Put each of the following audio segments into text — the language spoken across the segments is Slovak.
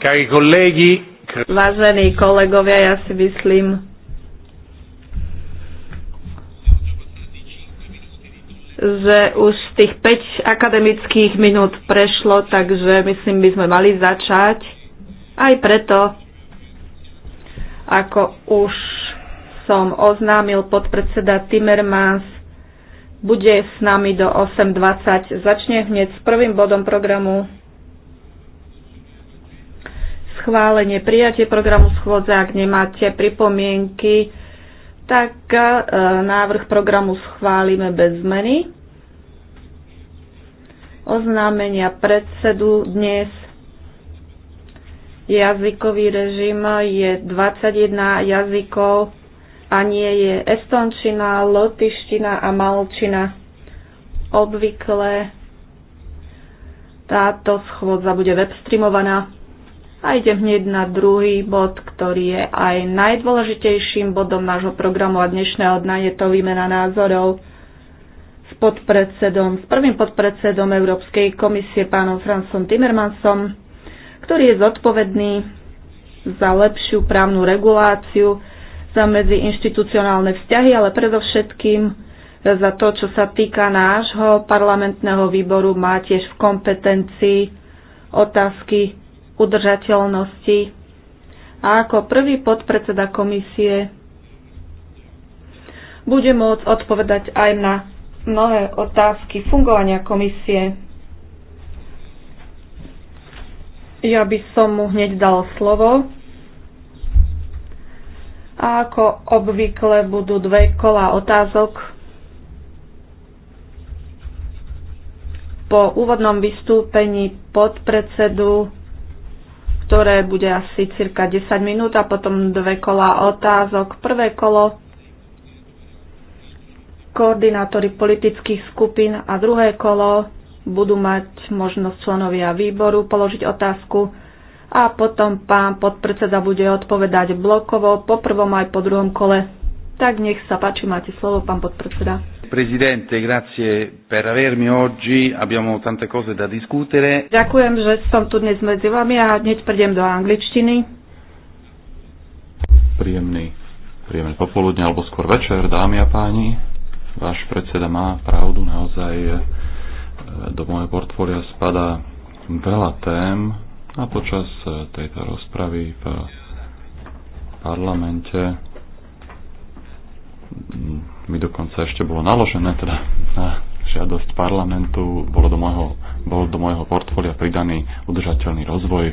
Cari colleghi, Vážení kolegovia, ja si myslím, že už tých 5 akademických minút prešlo, takže myslím, by sme mali začať. Aj preto, ako už som oznámil podpredseda Timmermans, bude s nami do 8.20. Začne hneď s prvým bodom programu schválenie, prijatie programu schôdze, ak nemáte pripomienky, tak e, návrh programu schválime bez zmeny. Oznámenia predsedu dnes. Jazykový režim je 21 jazykov a nie je estončina, lotiština a malčina. Obvykle táto schôdza bude webstreamovaná. A idem hneď na druhý bod, ktorý je aj najdôležitejším bodom nášho programu a dnešného dna je to výmena názorov s podpredsedom, s prvým podpredsedom Európskej komisie pánom Francom Timmermansom, ktorý je zodpovedný za lepšiu právnu reguláciu, za medziinštitucionálne vzťahy, ale predovšetkým za to, čo sa týka nášho parlamentného výboru, má tiež v kompetencii otázky udržateľnosti. A ako prvý podpredseda komisie bude môcť odpovedať aj na mnohé otázky fungovania komisie. Ja by som mu hneď dal slovo. A ako obvykle budú dve kola otázok. Po úvodnom vystúpení podpredsedu ktoré bude asi cirka 10 minút a potom dve kola otázok. Prvé kolo koordinátory politických skupín a druhé kolo budú mať možnosť členovia výboru položiť otázku a potom pán podpredseda bude odpovedať blokovo po prvom aj po druhom kole. Tak nech sa páči, máte slovo, pán podpredseda. Prezidente, grazie per avermi oggi, abbiamo tante cose da discutere. Ďakujem, že som tu dnes medzi vami a hneď prejdem do angličtiny. Príjemný, príjemné popoludne alebo skôr večer, dámy a páni. Váš predseda má pravdu, naozaj e, do mojej portfólia spada veľa tém a počas e, tejto rozpravy v parlamente mi dokonca ešte bolo naložené, teda na žiadosť parlamentu, bolo do môjho, bol do môjho portfólia pridaný udržateľný rozvoj.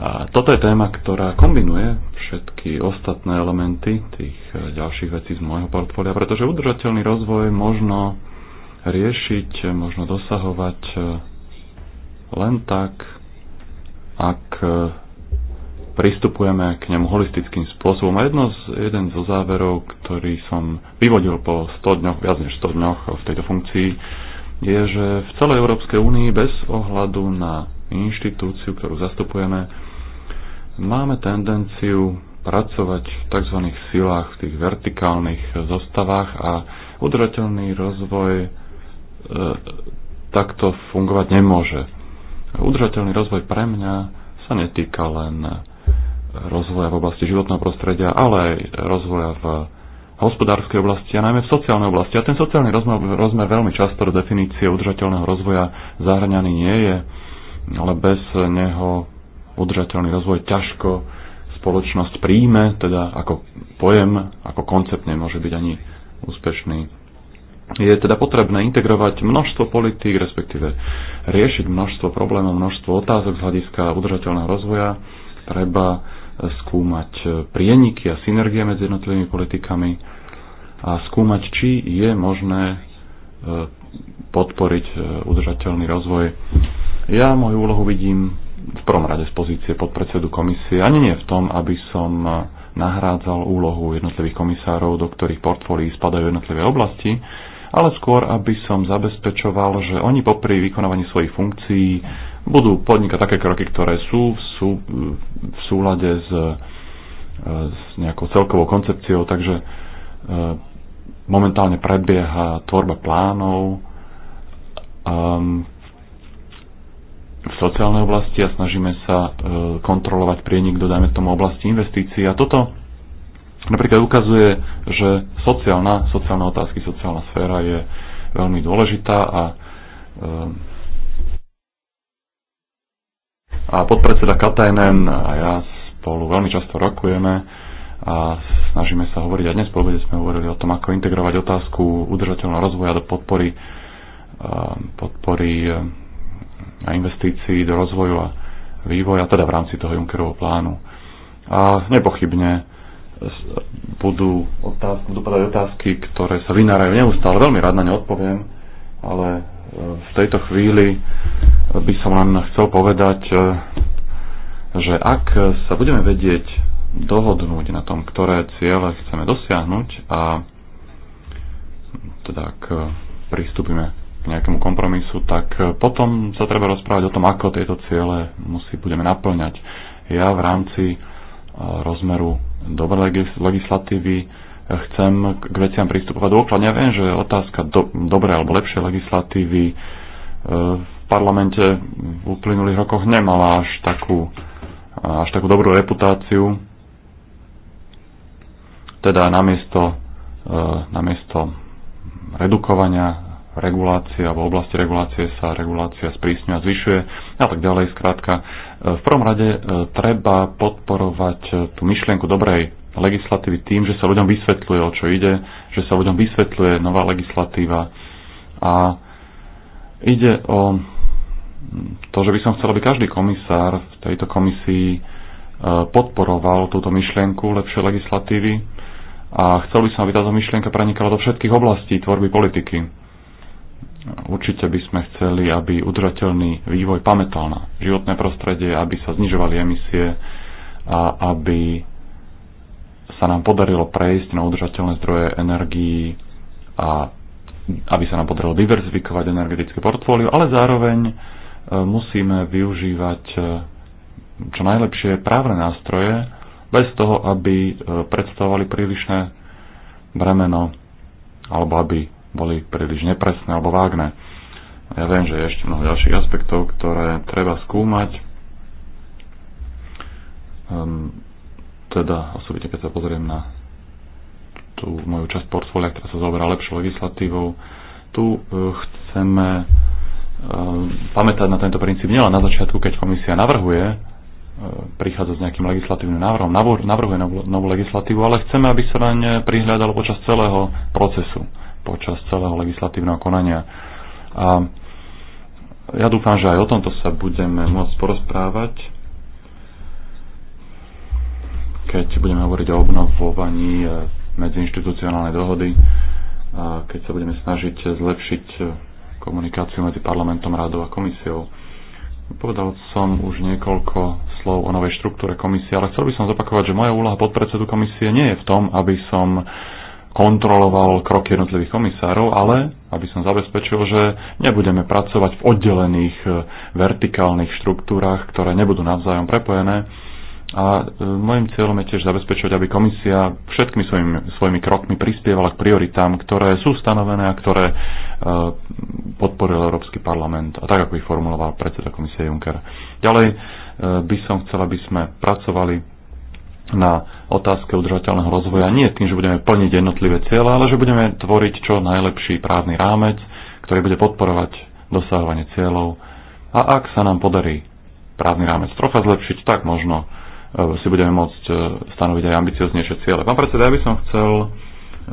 A toto je téma, ktorá kombinuje všetky ostatné elementy tých e, ďalších vecí z môjho portfólia, pretože udržateľný rozvoj možno riešiť, možno dosahovať e, len tak, ak e, pristupujeme k nemu holistickým spôsobom. A jedno z, jeden zo záverov, ktorý som vyvodil po 100 dňoch, viac než 100 dňoch v tejto funkcii, je, že v celej Európskej únii bez ohľadu na inštitúciu, ktorú zastupujeme, máme tendenciu pracovať v tzv. silách, v tých vertikálnych zostavách a udržateľný rozvoj e, takto fungovať nemôže. Udržateľný rozvoj pre mňa sa netýka len rozvoja v oblasti životného prostredia, ale aj rozvoja v hospodárskej oblasti a najmä v sociálnej oblasti. A ten sociálny rozmer, rozmer veľmi často do definície udržateľného rozvoja zahrňaný nie je, ale bez neho udržateľný rozvoj ťažko spoločnosť príjme, teda ako pojem, ako koncept nemôže byť ani úspešný. Je teda potrebné integrovať množstvo politík, respektíve riešiť množstvo problémov, množstvo otázok z hľadiska udržateľného rozvoja. Treba skúmať eh, prieniky a synergie medzi jednotlivými politikami a skúmať, či je možné eh, podporiť eh, udržateľný rozvoj. Ja moju úlohu vidím v prvom rade z pozície podpredsedu komisie, ani nie v tom, aby som nahrádzal úlohu jednotlivých komisárov, do ktorých portfólií spadajú jednotlivé oblasti, ale skôr, aby som zabezpečoval, že oni popri vykonávaní svojich funkcií budú podnikať také kroky, ktoré sú, sú v súlade s, e, s nejakou celkovou koncepciou, takže e, momentálne prebieha tvorba plánov ehm, v sociálnej oblasti a snažíme sa e, kontrolovať prienik do, dajme tomu, oblasti investícií. A toto napríklad ukazuje, že sociálna, sociálne otázky, sociálna sféra je veľmi dôležitá a ehm, a podpredseda Katajnen a ja spolu veľmi často rokujeme a snažíme sa hovoriť. A dnes po sme hovorili o tom, ako integrovať otázku udržateľného rozvoja do podpory, podpory e, a investícií do rozvoju a vývoja, teda v rámci toho Junckerovho plánu. A nepochybne budú, otázky, budú otázky, ktoré sa vynárajú neustále. Veľmi rád na ne odpoviem, ale v tejto chvíli by som len chcel povedať, e, že ak sa budeme vedieť dohodnúť na tom, ktoré ciele chceme dosiahnuť a teda ak pristúpime k nejakému kompromisu, tak potom sa treba rozprávať o tom, ako tieto ciele musí budeme naplňať. Ja v rámci e, rozmeru dobrej legislatívy chcem k veciam pristupovať dôkladne. Ja viem, že otázka do, dobrej alebo lepšej legislatívy e, v parlamente v uplynulých rokoch nemala až takú, až takú dobrú reputáciu. Teda namiesto, e, namiesto redukovania regulácie alebo oblasti regulácie sa regulácia sprísňuje a zvyšuje a tak ďalej. Skrátka, e, v prvom rade treba podporovať tú myšlienku dobrej legislatívy tým, že sa ľuďom vysvetľuje, o čo ide, že sa ľuďom vysvetľuje nová legislatíva. A ide o to, že by som chcel, aby každý komisár v tejto komisii e, podporoval túto myšlienku lepšej legislatívy a chcel by som, aby táto myšlienka prenikala do všetkých oblastí tvorby politiky. Určite by sme chceli, aby udržateľný vývoj pamätal na životné prostredie, aby sa znižovali emisie a aby sa nám podarilo prejsť na udržateľné zdroje energií a aby sa nám podarilo diverzifikovať energetické portfólio, ale zároveň e, musíme využívať e, čo najlepšie právne nástroje, bez toho, aby e, predstavovali prílišné bremeno, alebo aby boli príliš nepresné alebo vágne. Ja viem, že je ešte mnoho ďalších aspektov, ktoré treba skúmať. Um, teda osobitne keď sa pozriem na tú moju časť portfólia, ktorá sa zaoberá lepšou legislatívou, tu e, chceme e, pamätať na tento princíp nielen na začiatku, keď komisia navrhuje, e, prichádza s nejakým legislatívnym návrhom, navrhuje novú, novú legislatívu, ale chceme, aby sa naň prihľadalo počas celého procesu, počas celého legislatívneho konania. A ja dúfam, že aj o tomto sa budeme môcť porozprávať keď budeme hovoriť o obnovovaní e, medziinstitucionálnej dohody, e, keď sa budeme snažiť zlepšiť e, komunikáciu medzi parlamentom, rádou a komisiou. Povedal som už niekoľko slov o novej štruktúre komisie, ale chcel by som zopakovať, že moja úloha podpredsedu komisie nie je v tom, aby som kontroloval kroky jednotlivých komisárov, ale aby som zabezpečil, že nebudeme pracovať v oddelených vertikálnych štruktúrach, ktoré nebudú navzájom prepojené, a e, môjim cieľom je tiež zabezpečiť, aby komisia všetkými svojimi, svojimi krokmi prispievala k prioritám, ktoré sú stanovené a ktoré e, podporil Európsky parlament a tak, ako ich formuloval predseda komisie Juncker. Ďalej e, by som chcela, aby sme pracovali na otázke udržateľného rozvoja nie tým, že budeme plniť jednotlivé cieľa, ale že budeme tvoriť čo najlepší právny rámec, ktorý bude podporovať dosahovanie cieľov. A ak sa nám podarí právny rámec trocha zlepšiť, tak možno Eh, si budeme môcť eh, stanoviť aj ambicioznejšie ciele. Pán predseda, ja by som chcel eh,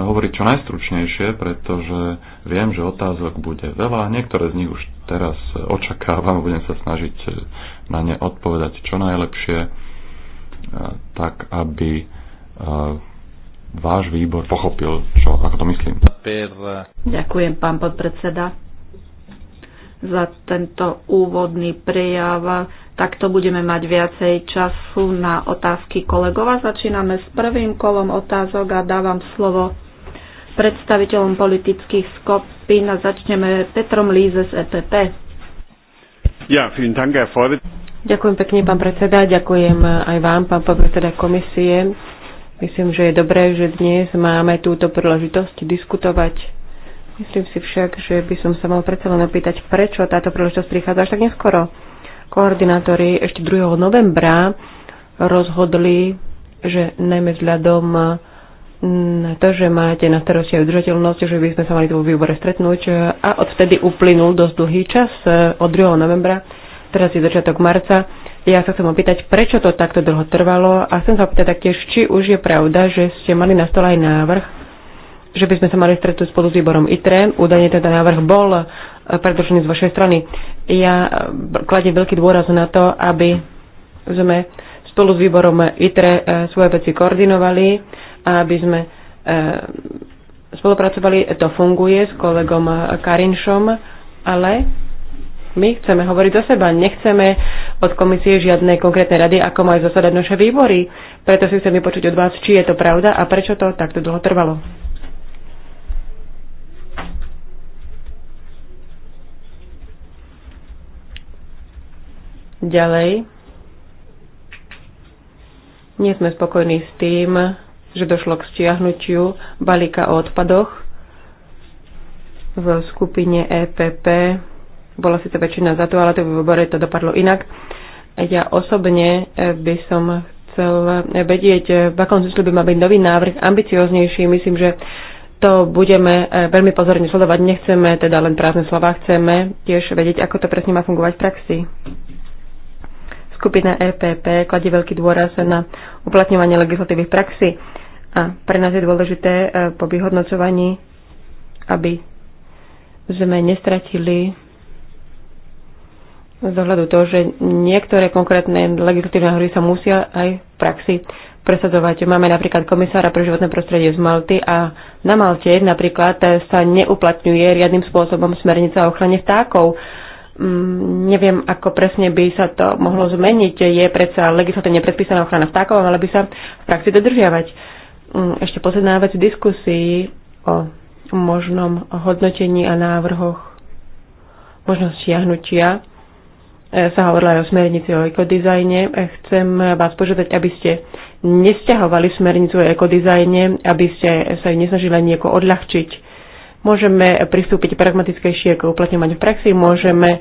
hovoriť čo najstručnejšie, pretože viem, že otázok bude veľa. Niektoré z nich už teraz očakávam, budem sa snažiť na ne odpovedať čo najlepšie, tak aby váš výbor pochopil, čo, ako to myslím. Ďakujem, pán podpredseda, za tento úvodný prejav Takto budeme mať viacej času na otázky kolegov začíname s prvým kolom otázok a dávam slovo predstaviteľom politických skupín a začneme Petrom Líze z EPP. Ja, vielen Dank, Herr Ďakujem pekne, pán predseda. Ďakujem aj vám, pán predseda komisie. Myslím, že je dobré, že dnes máme túto príležitosť diskutovať. Myslím si však, že by som sa mal predsa len opýtať, prečo táto príležitosť prichádza až tak neskoro. Koordinátori ešte 2. novembra rozhodli, že najmä vzhľadom na to, že máte na starosti aj udržateľnosť, že by sme sa mali tu vo výbore stretnúť a odvtedy uplynul dosť dlhý čas eh, od 2. novembra, teraz je začiatok marca. Ja sa chcem opýtať, prečo to takto dlho trvalo a chcem sa opýtať taktiež, či už je pravda, že ste mali na stole aj návrh, že by sme sa mali stretnúť spolu s výborom ITRE. Údajne teda návrh bol predržený z vašej strany. Ja eh, kladiem veľký dôraz na to, aby sme spolu s výborom ITRE eh, svoje veci koordinovali a aby sme eh, spolupracovali. To funguje s kolegom Karinšom, ale my chceme hovoriť za seba. Nechceme od komisie žiadne konkrétne rady, ako majú zasadať naše výbory. Preto si chcem vypočuť od vás, či je to pravda a prečo to takto dlho trvalo. Ďalej, nie sme spokojní s tým, že došlo k stiahnutiu balíka o odpadoch. V skupine EPP bola síce väčšina za to, ale to v výbore to dopadlo inak. Ja osobne eh, by som chcel eh, vedieť, eh, v akom zmysle by mal byť nový návrh, ambicioznejší. Myslím, že to budeme veľmi pozorne sledovať. Nechceme teda len prázdne slova, chceme tiež vedieť, ako to presne má fungovať v praxi. Skupina EPP kladie veľký dôraz na uplatňovanie legislatívy v praxi a pre nás je dôležité e, po vyhodnocovaní, aby sme nestratili z ohľadu toho, že niektoré konkrétne legislatívne hry sa musia aj v praxi presadzovať. Máme napríklad komisára pre životné prostredie z Malty a na Malte napríklad sa neuplatňuje riadnym spôsobom smernica o ochrane vtákov Mm, neviem, ako presne by sa to mohlo zmeniť. Je predsa legislatívne predpísaná ochrana vtákov, ale by sa v praxi dodržiavať. Mm, ešte posledná vec v diskusii o možnom hodnotení a návrhoch možnosť E, sa hovorila aj o smernici o ekodizajne. E, chcem vás požiadať, aby ste nestiahovali smernicu o ekodizajne, aby ste sa ju nesnažili nieko odľahčiť môžeme pristúpiť pragmatickejšie k uplatňovaniu v praxi, môžeme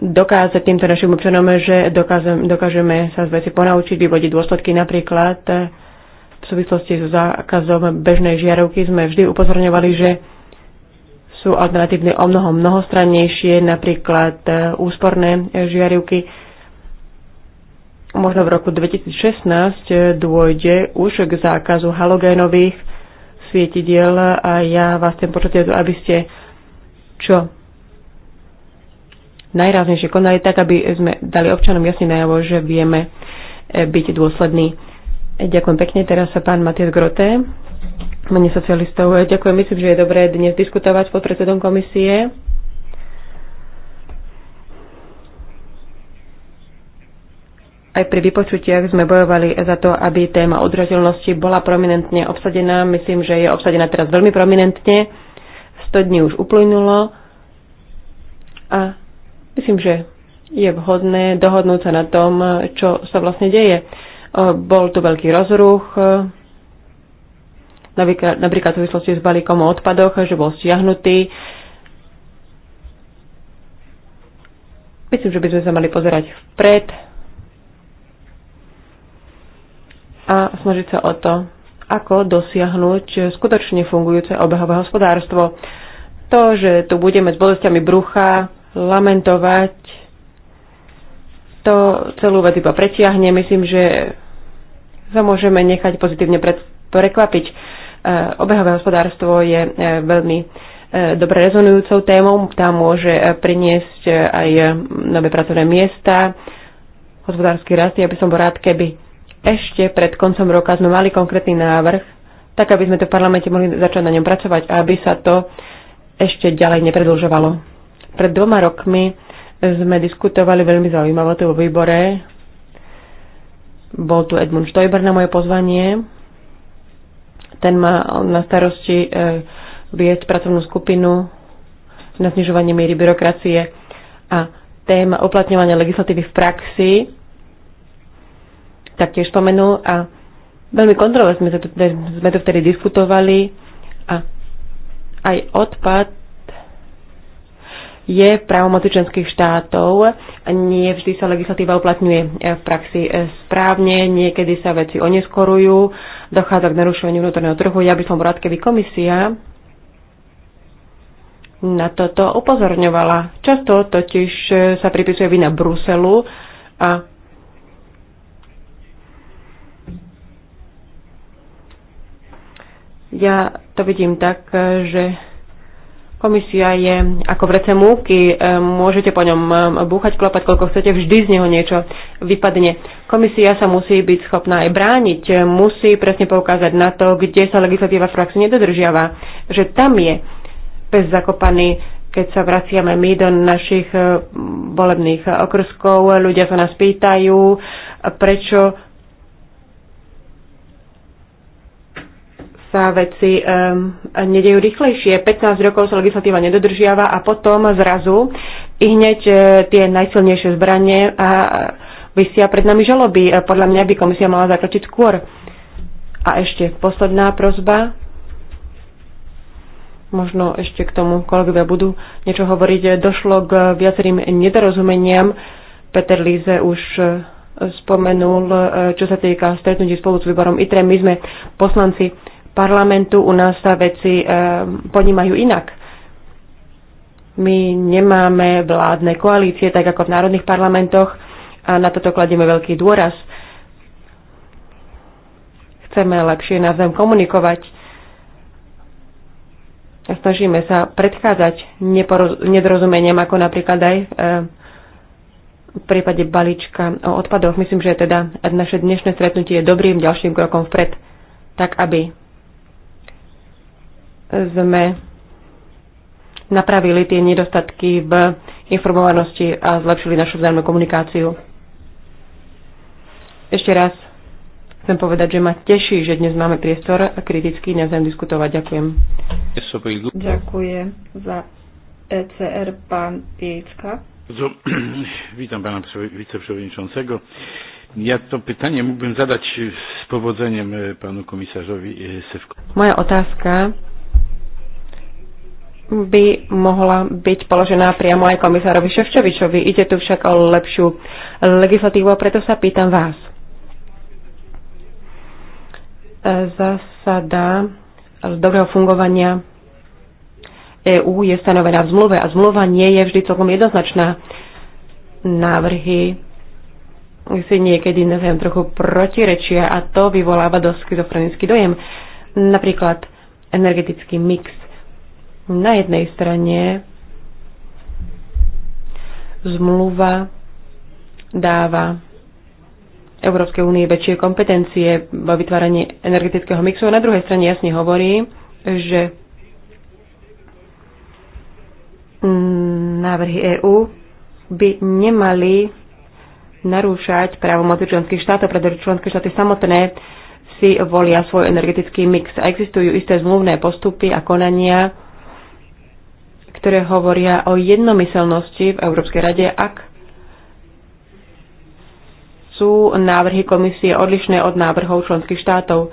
dokázať týmto našim občanom, že dokážeme, dokážeme sa z veci ponaučiť, vyvodiť dôsledky. Napríklad eh, v súvislosti so zákazom bežnej žiarovky sme vždy upozorňovali, že sú alternatívne o mnoho mnohostrannejšie, napríklad eh, úsporné žiarivky. Možno v roku 2016 eh, dôjde už k zákazu halogénových svietidiel a ja vás chcem počuť, aby ste čo najráznejšie konali tak, aby sme dali občanom jasne najavo, že vieme e, byť dôslední. E, ďakujem pekne. Teraz sa pán Matias Grote, mene socialistov. E, ďakujem, myslím, že je dobré dnes diskutovať s podpredsedom komisie aj pri vypočutiach sme bojovali za to, aby téma udržateľnosti bola prominentne obsadená. Myslím, že je obsadená teraz veľmi prominentne. 100 dní už uplynulo a myslím, že je vhodné dohodnúť sa na tom, čo sa vlastne deje. Bol tu veľký rozruch, e, napríklad v súvislosti s balíkom o odpadoch, že bol stiahnutý. Myslím, že by sme sa mali pozerať vpred, a snažiť sa o to, ako dosiahnuť skutočne fungujúce obehové hospodárstvo. To, že tu budeme s bolestiami brucha lamentovať, to celú vec iba pretiahne. Myslím, že sa môžeme nechať pozitívne pred prekvapiť. E, obehové hospodárstvo je e, veľmi e, dobre rezonujúcou témou. Tá môže priniesť aj nové pracovné miesta, hospodársky rast. Ja by som bol rád, keby ešte pred koncom roka sme mali konkrétny návrh, tak aby sme to v parlamente mohli začať na ňom pracovať a aby sa to ešte ďalej nepredlžovalo. Pred dvoma rokmi sme diskutovali veľmi zaujímavo tu vo výbore. Bol tu Edmund Stoiber na moje pozvanie. Ten má na starosti e, viesť pracovnú skupinu na znižovanie miery byrokracie a téma uplatňovania legislatívy v praxi taktiež spomenul a veľmi kontroverzne sme to, teda- sme to vtedy diskutovali a aj odpad je v právomoci členských štátov. Nie vždy sa legislatíva uplatňuje e, v praxi e, správne, niekedy sa veci oneskorujú, dochádza k narušovaniu vnútorného trhu. Ja by som rád, keby komisia na toto upozorňovala. Často totiž e, sa pripisuje vina Bruselu a Ja to vidím tak, že komisia je ako vrece múky, e, môžete po ňom e, búchať, klopať, koľko chcete, vždy z neho niečo vypadne. Komisia sa musí byť schopná aj brániť, e, musí presne poukázať na to, kde sa legislatíva v praxi nedodržiava, že tam je pes zakopaný, keď sa vraciame my do našich volebných okrskov, ľudia sa nás pýtajú, prečo sa veci um, nedejú rýchlejšie. 15 rokov sa legislatíva nedodržiava a potom zrazu i hneď uh, tie najsilnejšie zbranie a vysia pred nami žaloby. E, podľa mňa by komisia mala zakročiť skôr. A ešte posledná prozba. Možno ešte k tomu kolegovia budú niečo hovoriť. Došlo k viacerým nedorozumeniam. Peter Líze už e, spomenul, čo sa týka stretnutí spolu s výborom ITRE. My sme poslanci parlamentu, u nás sa veci eh, ponímajú inak. My nemáme vládne koalície, tak ako v národných parlamentoch a na toto kladieme veľký dôraz. Chceme lepšie navzájom komunikovať a snažíme sa predchádzať nedorozumeniam, ako napríklad aj eh, v prípade balíčka o odpadoch. Myslím, že teda naše dnešné stretnutie je dobrým ďalším krokom vpred, tak aby sme napravili tie nedostatky v informovanosti a zlepšili našu vzájomnú komunikáciu. Ešte raz chcem povedať, že ma teší, že dnes máme priestor a kriticky nezajem diskutovať. Ďakujem. Ďakujem za ECR pán Piecka. So, vítam pána viceprzewodniczącego. Ja to pytanie mógłbym zadać z powodzeniem e, panu komisarzowi e, Sewkowi. Moja otázka by mohla byť položená priamo aj komisárovi Ševčovičovi. Ide tu však o lepšiu legislatívu a preto sa pýtam vás. Zasada dobrého fungovania EÚ je stanovená v zmluve a zmluva nie je vždy celkom jednoznačná. Návrhy si niekedy neviem, trochu protirečia a to vyvoláva dosť schizofrenický dojem. Napríklad energetický mix na jednej strane zmluva dáva Európskej únie väčšie kompetencie vo vytváraní energetického mixu a na druhej strane jasne hovorí, že návrhy EÚ by nemali narúšať právomoci členských štátov, pretože členské štáty samotné si volia svoj energetický mix. A existujú isté zmluvné postupy a konania, ktoré hovoria o jednomyselnosti v Európskej rade, ak sú návrhy komisie odlišné od návrhov členských štátov.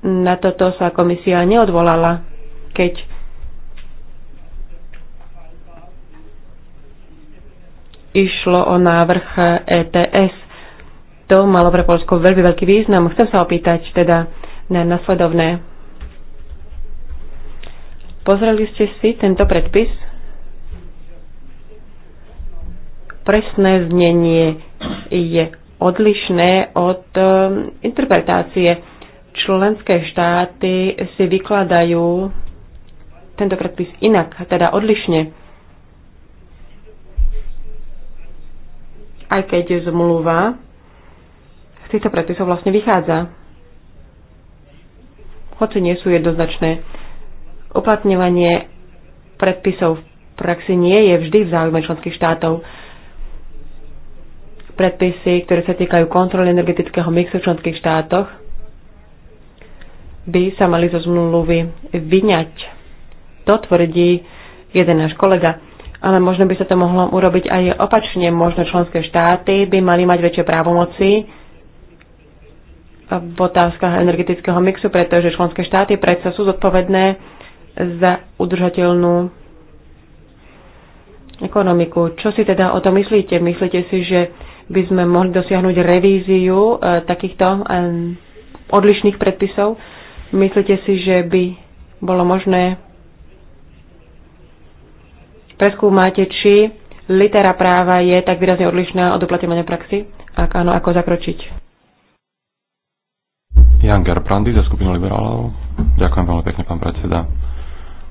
Na toto sa komisia neodvolala, keď išlo o návrh ETS. To malo pre Polsko veľmi veľký význam. Chcem sa opýtať teda na nasledovné Pozreli ste si tento predpis? Presné znenie je odlišné od e, interpretácie. Členské štáty si vykladajú tento predpis inak, teda odlišne. Aj keď zmluva z týchto predpisov vlastne vychádza. Hoci nie sú jednoznačné uplatňovanie predpisov v praxi nie je vždy v záujme členských štátov. Predpisy, ktoré sa týkajú kontroly energetického mixu v členských štátoch, by sa mali zo zmluvy vyňať. To tvrdí jeden náš kolega. Ale možno by sa to mohlo urobiť aj opačne. Možno členské štáty by mali mať väčšie právomoci v otázkach energetického mixu, pretože členské štáty predsa sú zodpovedné za udržateľnú ekonomiku. Čo si teda o to myslíte? Myslíte si, že by sme mohli dosiahnuť revíziu e, takýchto e, odlišných predpisov? Myslíte si, že by bolo možné preskúmať, či litera práva je tak výrazne odlišná od uplatňovania praxi? Ak áno, ako zakročiť? Jan Gerbrandy za skupinu liberálov. Ďakujem veľmi pekne, pán predseda.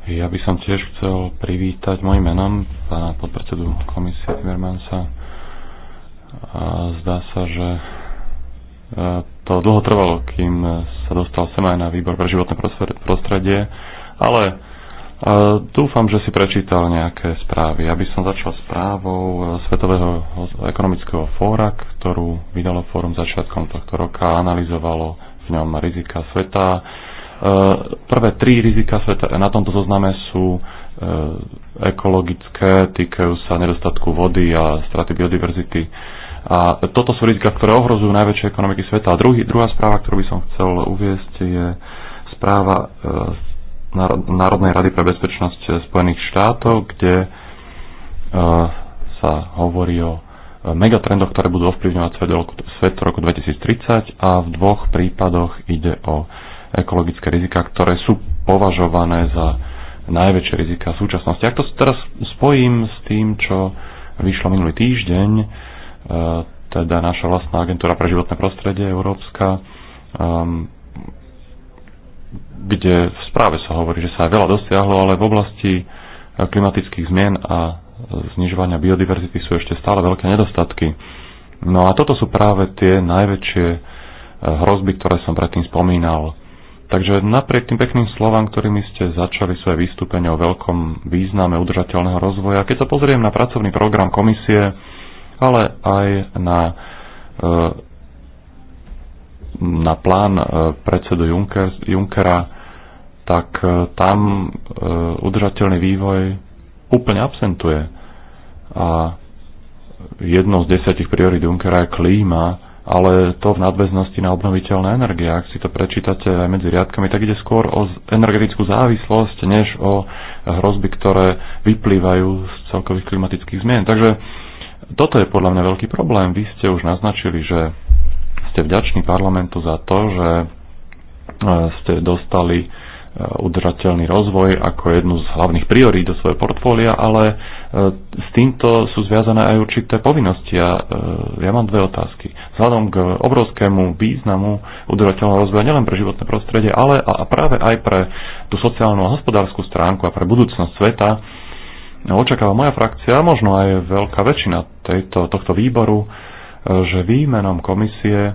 Ja by som tiež chcel privítať môj menom pána podpredsedu komisie Timmermansa. A zdá sa, že e, to dlho trvalo, kým sa dostal sem aj na výbor pre životné prostredie, ale e, dúfam, že si prečítal nejaké správy. Ja by som začal správou e, Svetového ekonomického fóra, ktorú vydalo fórum začiatkom tohto roka a analyzovalo v ňom rizika sveta, Eh, prvé tri rizika na tomto zozname sú eh, ekologické, týkajú sa nedostatku vody a straty biodiverzity. A toto sú rizika, ktoré ohrozujú najväčšie ekonomiky sveta. A druhý, druhá správa, ktorú by som chcel uviesť, je správa eh, Národnej rady pre bezpečnosť Spojených štátov, kde sa hovorí o megatrendoch, ktoré budú ovplyvňovať svet v roku 2030 a v dvoch prípadoch ide o ekologické rizika, ktoré sú považované za najväčšie rizika v súčasnosti. Ak to teraz spojím s tým, čo vyšlo minulý týždeň, e, teda naša vlastná agentúra pre životné prostredie Európska, ehm, kde v správe sa hovorí, že sa aj veľa dosiahlo, ale v oblasti klimatických zmien a znižovania biodiverzity sú ešte stále veľké nedostatky. No a toto sú práve tie najväčšie e, hrozby, ktoré som predtým spomínal. Takže napriek tým pekným slovám, ktorými ste začali svoje vystúpenie o veľkom význame udržateľného rozvoja, keď sa pozriem na pracovný program komisie, ale aj na, e, na plán e, predsedu Juncker, Junckera, tak e, tam udržateľný vývoj úplne absentuje. A jednou z desiatich priorít Junckera je klíma, ale to v nadväznosti na obnoviteľné energie. Ak si to prečítate aj medzi riadkami, tak ide skôr o energetickú závislosť, než o hrozby, ktoré vyplývajú z celkových klimatických zmien. Takže toto je podľa mňa veľký problém. Vy ste už naznačili, že ste vďační parlamentu za to, že e, ste dostali Eh, udržateľný rozvoj ako jednu z hlavných priorít do svojho portfólia, ale eh, s týmto sú zviazané aj určité povinnosti. a eh, ja mám dve otázky. Vzhľadom k obrovskému významu udržateľného rozvoja nielen pre životné prostredie, ale a práve aj pre tú sociálnu a hospodárskú stránku a pre budúcnosť sveta, očakáva moja frakcia, možno aj veľká väčšina tejto, tohto výboru, že výmenom komisie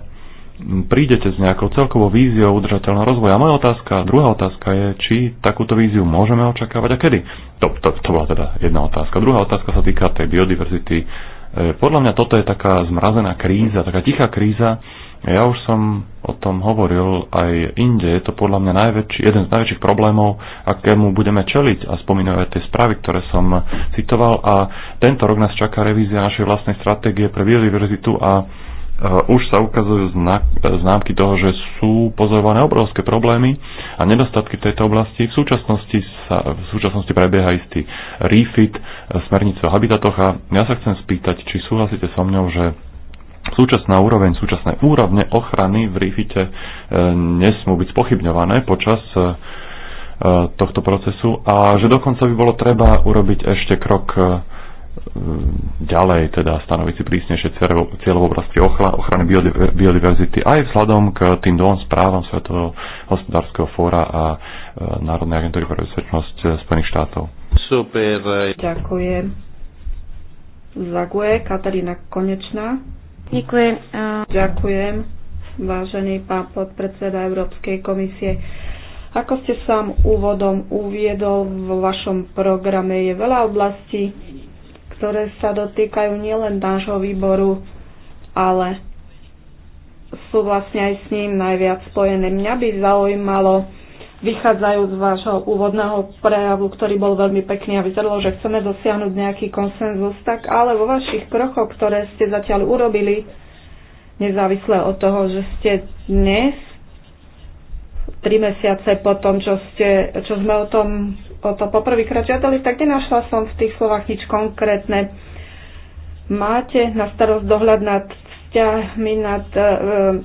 prídete s nejakou celkovou víziou udržateľného rozvoja. Moja otázka, druhá otázka je, či takúto víziu môžeme očakávať a kedy. To, to, to bola teda jedna otázka. Druhá otázka sa týka tej biodiverzity. E, podľa mňa toto je taká zmrazená kríza, taká tichá kríza. Ja už som o tom hovoril aj inde. Je to podľa mňa najväčší, jeden z najväčších problémov, akému budeme čeliť a spomínajú aj tie správy, ktoré som citoval. A tento rok nás čaká revízia našej vlastnej stratégie pre biodiverzitu a Eh, už sa ukazujú eh, známky toho, že sú pozorované obrovské problémy a nedostatky tejto oblasti. V súčasnosti, sa, v súčasnosti prebieha istý refit eh, smernice o habitatoch a ja sa chcem spýtať, či súhlasíte so mňou, že súčasná úroveň, súčasné úrovne ochrany v refite nesmú byť spochybňované počas tohto procesu a že dokonca by bolo treba urobiť ešte krok ďalej teda stanoviť si prísnejšie cieľe v oblasti ochrany biodiverzity aj vzhľadom k tým dvom správam Svetového hospodárskeho fóra a e, Národnej agentúry pre bezpečnosť e, Spojených štátov. Super. Ďakujem. Zague, Katarína Konečná. Ďakujem. E, Ďakujem, vážený pán podpredseda Európskej komisie. Ako ste sám úvodom uviedol, v vašom programe je veľa oblastí, ktoré sa dotýkajú nielen nášho výboru, ale sú vlastne aj s ním najviac spojené. Mňa by zaujímalo, vychádzajú z vášho úvodného prejavu, ktorý bol veľmi pekný a vyzeralo, že chceme dosiahnuť nejaký konsenzus, tak ale vo vašich krokoch, ktoré ste zatiaľ urobili, nezávisle od toho, že ste dnes, tri mesiace po tom, čo, ste, čo sme o tom o to poprvýkrát žiadali, tak nenašla som v tých slovách nič konkrétne. Máte na starosť dohľad nad vzťahmi, nad, e,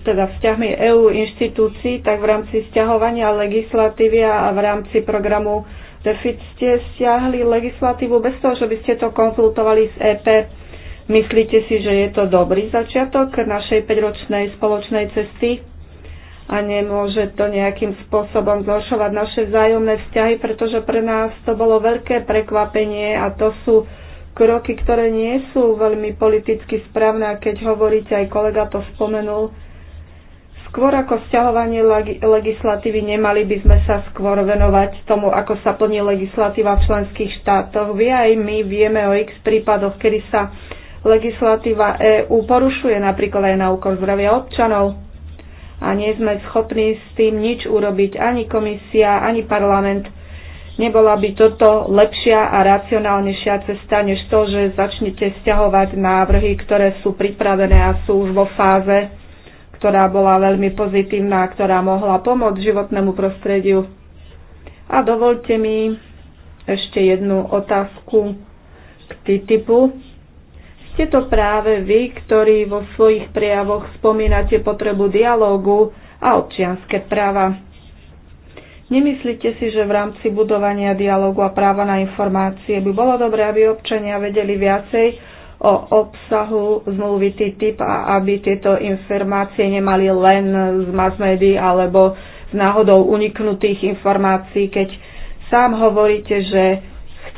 teda vzťahmi EU inštitúcií, tak v rámci stiahovania legislatívy a v rámci programu REFIT ste stiahli legislatívu bez toho, že by ste to konzultovali s EP. Myslíte si, že je to dobrý začiatok našej 5-ročnej spoločnej cesty? a nemôže to nejakým spôsobom zhoršovať naše vzájomné vzťahy, pretože pre nás to bolo veľké prekvapenie a to sú kroky, ktoré nie sú veľmi politicky správne a keď hovoríte, aj kolega to spomenul, skôr ako stiahovanie legislatívy nemali by sme sa skôr venovať tomu, ako sa plní legislatíva v členských štátoch. Vy aj my vieme o x prípadoch, kedy sa legislatíva EÚ porušuje napríklad aj na úkor zdravia občanov a nie sme schopní s tým nič urobiť. Ani komisia, ani parlament. Nebola by toto lepšia a racionálnejšia cesta, než to, že začnete stiahovať návrhy, ktoré sú pripravené a sú už vo fáze, ktorá bola veľmi pozitívna, ktorá mohla pomôcť životnému prostrediu. A dovolte mi ešte jednu otázku k typu. Ste to práve vy, ktorí vo svojich prejavoch spomínate potrebu dialógu a občianské práva. Nemyslíte si, že v rámci budovania dialógu a práva na informácie by bolo dobré, aby občania vedeli viacej o obsahu zmluvy TTIP a aby tieto informácie nemali len z mass médií alebo z náhodou uniknutých informácií, keď sám hovoríte, že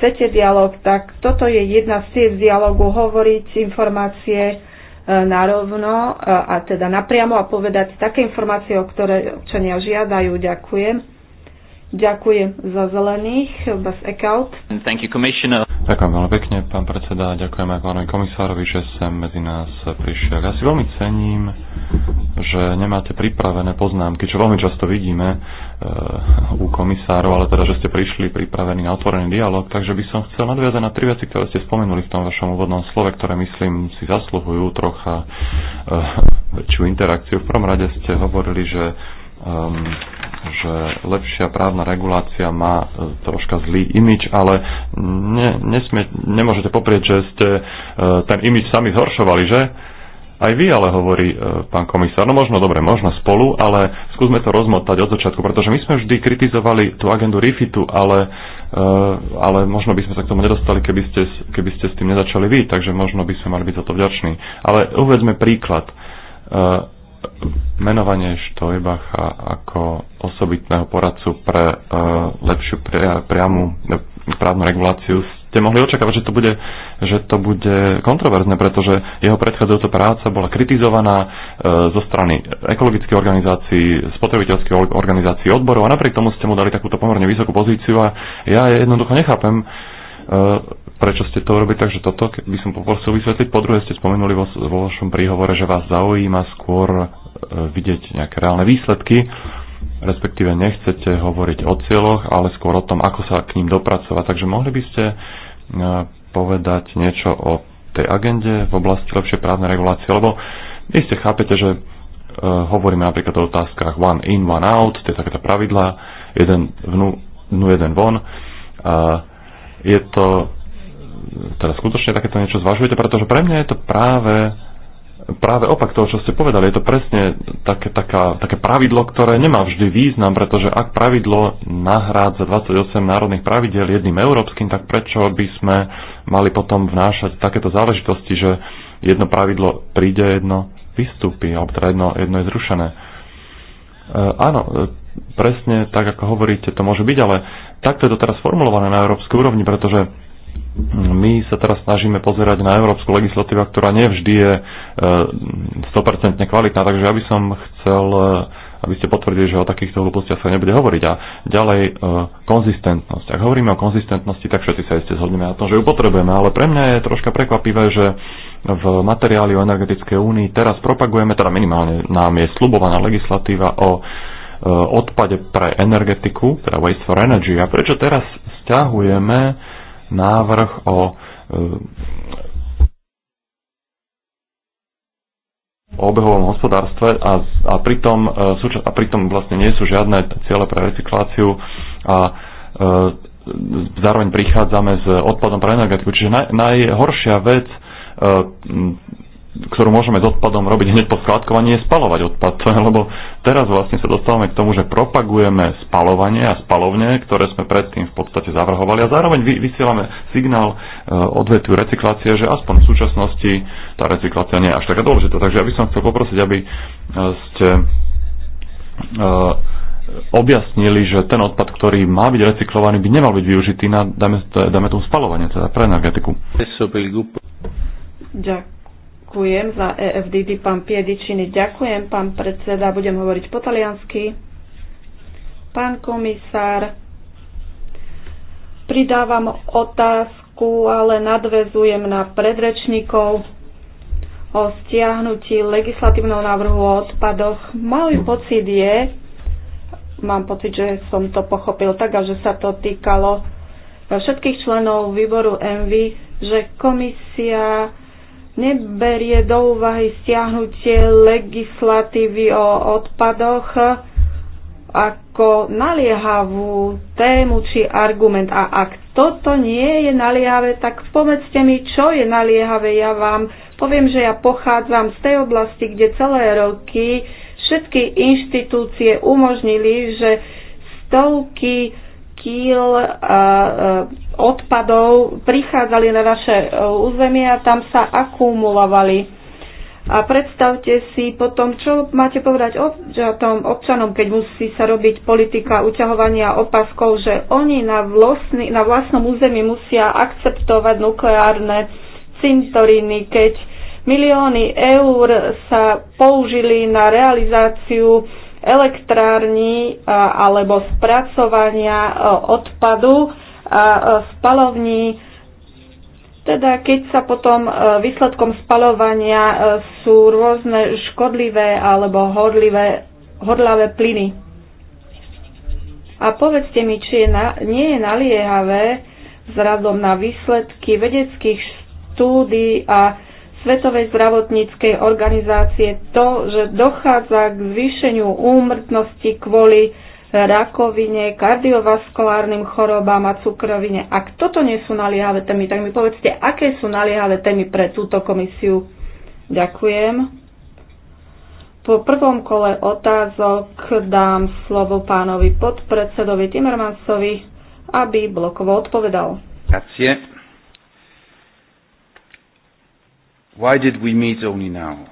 chcete dialog, tak toto je jedna z tých dialogu, hovoriť informácie e, narovno e, a teda napriamo a povedať také informácie, o ktoré občania žiadajú. Ďakujem. Ďakujem za zelených, bez account. Thank you, commissioner. Ďakujem veľmi pekne, pán predseda, a ďakujem aj pánovi komisárovi, že sem medzi nás prišiel. Ja si veľmi cením, že nemáte pripravené poznámky, čo veľmi často vidíme Eh, u komisárov, ale teda, že ste prišli pripravení na otvorený dialog, takže by som chcel nadviazať na tri veci, ktoré ste spomenuli v tom vašom úvodnom slove, ktoré myslím si zasluhujú trocha eh, väčšiu interakciu. V prvom rade ste hovorili, že, um, že lepšia právna regulácia má eh, troška zlý imič, ale ne, nesmie, nemôžete poprieť, že ste uh, ten imič sami zhoršovali, že? aj vy, ale hovorí e, pán komisár, no možno dobre, možno spolu, ale skúsme to rozmotať od začiatku, pretože my sme vždy kritizovali tú agendu RIFITu, ale, e, ale možno by sme sa k tomu nedostali, keby ste, keby ste s tým nezačali vy, takže možno by sme mali byť za to vďační. Ale uvedzme príklad. E, menovanie Štojbacha ako osobitného poradcu pre lepšiu priamu právnu reguláciu ste mohli očakávať, že to bude, že to bude kontroverzne, pretože jeho predchádzajúca práca bola kritizovaná e, zo strany ekologických organizácií, spotrebiteľských organizácií, odborov a napriek tomu ste mu dali takúto pomerne vysokú pozíciu a ja jednoducho nechápem, e, prečo ste to robili, takže toto by som poprosil vysvetliť. Po druhé ste spomenuli vo, vo vašom príhovore, že vás zaujíma skôr e, vidieť nejaké reálne výsledky respektíve nechcete hovoriť o cieľoch, ale skôr o tom, ako sa k ním dopracovať. Takže mohli by ste povedať niečo o tej agende v oblasti lepšej právnej regulácie, lebo iste chápete, že e, hovoríme napríklad o otázkach one in, one out, to je takéto pravidlá, jeden vnú, vnú jeden von. Uh, je to e, teda skutočne takéto niečo zvažujete, pretože pre mňa je to práve práve opak toho, čo ste povedali. Je to presne také, taká, také pravidlo, ktoré nemá vždy význam, pretože ak pravidlo nahrádza 28 národných pravidel jedným európskym, tak prečo by sme mali potom vnášať takéto záležitosti, že jedno pravidlo príde, jedno vystúpi, alebo teda jedno, jedno je zrušené. E, áno, e, presne tak, ako hovoríte, to môže byť, ale takto je to teraz formulované na európskej úrovni, pretože my sa teraz snažíme pozerať na európsku legislatívu, ktorá nevždy je 100% e, kvalitná, takže ja by som chcel, e, aby ste potvrdili, že o takýchto hlúpostiach sa nebude hovoriť. A ďalej e, konzistentnosť. Ak hovoríme o konzistentnosti, tak všetci sa iste zhodneme na tom, že ju potrebujeme, ale pre mňa je troška prekvapivé, že v materiáli o energetickej únii teraz propagujeme, teda minimálne nám je slubovaná legislatíva o odpade pre energetiku, teda waste for energy. A prečo teraz stiahujeme návrh o e, o obehovom hospodárstve a, a, pritom, e, a pritom vlastne nie sú žiadne ciele pre recykláciu a e, zároveň prichádzame s odpadom pre energetiku. Čiže naj, najhoršia vec, e, ktorú môžeme s odpadom robiť hneď po skladkovaní, je spalovať odpad. Lebo teraz vlastne sa dostávame k tomu, že propagujeme spalovanie a spalovne, ktoré sme predtým v podstate zavrhovali a zároveň vysielame signál e, odvetu recyklácie, že aspoň v súčasnosti tá recyklácia nie je až taká dôležitá. Takže ja by som chcel poprosiť, aby e, ste e, objasnili, že ten odpad, ktorý má byť recyklovaný, by nemal byť využitý na, dáme, dáme tomu spalovanie, teda pre energetiku. Ďakujem. Ďakujem za EFDD, pán Piedičiny. Ďakujem, pán predseda. Budem hovoriť po taliansky. Pán komisár, pridávam otázku, ale nadvezujem na predrečníkov o stiahnutí legislatívneho návrhu o odpadoch. Malý pocit je, mám pocit, že som to pochopil tak a že sa to týkalo všetkých členov výboru MV, že komisia neberie do úvahy stiahnutie legislatívy o odpadoch ako naliehavú tému či argument. A ak toto nie je naliehavé, tak povedzte mi, čo je naliehavé. Ja vám poviem, že ja pochádzam z tej oblasti, kde celé roky všetky inštitúcie umožnili, že stovky kýl a odpadov prichádzali na naše e, územie a tam sa akumulovali. A predstavte si potom, čo máte povedať občanom, občanom keď musí sa robiť politika uťahovania opaskov, že oni na, vlastný, na vlastnom území musia akceptovať nukleárne cintoriny. keď milióny eur sa použili na realizáciu elektrární e, alebo spracovania e, odpadu a e, spalovní. Teda keď sa potom výsledkom spalovania sú rôzne škodlivé alebo horlivé, horlavé plyny. A povedzte mi, či je na, nie je naliehavé vzhľadom na výsledky vedeckých štúdí a Svetovej zdravotníckej organizácie to, že dochádza k zvýšeniu úmrtnosti kvôli rakovine, kardiovaskulárnym chorobám a cukrovine. Ak toto nie sú naliehavé témy, tak mi povedzte, aké sú naliehavé témy pre túto komisiu. Ďakujem. Po prvom kole otázok dám slovo pánovi podpredsedovi Timmermansovi, aby blokovo odpovedal. Ďakujem. Why did we meet only now?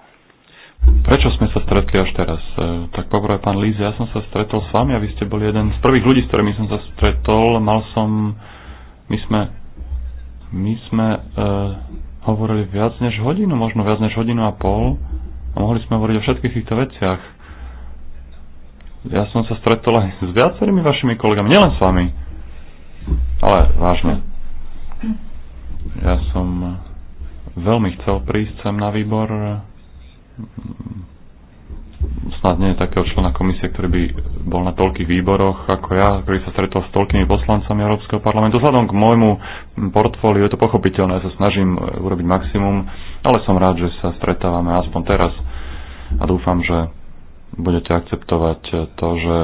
Prečo sme sa stretli až teraz? E, tak poprvé, pán Líze, ja som sa stretol s vami a vy ste boli jeden z prvých ľudí, s ktorými som sa stretol. Mal som... My sme... My sme uh, hovorili viac než hodinu, možno viac než hodinu a pol. A mohli sme hovoriť o všetkých týchto veciach. Ja som sa stretol aj s viacerými vašimi kolegami, nielen s vami. Ale vážne. Ja som veľmi chcel prísť sem na výbor. Snad nie je takého člena komisie, ktorý by bol na toľkých výboroch ako ja, ktorý sa stretol s toľkými poslancami Európskeho parlamentu. Vzhľadom k môjmu portfóliu je to pochopiteľné, ja sa snažím eh, urobiť maximum, ale som rád, že sa stretávame aspoň teraz a dúfam, že budete akceptovať eh, to, že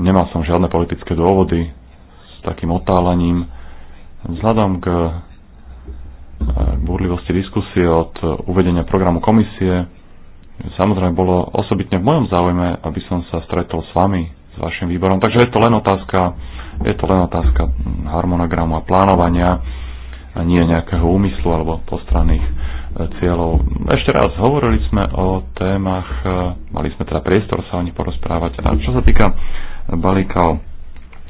nemal som žiadne politické dôvody s takým otálením. Vzhľadom k búrlivosti diskusie od uvedenia programu komisie. Samozrejme, bolo osobitne v mojom záujme, aby som sa stretol s vami, s vašim výborom. Takže je to len otázka, je to len otázka harmonogramu a plánovania a nie nejakého úmyslu alebo postranných e, cieľov. Ešte raz, hovorili sme o témach, e, mali sme teda priestor sa o nich porozprávať. A čo sa týka balíka o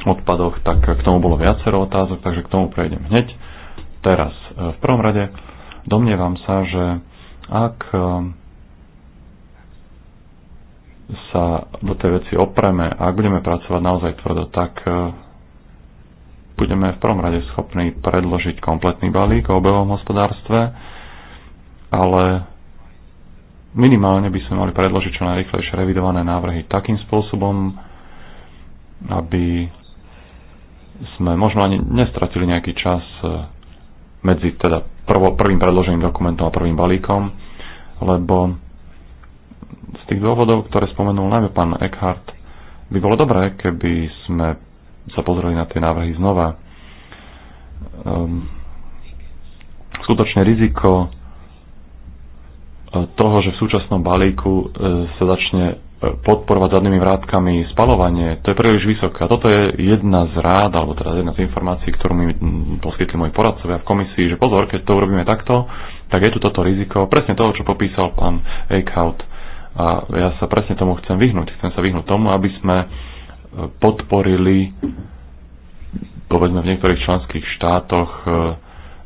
odpadoch, tak k tomu bolo viacero otázok, takže k tomu prejdem hneď teraz. E, v prvom rade domnievam sa, že ak e, sa do tej veci opreme a ak budeme pracovať naozaj tvrdo, tak e, budeme v prvom rade schopní predložiť kompletný balík o obehovom hospodárstve, ale minimálne by sme mali predložiť čo najrychlejšie revidované návrhy takým spôsobom, aby sme možno ani nestratili nejaký čas medzi teda prvo, prvým predloženým dokumentom a prvým balíkom, lebo z tých dôvodov, ktoré spomenul najmä pán Eckhart, by bolo dobré, keby sme sa pozreli na tie návrhy znova. Um, skutočne riziko e, toho, že v súčasnom balíku e, sa začne podporovať zadnými vrátkami spalovanie, to je príliš vysoké. A toto je jedna z rád, alebo teda jedna z informácií, ktorú mi mm, poskytli moji poradcovia v komisii, že pozor, keď to urobíme takto, tak je tu toto riziko, presne toho, čo popísal pán Eichhout. A ja sa presne tomu chcem vyhnúť. Chcem sa vyhnúť tomu, aby sme e, podporili, povedzme v niektorých členských štátoch, e,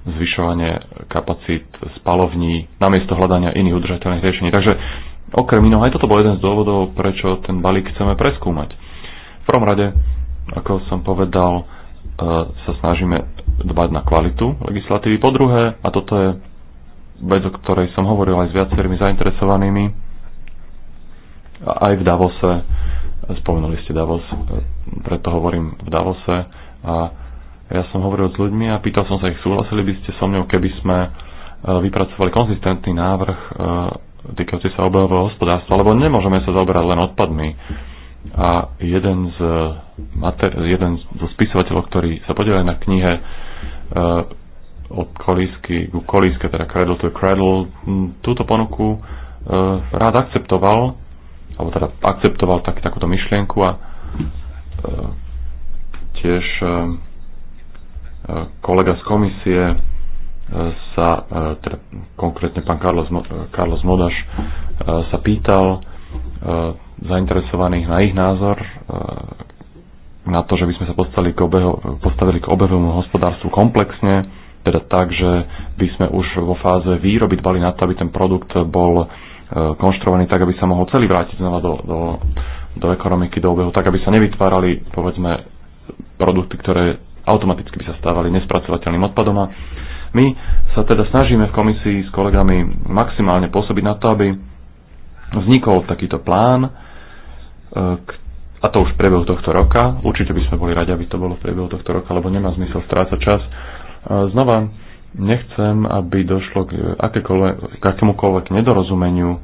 zvyšovanie kapacít spalovní namiesto hľadania iných udržateľných riešení. Takže Okrem iného, aj toto bol jeden z dôvodov, prečo ten balík chceme preskúmať. V prvom rade, ako som povedal, e, sa snažíme dbať na kvalitu legislatívy. Po druhé, a toto je vec, o ktorej som hovoril aj s viacerými zainteresovanými, aj v Davose, spomenuli ste Davos, e, preto hovorím v Davose, a ja som hovoril s ľuďmi a pýtal som sa ich, súhlasili by ste so mnou, keby sme e, vypracovali konzistentný návrh týkajúci sa obehového hospodárstva, lebo nemôžeme sa zaoberať len odpadmi. A jeden, z mater- jeden zo spisovateľov, ktorý sa podielal na knihe uh, od kolísky, kolíske, teda Cradle to Cradle, túto ponuku uh, rád akceptoval, alebo teda akceptoval tak, takúto myšlienku a uh, tiež uh, kolega z komisie sa, teda konkrétne pán Carlos, Carlos Modaš, e, sa pýtal e, zainteresovaných na ich názor na to, že by sme sa postavili k, obeho, postavili k obehovému hospodárstvu komplexne, teda tak, že by sme už vo fáze výroby dbali na to, aby ten produkt bol konštruovaný tak, aby sa mohol celý vrátiť znova do, do, do ekonomiky, do obehu, tak, aby sa nevytvárali, povedzme, produkty, ktoré automaticky by sa stávali nespracovateľným odpadom a my sa teda snažíme v komisii s kolegami maximálne pôsobiť na to, aby vznikol takýto plán, e, a to už v priebehu tohto roka. Určite by sme boli radi, aby to bolo v priebehu tohto roka, lebo nemá zmysel strácať čas. E, znova, nechcem, aby došlo k, akékoľvek, k akémukoľvek nedorozumeniu.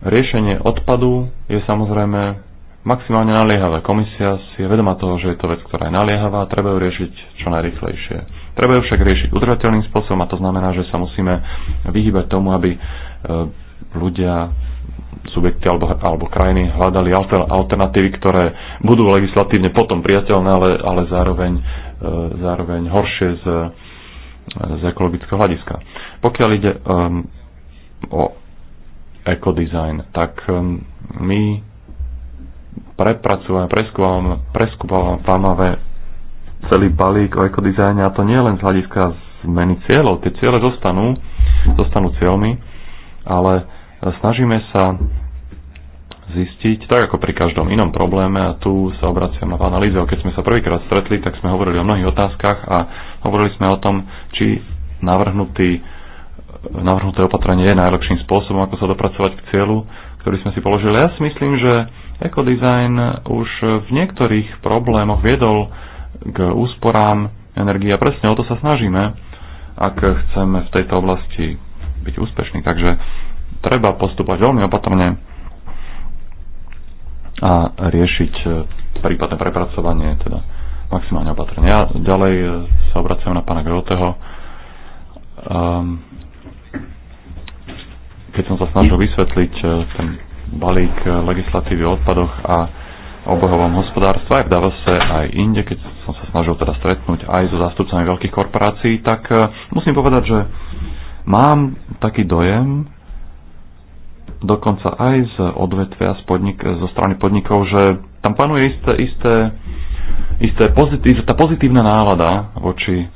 Riešenie odpadu je samozrejme maximálne naliehavé. Komisia si je vedoma toho, že je to vec, ktorá je naliehavá a treba ju riešiť čo najrychlejšie. Treba ju však riešiť udržateľným spôsobom a to znamená, že sa musíme vyhybať tomu, aby e, ľudia, subjekty alebo, alebo krajiny hľadali alternatívy, ktoré budú legislatívne potom priateľné, ale, ale zároveň, e, zároveň horšie z, z ekologického hľadiska. Pokiaľ ide um, o ekodizajn, tak um, my prepracujeme, pamavé, celý balík o ekodizajne a to nie len z hľadiska zmeny cieľov. Tie ciele zostanú, zostanú cieľmi, ale snažíme sa zistiť, tak ako pri každom inom probléme, a tu sa obraciam na pána keď sme sa prvýkrát stretli, tak sme hovorili o mnohých otázkach a hovorili sme o tom, či navrhnutý, navrhnuté opatrenie je najlepším spôsobom, ako sa dopracovať k cieľu, ktorý sme si položili. Ja si myslím, že Ekodizajn už v niektorých problémoch viedol k úsporám energie a presne o to sa snažíme, ak chceme v tejto oblasti byť úspešní. Takže treba postupovať veľmi opatrne a riešiť prípadné prepracovanie teda maximálne opatrne. Ja ďalej sa obraciam na pána Groteho. Um, keď som sa snažil vysvetliť eh, ten balík eh, legislatívy o odpadoch a obehovom hospodárstve aj v Davose, aj inde, keď som sa snažil teda stretnúť aj so zástupcami veľkých korporácií, tak eh, musím povedať, že mám taký dojem, dokonca aj z odvetvia z podnik, zo strany podnikov, že tam panuje isté, isté, isté pozití, tá pozitívna nálada voči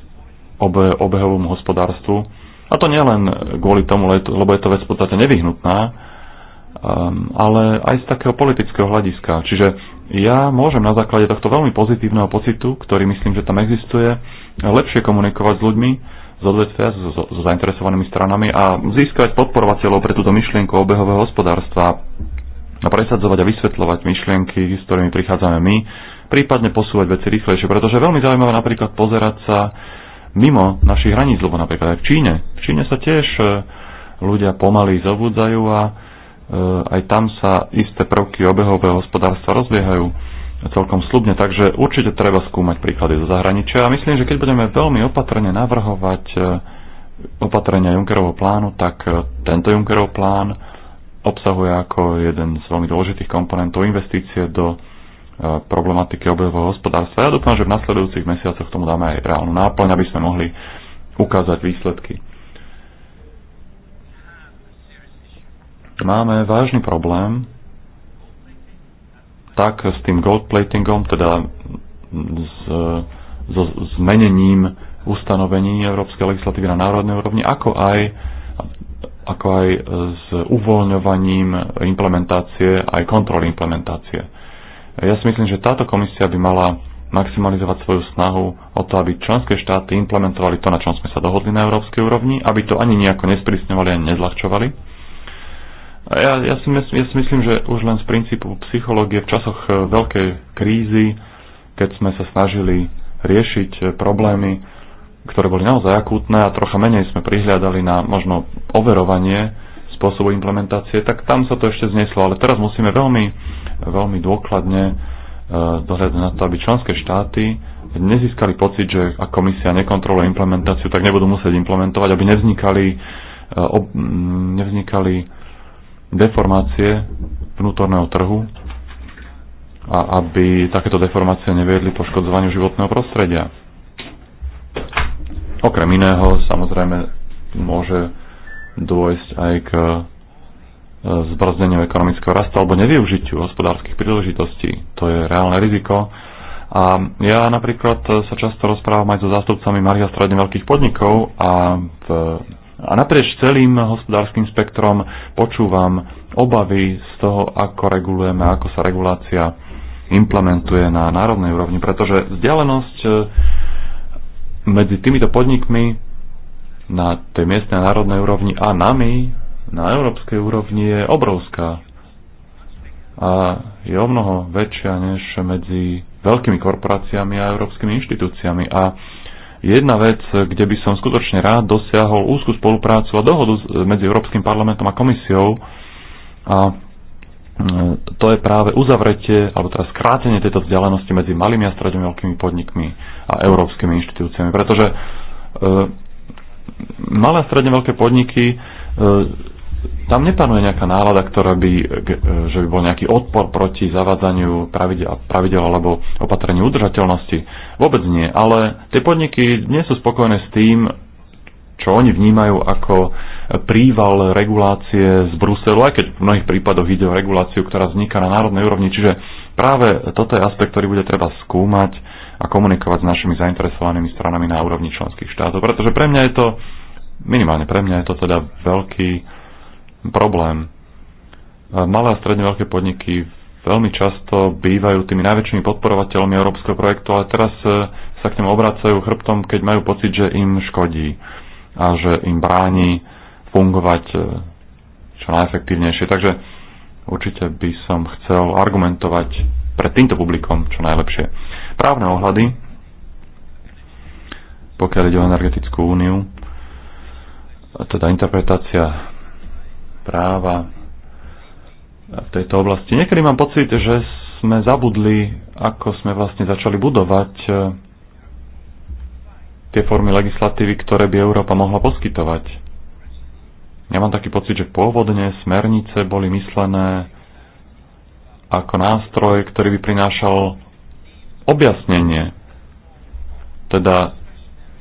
obe, obehovom hospodárstvu. A to nielen kvôli tomu, lebo je to vec v podstate nevyhnutná, um, ale aj z takého politického hľadiska. Čiže ja môžem na základe tohto veľmi pozitívneho pocitu, ktorý myslím, že tam existuje, lepšie komunikovať s ľuďmi, z odvetvia, s, s zainteresovanými stranami a získať podporovateľov pre túto myšlienku obehového hospodárstva a presadzovať a vysvetľovať myšlienky, s ktorými prichádzame my, prípadne posúvať veci rýchlejšie, pretože veľmi zaujímavé napríklad pozerať sa mimo našich hraníc, lebo napríklad aj v Číne. V Číne sa tiež e, ľudia pomaly zobudzajú a aj tam sa isté prvky obehového hospodárstva rozbiehajú celkom slubne, takže určite treba skúmať príklady zo zahraničia a myslím, že keď budeme veľmi opatrne navrhovať e, opatrenia Junckerovho plánu, tak e, tento Junckerov plán obsahuje ako jeden z veľmi dôležitých komponentov investície do e, problematiky obehového hospodárstva. Ja dúfam, že v nasledujúcich mesiacoch tomu dáme aj reálnu náplň, aby sme mohli ukázať výsledky. máme vážny problém tak s tým goldplatingom, teda s, so zmenením ustanovení európskej legislatívy na národnej úrovni, ako aj, ako aj s uvoľňovaním implementácie, aj kontroly implementácie. Ja si myslím, že táto komisia by mala maximalizovať svoju snahu o to, aby členské štáty implementovali to, na čom sme sa dohodli na európskej úrovni, aby to ani nejako nesprísňovali ani nezľahčovali ja, ja, si myslím, ja si myslím, že už len z princípu psychológie v časoch e, veľkej krízy, keď sme sa snažili riešiť e, problémy, ktoré boli naozaj akútne a trocha menej sme prihľadali na možno overovanie spôsobu implementácie, tak tam sa to ešte zneslo. Ale teraz musíme veľmi, veľmi dôkladne e, dohľadať na to, aby členské štáty nezískali pocit, že ak komisia nekontroluje implementáciu, tak nebudú musieť implementovať, aby nevznikali, ob, nevznikali deformácie vnútorného trhu a aby takéto deformácie neviedli poškodzovaniu životného prostredia. Okrem iného, samozrejme, môže dôjsť aj k e, zbrzdeniu ekonomického rastu alebo nevyužitiu hospodárskych príležitostí. To je reálne riziko. A ja napríklad sa často rozprávam aj so zástupcami malých a stredne veľkých podnikov a v a naprieč celým hospodárskym spektrom počúvam obavy z toho, ako regulujeme, ako sa regulácia implementuje na národnej úrovni, pretože vzdialenosť e, medzi týmito podnikmi na tej miestnej a národnej úrovni a nami na európskej úrovni je obrovská a je o mnoho väčšia než medzi veľkými korporáciami a európskymi inštitúciami. A jedna vec, kde by som skutočne rád dosiahol úzku spoluprácu a dohodu medzi Európskym parlamentom a komisiou. A e, to je práve uzavretie, alebo teda skrátenie tejto vzdialenosti medzi malými a stredne veľkými podnikmi a európskymi inštitúciami. Pretože e, malé a stredne veľké podniky e, tam nepanuje nejaká nálada, ktorá by, e, že by bol nejaký odpor proti zavádzaniu pravidel, pravidel alebo opatrení udržateľnosti. Vôbec nie, ale tie podniky nie sú spokojné s tým, čo oni vnímajú ako príval regulácie z Bruselu, aj keď v mnohých prípadoch ide o reguláciu, ktorá vzniká na národnej úrovni. Čiže práve toto je aspekt, ktorý bude treba skúmať a komunikovať s našimi zainteresovanými stranami na úrovni členských štátov. Pretože pre mňa je to, minimálne pre mňa je to teda veľký problém. Malé a stredne veľké podniky veľmi často bývajú tými najväčšími podporovateľmi európskeho projektu, ale teraz e, sa k nemu obracajú chrbtom, keď majú pocit, že im škodí a že im bráni fungovať e, čo najefektívnejšie. Takže určite by som chcel argumentovať pred týmto publikom čo najlepšie. Právne ohľady, pokiaľ ide o energetickú úniu, teda interpretácia práva v tejto oblasti. Niekedy mám pocit, že sme zabudli, ako sme vlastne začali budovať eh, tie formy legislatívy, ktoré by Európa mohla poskytovať. Ja mám taký pocit, že pôvodne smernice boli myslené ako nástroj, ktorý by prinášal objasnenie. Teda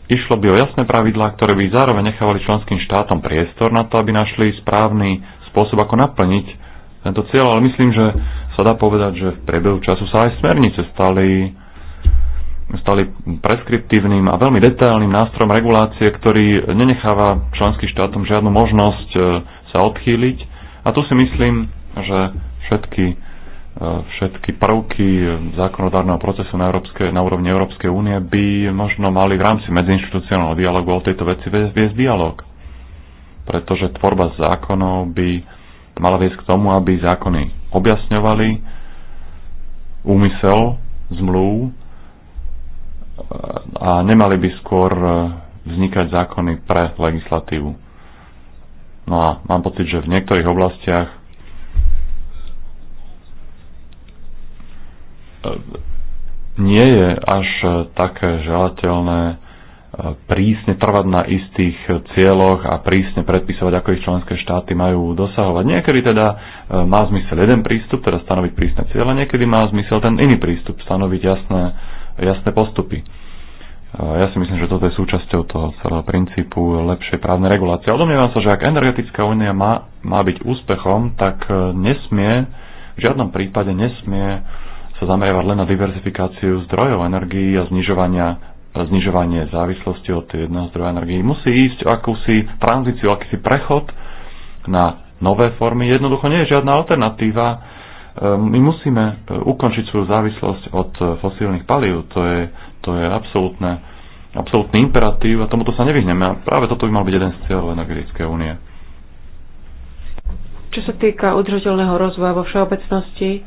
Išlo by o jasné pravidlá, ktoré by zároveň nechávali členským štátom priestor na to, aby našli správny spôsob, ako naplniť tento cieľ, ale myslím, že sa dá povedať, že v priebehu času sa aj smernice stali, stali preskriptívnym a veľmi detailným nástrojom regulácie, ktorý nenecháva členským štátom žiadnu možnosť e, sa odchýliť. A tu si myslím, že všetky všetky prvky zákonodárneho procesu na, európske, na úrovni Európskej únie by možno mali v rámci medziinstitucionálneho dialogu o tejto veci viesť dialog. Pretože tvorba zákonov by mala viesť k tomu, aby zákony objasňovali úmysel zmluv a nemali by skôr e, vznikať zákony pre legislatívu. No a mám pocit, že v niektorých oblastiach E, nie je až e, také želateľné e, prísne trvať na istých cieľoch a prísne predpisovať, ako ich členské štáty majú dosahovať. Niekedy teda má zmysel jeden prístup, teda stanoviť prísne cieľe, niekedy má zmysel ten iný prístup, stanoviť jasné, jasné postupy. Ja si myslím, že toto je súčasťou toho celého princípu lepšej právnej regulácie. Ale domnievam sa, že ak energetická únia má, má byť úspechom, tak nesmie, v žiadnom prípade nesmie sa zameriavať len na diverzifikáciu zdrojov energií a znižovania znižovanie závislosti od jedného zdroja energii. Musí ísť o akúsi tranzíciu, akýsi prechod na nové formy. Jednoducho nie je žiadna alternatíva. Ehm, my musíme e, ukončiť svoju závislosť od e, fosílnych palív. To je, to je absolútne, absolútny imperatív a tomuto sa nevyhneme. A práve toto by mal byť jeden z cieľov energetickej únie. Čo sa týka udržateľného rozvoja vo všeobecnosti,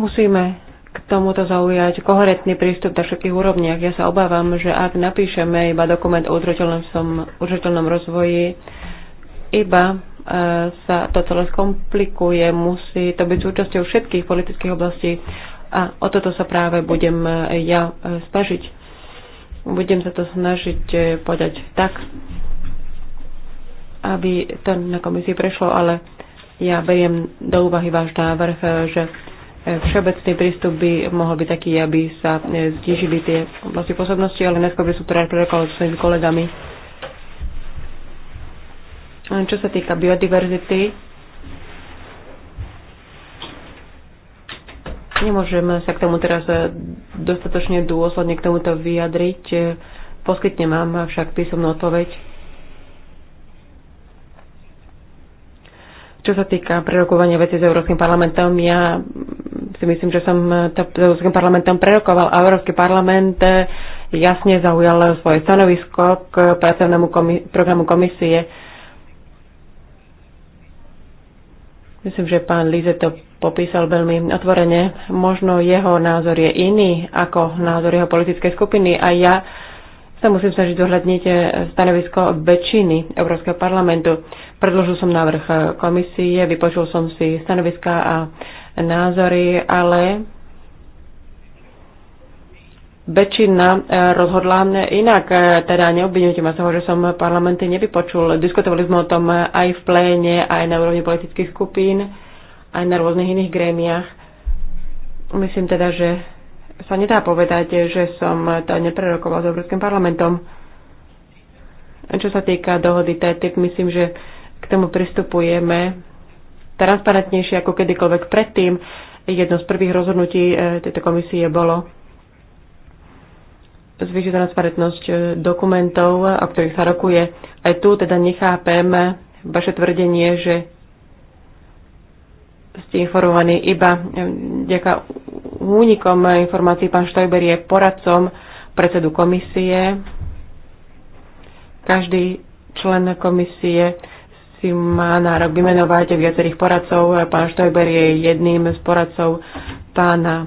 Musíme k tomuto zaujať koherentný prístup na všetkých úrovniach. Ja sa obávam, že ak napíšeme iba dokument o udržateľnom rozvoji, iba e, sa to celé skomplikuje, musí to byť súčasťou všetkých politických oblastí a o toto sa práve budem e, ja e, snažiť. Budem sa to snažiť podať tak, aby to na komisii prešlo, ale ja beriem do úvahy váš návrh, že všeobecný prístup by mohol byť taký, aby sa e, ztížili tie oblasti pôsobnosti, ale neskôr by som to rád prerokoval s svojimi kolegami. Čo sa týka biodiverzity, nemôžem sa k tomu teraz e, dostatočne dôsledne k tomuto vyjadriť. E, poskytnem vám však písomnú odpoveď. Čo sa týka prerokovania veci s Európskym parlamentom, ja si myslím, že som to s Európskym parlamentom prerokoval a Európsky parlament eh, jasne zaujal svoje stanovisko k pracovnému komi- programu komisie. Myslím, že pán Lize to popísal veľmi otvorene. Možno jeho názor je iný ako názor jeho politickej skupiny a ja sa musím snažiť dohľadniť eh, stanovisko väčšiny Európskeho parlamentu. Predložil som návrh eh, komisie, vypočul som si stanoviska a názory, ale väčšina eh, rozhodla inak. Teda neobvinujte ma z toho, že som parlamenty nevypočul. Diskutovali sme o tom aj v pléne, aj na úrovni politických skupín, aj na rôznych iných grémiách. Myslím teda, že sa nedá povedať, že som to neprerokoval s Európskym parlamentom. Čo sa týka dohody TTIP, myslím, že k tomu pristupujeme transparentnejšie ako kedykoľvek predtým. Jedno z prvých rozhodnutí e, tejto komisie bolo zvýšiť transparentnosť e, dokumentov, o ktorých sa rokuje. Aj tu teda nechápem vaše tvrdenie, že ste informovaní iba e, vďaka únikom informácií pán Štojber je poradcom predsedu komisie. Každý člen komisie si má nárok vymenovať viacerých poradcov. Pán Štojber je jedným z poradcov pána eh,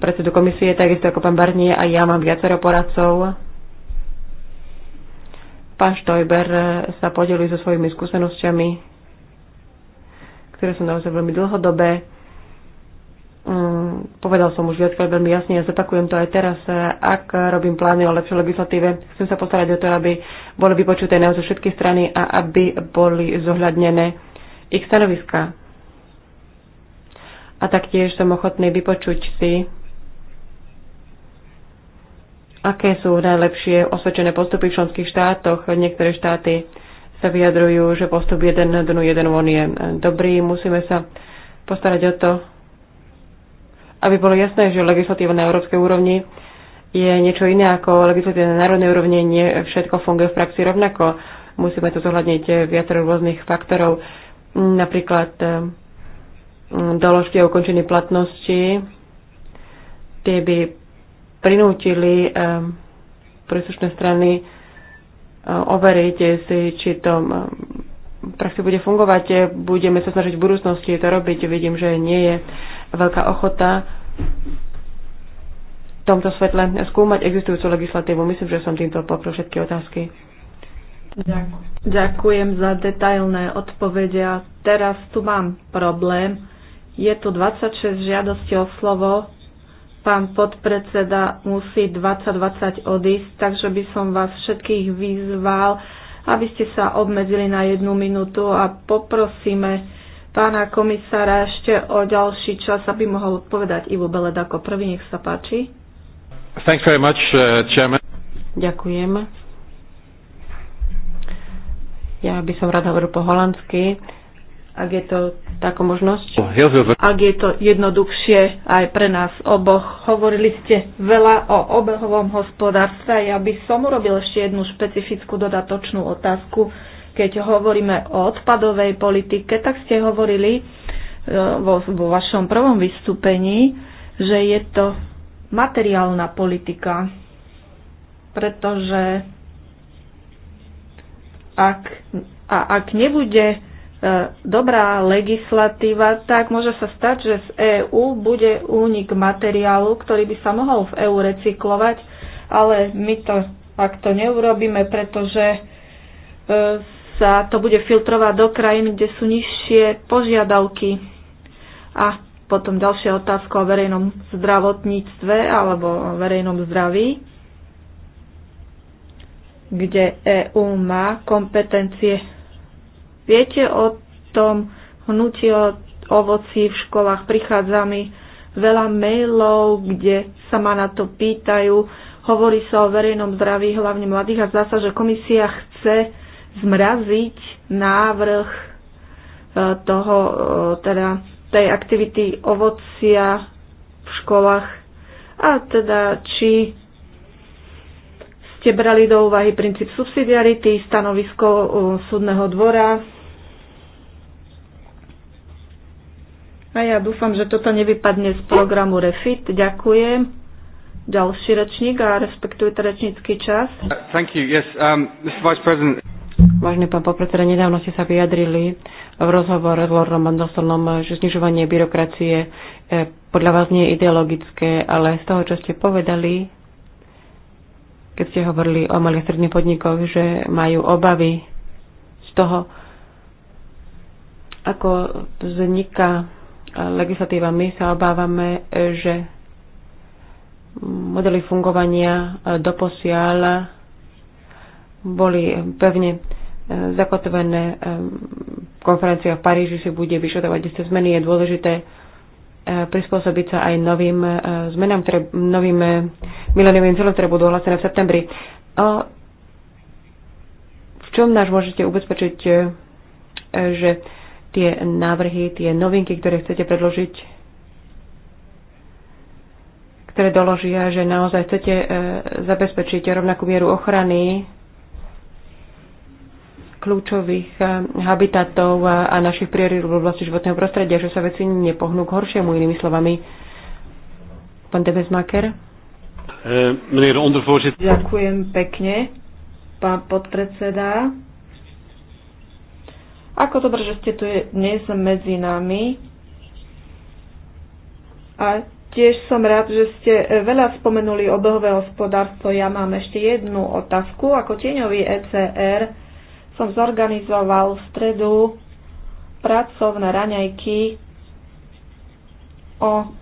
predsedu komisie, takisto ako pán Barnie a ja mám viacero poradcov. Pán Štojber sa podelí so svojimi skúsenosťami, ktoré sú naozaj veľmi dlhodobé Mm, povedal som už viackrát veľmi jasne, ja zopakujem to aj teraz, e, ak robím plány o lepšej legislatíve, chcem sa postarať o to, aby boli vypočuté naozaj všetky strany a aby boli zohľadnené ich stanoviská. A taktiež som ochotný vypočuť si, aké sú najlepšie osvedčené postupy v členských štátoch. Niektoré štáty sa vyjadrujú, že postup jeden dnu jeden von je e, dobrý. Musíme sa postarať o to, aby bolo jasné, že legislatíva na európskej úrovni je niečo iné ako legislatíva na národnej úrovni, nie všetko funguje v praxi rovnako. Musíme to zohľadniť viacero rôznych faktorov, napríklad eh, doložky o ukončení platnosti, tie by prinútili eh, príslušné strany eh, overiť si, či to v praxi bude fungovať. Budeme sa snažiť v budúcnosti to robiť. Vidím, že nie je veľká ochota v tomto svetle skúmať existujúcu legislatívu. Myslím, že som týmto pokryl všetky otázky. Ďakujem za detailné odpovede. A teraz tu mám problém. Je tu 26 žiadosti o slovo. Pán podpredseda musí 2020 odísť, takže by som vás všetkých vyzval, aby ste sa obmedzili na jednu minútu a poprosíme pána komisára ešte o ďalší čas, aby mohol odpovedať Ivo Beled ako prvý. Nech sa páči. Thanks very much, uh, chairman. Ďakujem. Ja by som rada hovoril po holandsky, ak je to taká možnosť. Oh, ak je to jednoduchšie aj pre nás oboch. Hovorili ste veľa o obehovom hospodárstve ja by som urobil ešte jednu špecifickú dodatočnú otázku keď hovoríme o odpadovej politike, tak ste hovorili e, vo, vo vašom prvom vystúpení, že je to materiálna politika, pretože ak, a ak nebude e, dobrá legislatíva, tak môže sa stať, že z EÚ bude únik materiálu, ktorý by sa mohol v EÚ recyklovať, ale my to, ak to neurobíme, pretože e, sa to bude filtrovať do krajín, kde sú nižšie požiadavky. A potom ďalšia otázka o verejnom zdravotníctve alebo o verejnom zdraví, kde EÚ má kompetencie. Viete o tom hnutí o ovoci v školách? Prichádza mi veľa mailov, kde sa ma na to pýtajú. Hovorí sa o verejnom zdraví hlavne mladých a zdá sa, že komisia chce zmraziť návrh e, toho, e, teda tej aktivity ovocia v školách a teda či ste brali do úvahy princíp subsidiarity, stanovisko e, súdneho dvora. A ja dúfam, že toto nevypadne z programu REFIT. Ďakujem ďalší rečník a respektujte rečnícky čas. Thank you. Yes, um, Mr. Vice President. Vážený pán popredseda, nedávno ste sa vyjadrili v rozhovore s Lordom Mandelsonom, že znižovanie byrokracie e, podľa vás nie je ideologické, ale z toho, čo ste povedali, keď ste hovorili o malých stredných podnikoch, že majú obavy z toho, ako vzniká legislatíva. My sa obávame, e, že modely fungovania e, doposiaľ boli pevne e, zakotvené e, konferencia v Paríži si bude vyšetovať isté zmeny. Je dôležité e, prispôsobiť sa aj novým zmenám, ktoré, novým mileniovým cieľom, ktoré budú ohlásené v septembri. O, v čom náš môžete ubezpečiť, že tie návrhy, tie novinky, ktoré chcete predložiť, ktoré doložia, že naozaj chcete zabezpečiť rovnakú mieru ochrany kľúčových eh, habitatov a našich priorít v oblasti životného prostredia, že sa veci nepohnú k horšiemu, inými slovami. Pán Debesmaker. Eh, Ďakujem pekne, pán podpredseda. Ako dobre, že ste tu dnes medzi nami. A tiež som rád, že ste eh, veľa spomenuli obehové hospodárstvo. Ja mám ešte jednu otázku. Ako tieňový ECR som zorganizoval v stredu pracovné raňajky o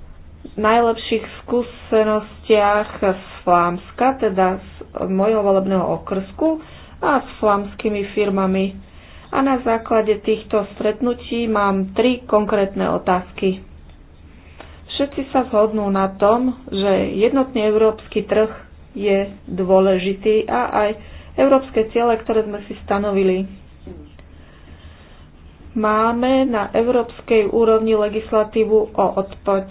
najlepších skúsenostiach z Flámska, teda z mojho volebného okrsku a s flámskymi firmami. A na základe týchto stretnutí mám tri konkrétne otázky. Všetci sa zhodnú na tom, že jednotný európsky trh je dôležitý a aj európske ciele, ktoré sme si stanovili. Máme na európskej úrovni legislatívu o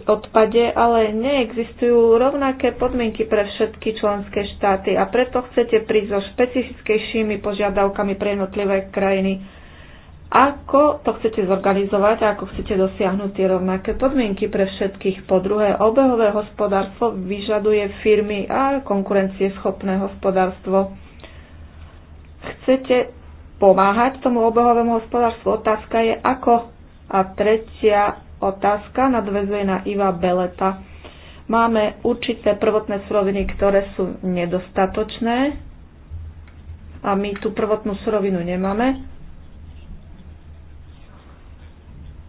odpade, ale neexistujú rovnaké podmienky pre všetky členské štáty a preto chcete prísť so špecifickejšími požiadavkami pre jednotlivé krajiny. Ako to chcete zorganizovať a ako chcete dosiahnuť tie rovnaké podmienky pre všetkých? Po druhé, obehové hospodárstvo vyžaduje firmy a konkurencieschopné hospodárstvo chcete pomáhať tomu obehovému hospodárstvu. Otázka je ako. A tretia otázka nadvezuje na Iva Beleta. Máme určité prvotné suroviny, ktoré sú nedostatočné a my tú prvotnú surovinu nemáme.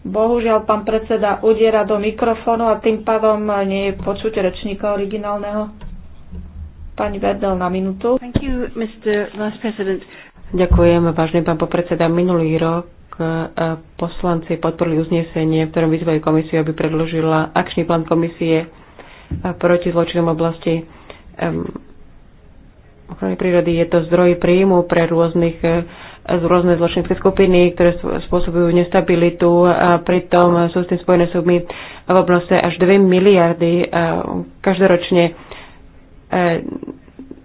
Bohužiaľ, pán predseda udiera do mikrofónu a tým pádom nie je počuť rečníka originálneho. Pani Verdel na minútu. Thank you, Mr. Vice President. Ďakujem, vážne pán popredseda. Minulý rok eh, poslanci podporili uznesenie, v ktorom vyzvali komisiu, aby predložila akčný plán komisie eh, proti zločinom oblasti ochrany prírody. Je to zdroj príjmu pre rôznych eh, rôzne zločinecké skupiny, ktoré spôsobujú nestabilitu a pritom sú s tým spojené sumy v obnose až 2 miliardy každoročne E,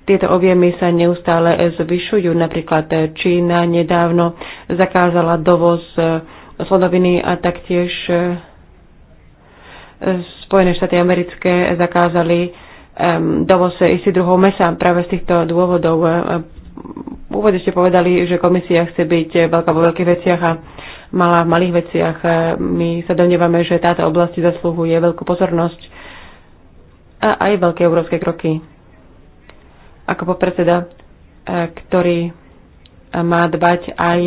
tieto objemy sa neustále zvyšujú. Napríklad e, Čína nedávno zakázala dovoz e, slonoviny a taktiež Spojené štáty americké zakázali dovoz istých druhov mesa práve z týchto dôvodov. V úvode ste povedali, že komisia chce byť veľká vo veľkých veciach a malá v malých veciach. My sa domnievame, že táto oblasť zaslúhuje veľkú pozornosť a aj veľké európske kroky ako popredseda, e, ktorý má dbať aj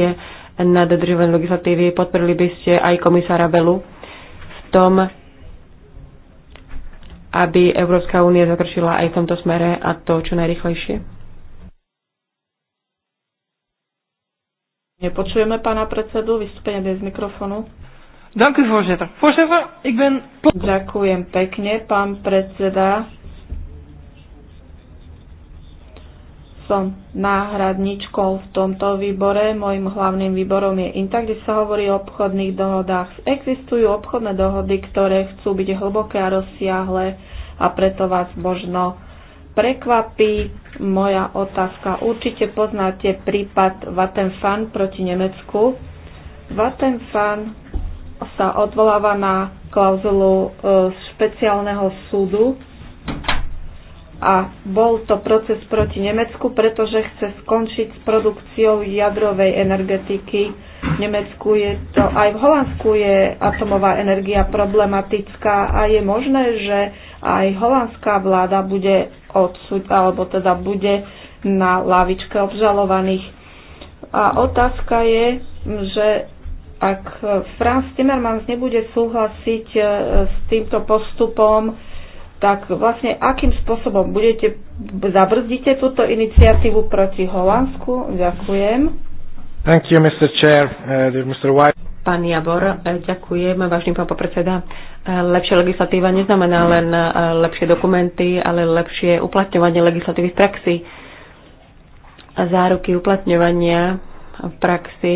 na dodržovanie legislatívy. Podporili by ste aj komisára Belu v tom, aby Európska únia zakršila aj v tomto smere a to čo najrychlejšie. Nepočujeme pána predsedu, vystúpenie bez mikrofonu. voorzitter. Voorzitter, ik ben... Ďakujem pekne, pán predseda. som náhradničkou v tomto výbore. Mojím hlavným výborom je INTA, kde sa hovorí o obchodných dohodách. Existujú obchodné dohody, ktoré chcú byť hlboké a rozsiahle a preto vás možno prekvapí moja otázka. Určite poznáte prípad Vattenfall proti Nemecku. Vattenfall sa odvoláva na klauzulu e, špeciálneho súdu a bol to proces proti Nemecku, pretože chce skončiť s produkciou jadrovej energetiky. V Nemecku je to, aj v Holandsku je atomová energia problematická a je možné, že aj holandská vláda bude odsúť, alebo teda bude na lavičke obžalovaných. A otázka je, že ak Franz Timmermans nebude súhlasiť e, s týmto postupom, tak vlastne akým spôsobom budete, zabrzdíte túto iniciatívu proti Holandsku? Ďakujem. Thank you, Mr. Chair, uh, Mr. White. Pán Javor, eh, ďakujem, vážny pán popredseda. Eh, lepšia legislatíva neznamená len eh, lepšie dokumenty, ale lepšie uplatňovanie legislatívy v praxi. a Záruky uplatňovania v praxi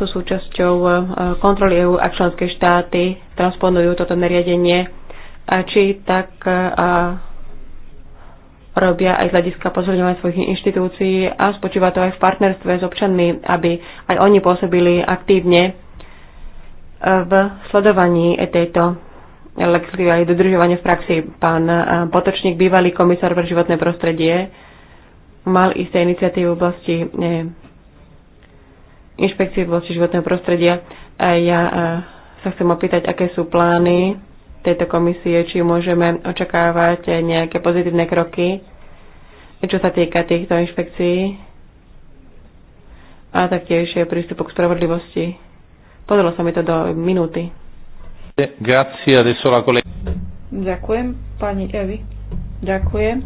sú súčasťou kontroly EU a členské štáty transponujú toto nariadenie či tak e, robia aj z hľadiska posilňovania svojich inštitúcií a spočíva to aj v partnerstve s občanmi, aby aj oni pôsobili aktívne e, v sledovaní tejto legislatívy aj dodržovania v praxi. Pán e, Potočník, bývalý komisár pre životné prostredie, mal isté iniciatívy v oblasti inšpekcie v oblasti životného prostredia. a Ja sa chcem opýtať, aké sú plány tejto komisie, či môžeme očakávať nejaké pozitívne kroky, čo sa týka týchto inšpekcií a taktiež prístupu k spravodlivosti. Podalo sa mi to do minúty. Ďakujem, pani Evi. Ďakujem.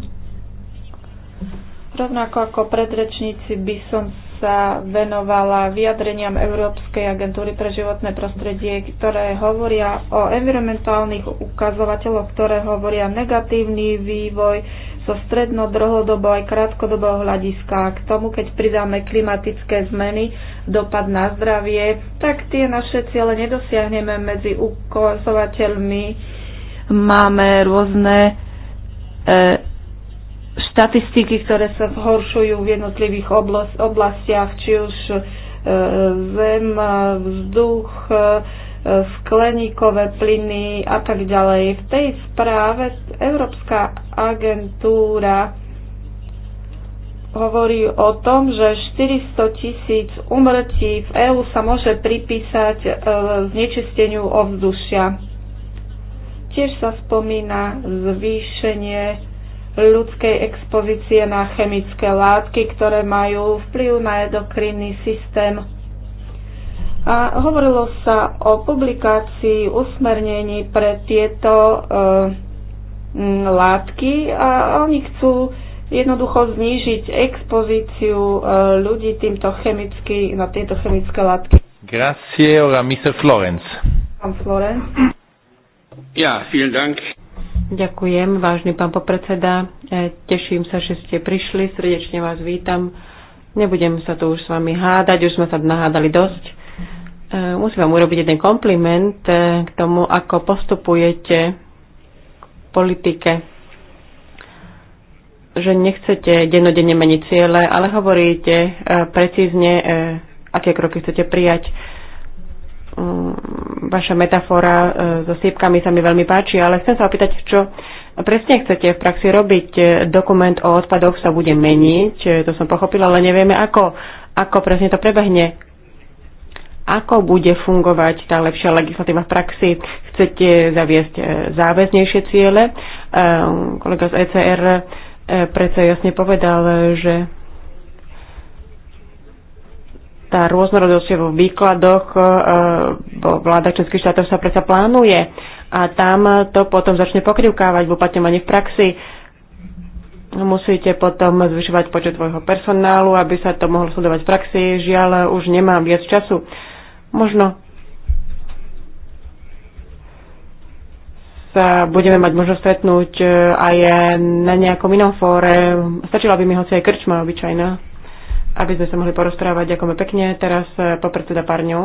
Rovnako ako predrečníci by som sa venovala vyjadreniam Európskej agentúry pre životné prostredie, ktoré hovoria o environmentálnych ukazovateľoch, ktoré hovoria negatívny vývoj zo so stredno, dlhodobo aj krátkodobého hľadiska. K tomu, keď pridáme klimatické zmeny, dopad na zdravie, tak tie naše ciele nedosiahneme medzi ukazovateľmi. Máme rôzne e, štatistiky, ktoré sa zhoršujú v jednotlivých oblastiach, či už e, zem, e, vzduch, e, skleníkové plyny a tak ďalej. V tej správe Európska agentúra hovorí o tom, že 400 tisíc umrtí v EÚ sa môže pripísať znečisteniu ovzdušia. Tiež sa spomína zvýšenie ľudskej expozície na chemické látky, ktoré majú vplyv na endokrinný systém. A hovorilo sa o publikácii usmernení pre tieto e, m, látky a oni chcú jednoducho znížiť expozíciu e, ľudí týmto chemicky, na tieto chemické látky. Grazie, ora Mr. Florence. Pán Florence. Ja, vielen Dank. Ďakujem, vážny pán popredseda. E, teším sa, že ste prišli. Srdečne vás vítam. Nebudem sa tu už s vami hádať, už sme sa nahádali dosť. E, musím vám urobiť jeden kompliment e, k tomu, ako postupujete k politike. Že nechcete dennodenne meniť ciele, ale hovoríte precízne, aké kroky chcete prijať mm, vaša metafora e, so sípkami sa mi veľmi páči, ale chcem sa opýtať, čo presne chcete v praxi robiť. E, dokument o odpadoch sa bude meniť, e, to som pochopila, ale nevieme ako. Ako presne to prebehne? Ako bude fungovať tá lepšia legislatíva v praxi? Chcete zaviesť záväznejšie ciele? Kolega z ECR predsa jasne povedal, že tá rôznorodosť vo výkladoch bo e, vláda českých štátov sa predsa plánuje a tam to potom začne pokrivkávať v uplatňovaní v praxi. Musíte potom zvyšovať počet svojho personálu, aby sa to mohlo sledovať v praxi. Žiaľ, už nemám viac času. Možno sa budeme mať možnosť stretnúť e, aj na nejakom inom fóre. Stačila by mi hoci aj krčma obyčajná aby sme sa mohli porozprávať. Ďakujeme pekne. Teraz eh, pár dňov.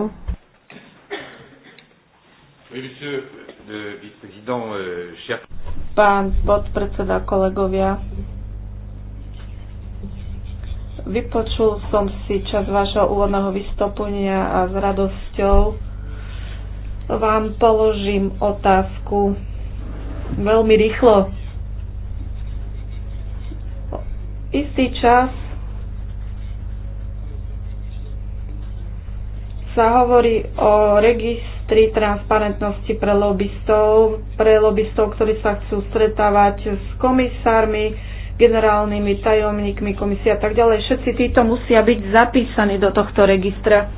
Euh, Pán podpredseda, kolegovia, vypočul som si čas vášho úvodného vystúpenia a s radosťou vám položím otázku veľmi rýchlo. Istý čas sa hovorí o registri transparentnosti pre lobbystov, pre lobbystov, ktorí sa chcú stretávať s komisármi, generálnymi tajomníkmi komisie a tak ďalej. Všetci títo musia byť zapísaní do tohto registra.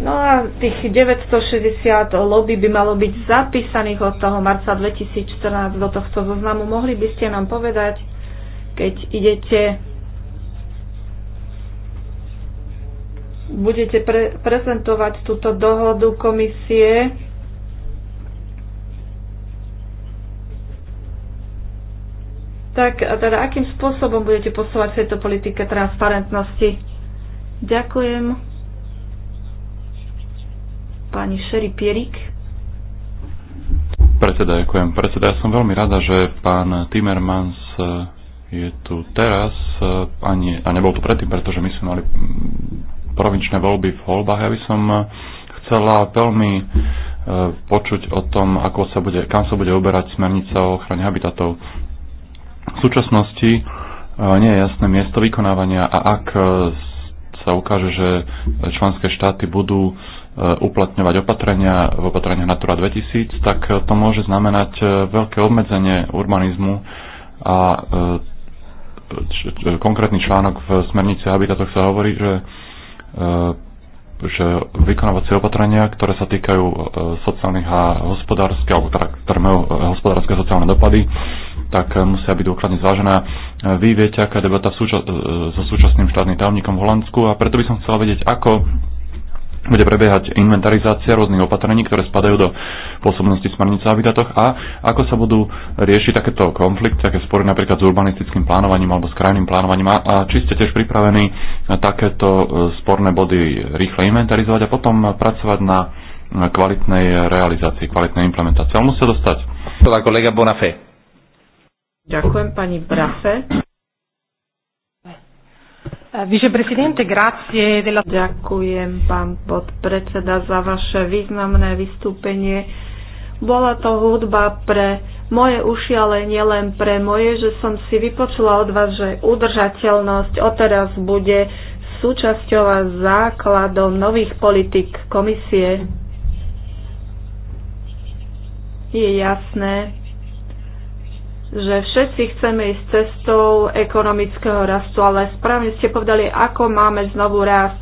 No a tých 960 lobby by malo byť zapísaných od toho marca 2014 do tohto zoznamu. Mohli by ste nám povedať, keď idete budete pre, prezentovať túto dohodu komisie. Tak a teda akým spôsobom budete posúvať v tejto politike transparentnosti? Ďakujem. Pani Šeri Pierik. Predseda, ďakujem. Predseda, ja som veľmi rada, že pán Timmermans eh, je tu teraz eh, a, nie, a nebol tu predtým, pretože my sme mali mm, provinčné voľby v Holbách. Ja by som eh, chcela veľmi eh, počuť o tom, ako sa bude, kam sa bude uberať smernica o ochrane habitatov. V súčasnosti eh, nie je jasné miesto vykonávania a ak sa ukáže, že členské štáty budú uplatňovať opatrenia v opatreniach Natura 2000, tak to môže znamenať veľké obmedzenie urbanizmu a konkrétny článok v smernici o habitatoch sa hovorí, že E, že vykonávacie opatrenia, ktoré sa týkajú e, sociálnych a hospodárskych, alebo teda, ktoré majú e, hospodárske a sociálne dopady, tak musia byť dôkladne zvážené. Vy viete, aká je debata súča- so súčasným štátnym tajomníkom v Holandsku a preto by som chcela vedieť, ako bude prebiehať inventarizácia rôznych opatrení, ktoré spadajú do pôsobnosti smernice o habitatoch a ako sa budú riešiť takéto konflikty, také spory napríklad s urbanistickým plánovaním alebo s krajným plánovaním a, a či ste tiež pripravení takéto e, sporné body rýchle inventarizovať a potom pracovať na kvalitnej realizácii, kvalitnej implementácii. Ale musia dostať. Kolega Bonafé. Ďakujem pani Brafe. Eh, Viceprezidente, grazie della... Ďakujem, pán podpredseda, za vaše významné vystúpenie. Bola to hudba pre moje uši, ale nielen pre moje, že som si vypočula od vás, že udržateľnosť odteraz bude súčasťou a základom nových politik komisie. Je jasné, že všetci chceme ísť cestou ekonomického rastu, ale správne ste povedali, ako máme znovu rast.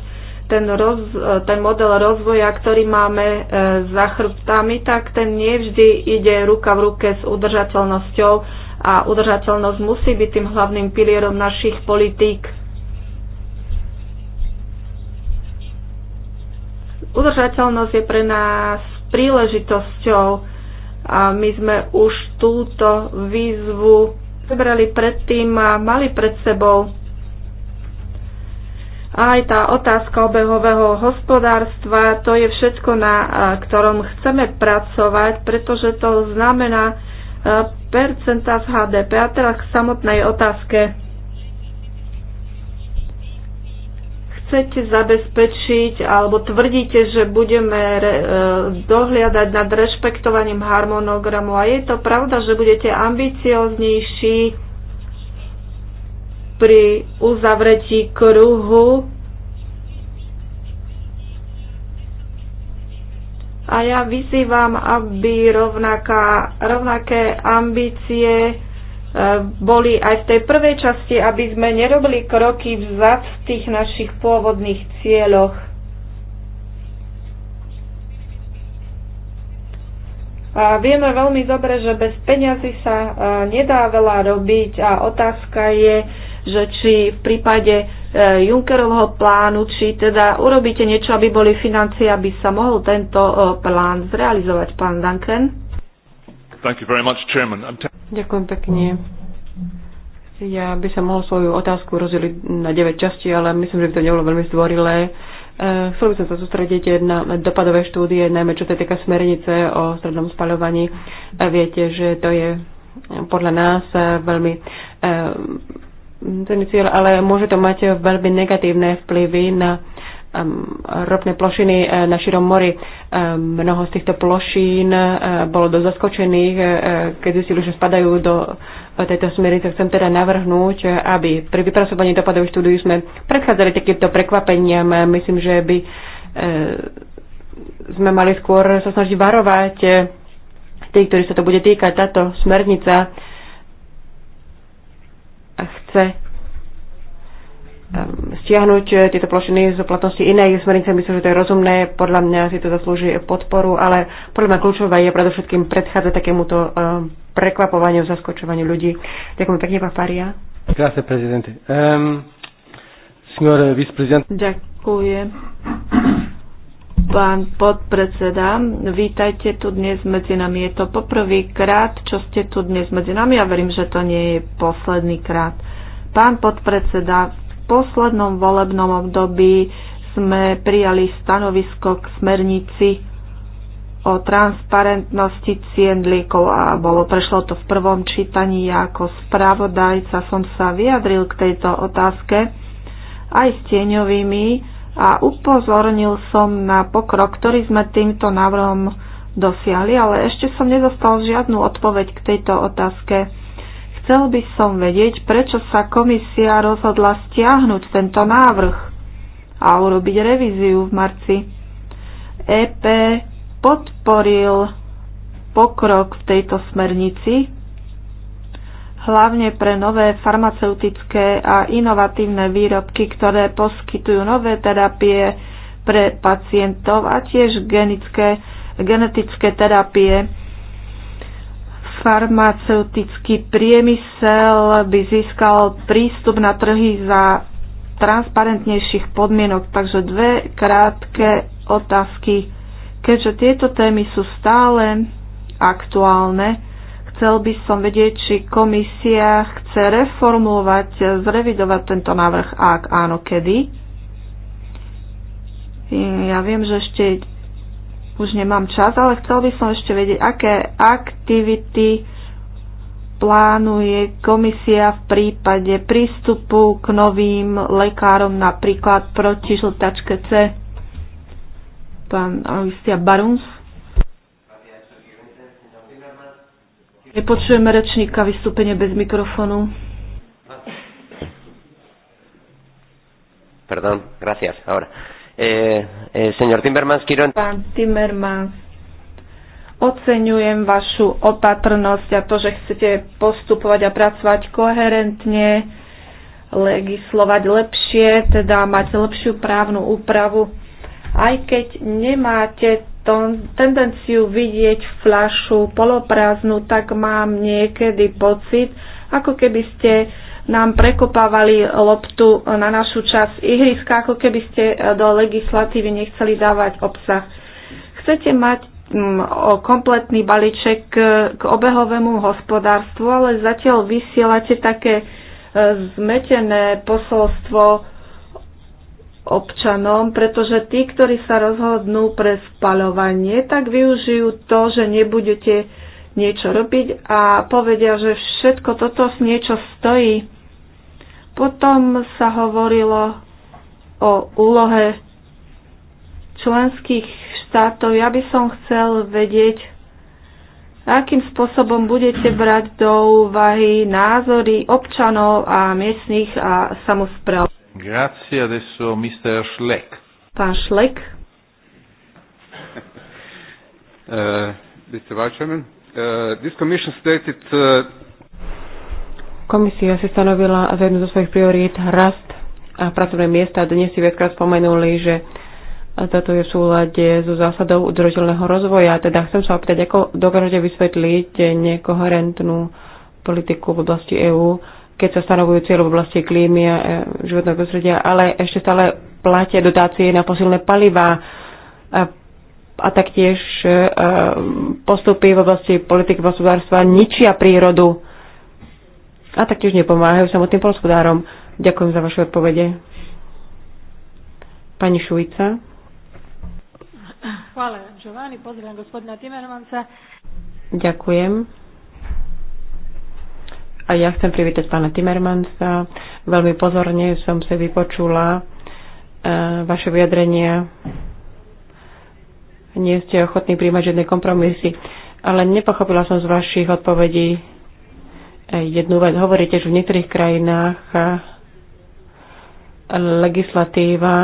Ten, roz, ten model rozvoja, ktorý máme e, za chrbtami, tak ten nevždy ide ruka v ruke s udržateľnosťou a udržateľnosť musí byť tým hlavným pilierom našich politík. Udržateľnosť je pre nás príležitosťou, a my sme už túto výzvu zobrali predtým a mali pred sebou aj tá otázka obehového hospodárstva, to je všetko, na ktorom chceme pracovať, pretože to znamená e, percenta z HDP. A teraz k samotnej otázke chcete zabezpečiť alebo tvrdíte, že budeme re, e, dohliadať nad rešpektovaním harmonogramu a je to pravda, že budete ambicioznejší pri uzavretí kruhu a ja vyzývam, aby rovnaká, rovnaké ambície Eh, boli aj v tej prvej časti, aby sme nerobili kroky vzad v tých našich pôvodných cieľoch. A vieme veľmi dobre, že bez peňazí sa eh, nedá veľa robiť a otázka je, že či v prípade eh, Junckerovho plánu, či teda urobíte niečo, aby boli financie, aby sa mohol tento plán zrealizovať, pán Duncan. Thank you very much, Chairman. I'm Ďakujem pekne. Ja by som mohol svoju otázku rozdeliť na 9 časti, ale myslím, že by to nebolo veľmi zdvorilé. E, chcel by som sa sústrediť na dopadové štúdie, najmä čo sa týka smernice o strednom spaľovaní. E, viete, že to je podľa nás veľmi ten e, cieľ, ale môže to mať veľmi negatívne vplyvy na ropné plošiny eh, na širom mori. Mnoho z týchto plošín eh, bolo dosť zaskočených, eh, keď zistili, že spadajú do tejto smernice. Chcem teda navrhnúť, aby pri vypracovaní dopadov štúdiu sme predchádzali takýmto prekvapeniam. Myslím, že by sme mali skôr sa snažiť varovať tých, ktorí sa to bude týkať. Táto smernica chce Ehm, stiahnuť eh, tieto plošiny z platnosti inej smernice. Myslím, že to je rozumné. Podľa mňa si to zaslúži podporu, ale podľa mňa kľúčové je predovšetkým predchádzať takémuto ehm, prekvapovaniu, zaskočovaniu ľudí. Ďakujem pekne, pán Faria. Krásne, prezidente. Um, ehm, signor viceprezident. Ďakujem. Pán podpredseda, vítajte tu dnes medzi nami. Je to poprvýkrát, čo ste tu dnes medzi nami. Ja verím, že to nie je posledný krát. Pán podpredseda, poslednom volebnom období sme prijali stanovisko k smernici o transparentnosti cien liekov a bolo, prešlo to v prvom čítaní. Ja ako spravodajca som sa vyjadril k tejto otázke aj s tieňovými a upozornil som na pokrok, ktorý sme týmto návrhom dosiahli, ale ešte som nedostal žiadnu odpoveď k tejto otázke. Chcel by som vedieť, prečo sa komisia rozhodla stiahnuť tento návrh a urobiť revíziu v marci. EP podporil pokrok v tejto smernici, hlavne pre nové farmaceutické a inovatívne výrobky, ktoré poskytujú nové terapie pre pacientov a tiež genické, genetické terapie farmaceutický priemysel by získal prístup na trhy za transparentnejších podmienok. Takže dve krátke otázky. Keďže tieto témy sú stále aktuálne, chcel by som vedieť, či komisia chce reformulovať, zrevidovať tento návrh ak áno, kedy. Ja viem, že ešte už nemám čas, ale chcel by som ešte vedieť, aké aktivity plánuje komisia v prípade prístupu k novým lekárom, napríklad proti žltačke C. Pán Alistia Baruns. Nepočujeme rečníka vystúpenie bez mikrofonu. Perdón, gracias, ahora. Eh, eh, señor Timmermans, quiero... Pán Timmermans, oceňujem vašu opatrnosť a to, že chcete postupovať a pracovať koherentne, legislovať lepšie, teda mať lepšiu právnu úpravu, aj keď nemáte tendenciu vidieť flašu poloprázdnu, tak mám niekedy pocit, ako keby ste nám prekopávali loptu na našu časť ihriska, ako keby ste e, do legislatívy nechceli dávať obsah. Chcete mať mm, kompletný balíček e, k obehovému hospodárstvu, ale zatiaľ vysielate také e, zmetené posolstvo občanom, pretože tí, ktorí sa rozhodnú pre spaľovanie, tak využijú to, že nebudete niečo robiť a povedia, že všetko toto niečo stojí potom sa hovorilo o úlohe členských štátov. Ja by som chcel vedieť, akým spôsobom budete brať do úvahy názory občanov a miestných a samozpráv. Grazie adesso Mr. Schleck. Pán Schleck. uh, Mr. Vice Chairman, uh, this commission stated uh, Komisia si stanovila za jednu zo svojich priorít rast a pracovné miesta. Dnes si viackrát spomenuli, že toto je v súlade so zásadou udržateľného rozvoja. Teda chcem sa opýtať, ako dokážete vysvetliť nekoherentnú politiku v oblasti EÚ, keď sa stanovujú cieľe v oblasti klímy a e, životného prostredia, ale ešte stále platia dotácie na posilné palivá a, a taktiež e, e, postupy v oblasti politiky hospodárstva ničia prírodu a taktiež nepomáhajú samotným polospodárom. Ďakujem za vaše odpovede. Pani Šujica. Hvala Giovanni, pozdravím gospodina Timermansa. Ďakujem. A ja chcem privítať pána Timermansa. Veľmi pozorne som si vypočula e, vaše vyjadrenia. Nie ste ochotní príjmať žiadne kompromisy, ale nepochopila som z vašich odpovedí jednu vec. Hovoríte, že v niektorých krajinách legislatíva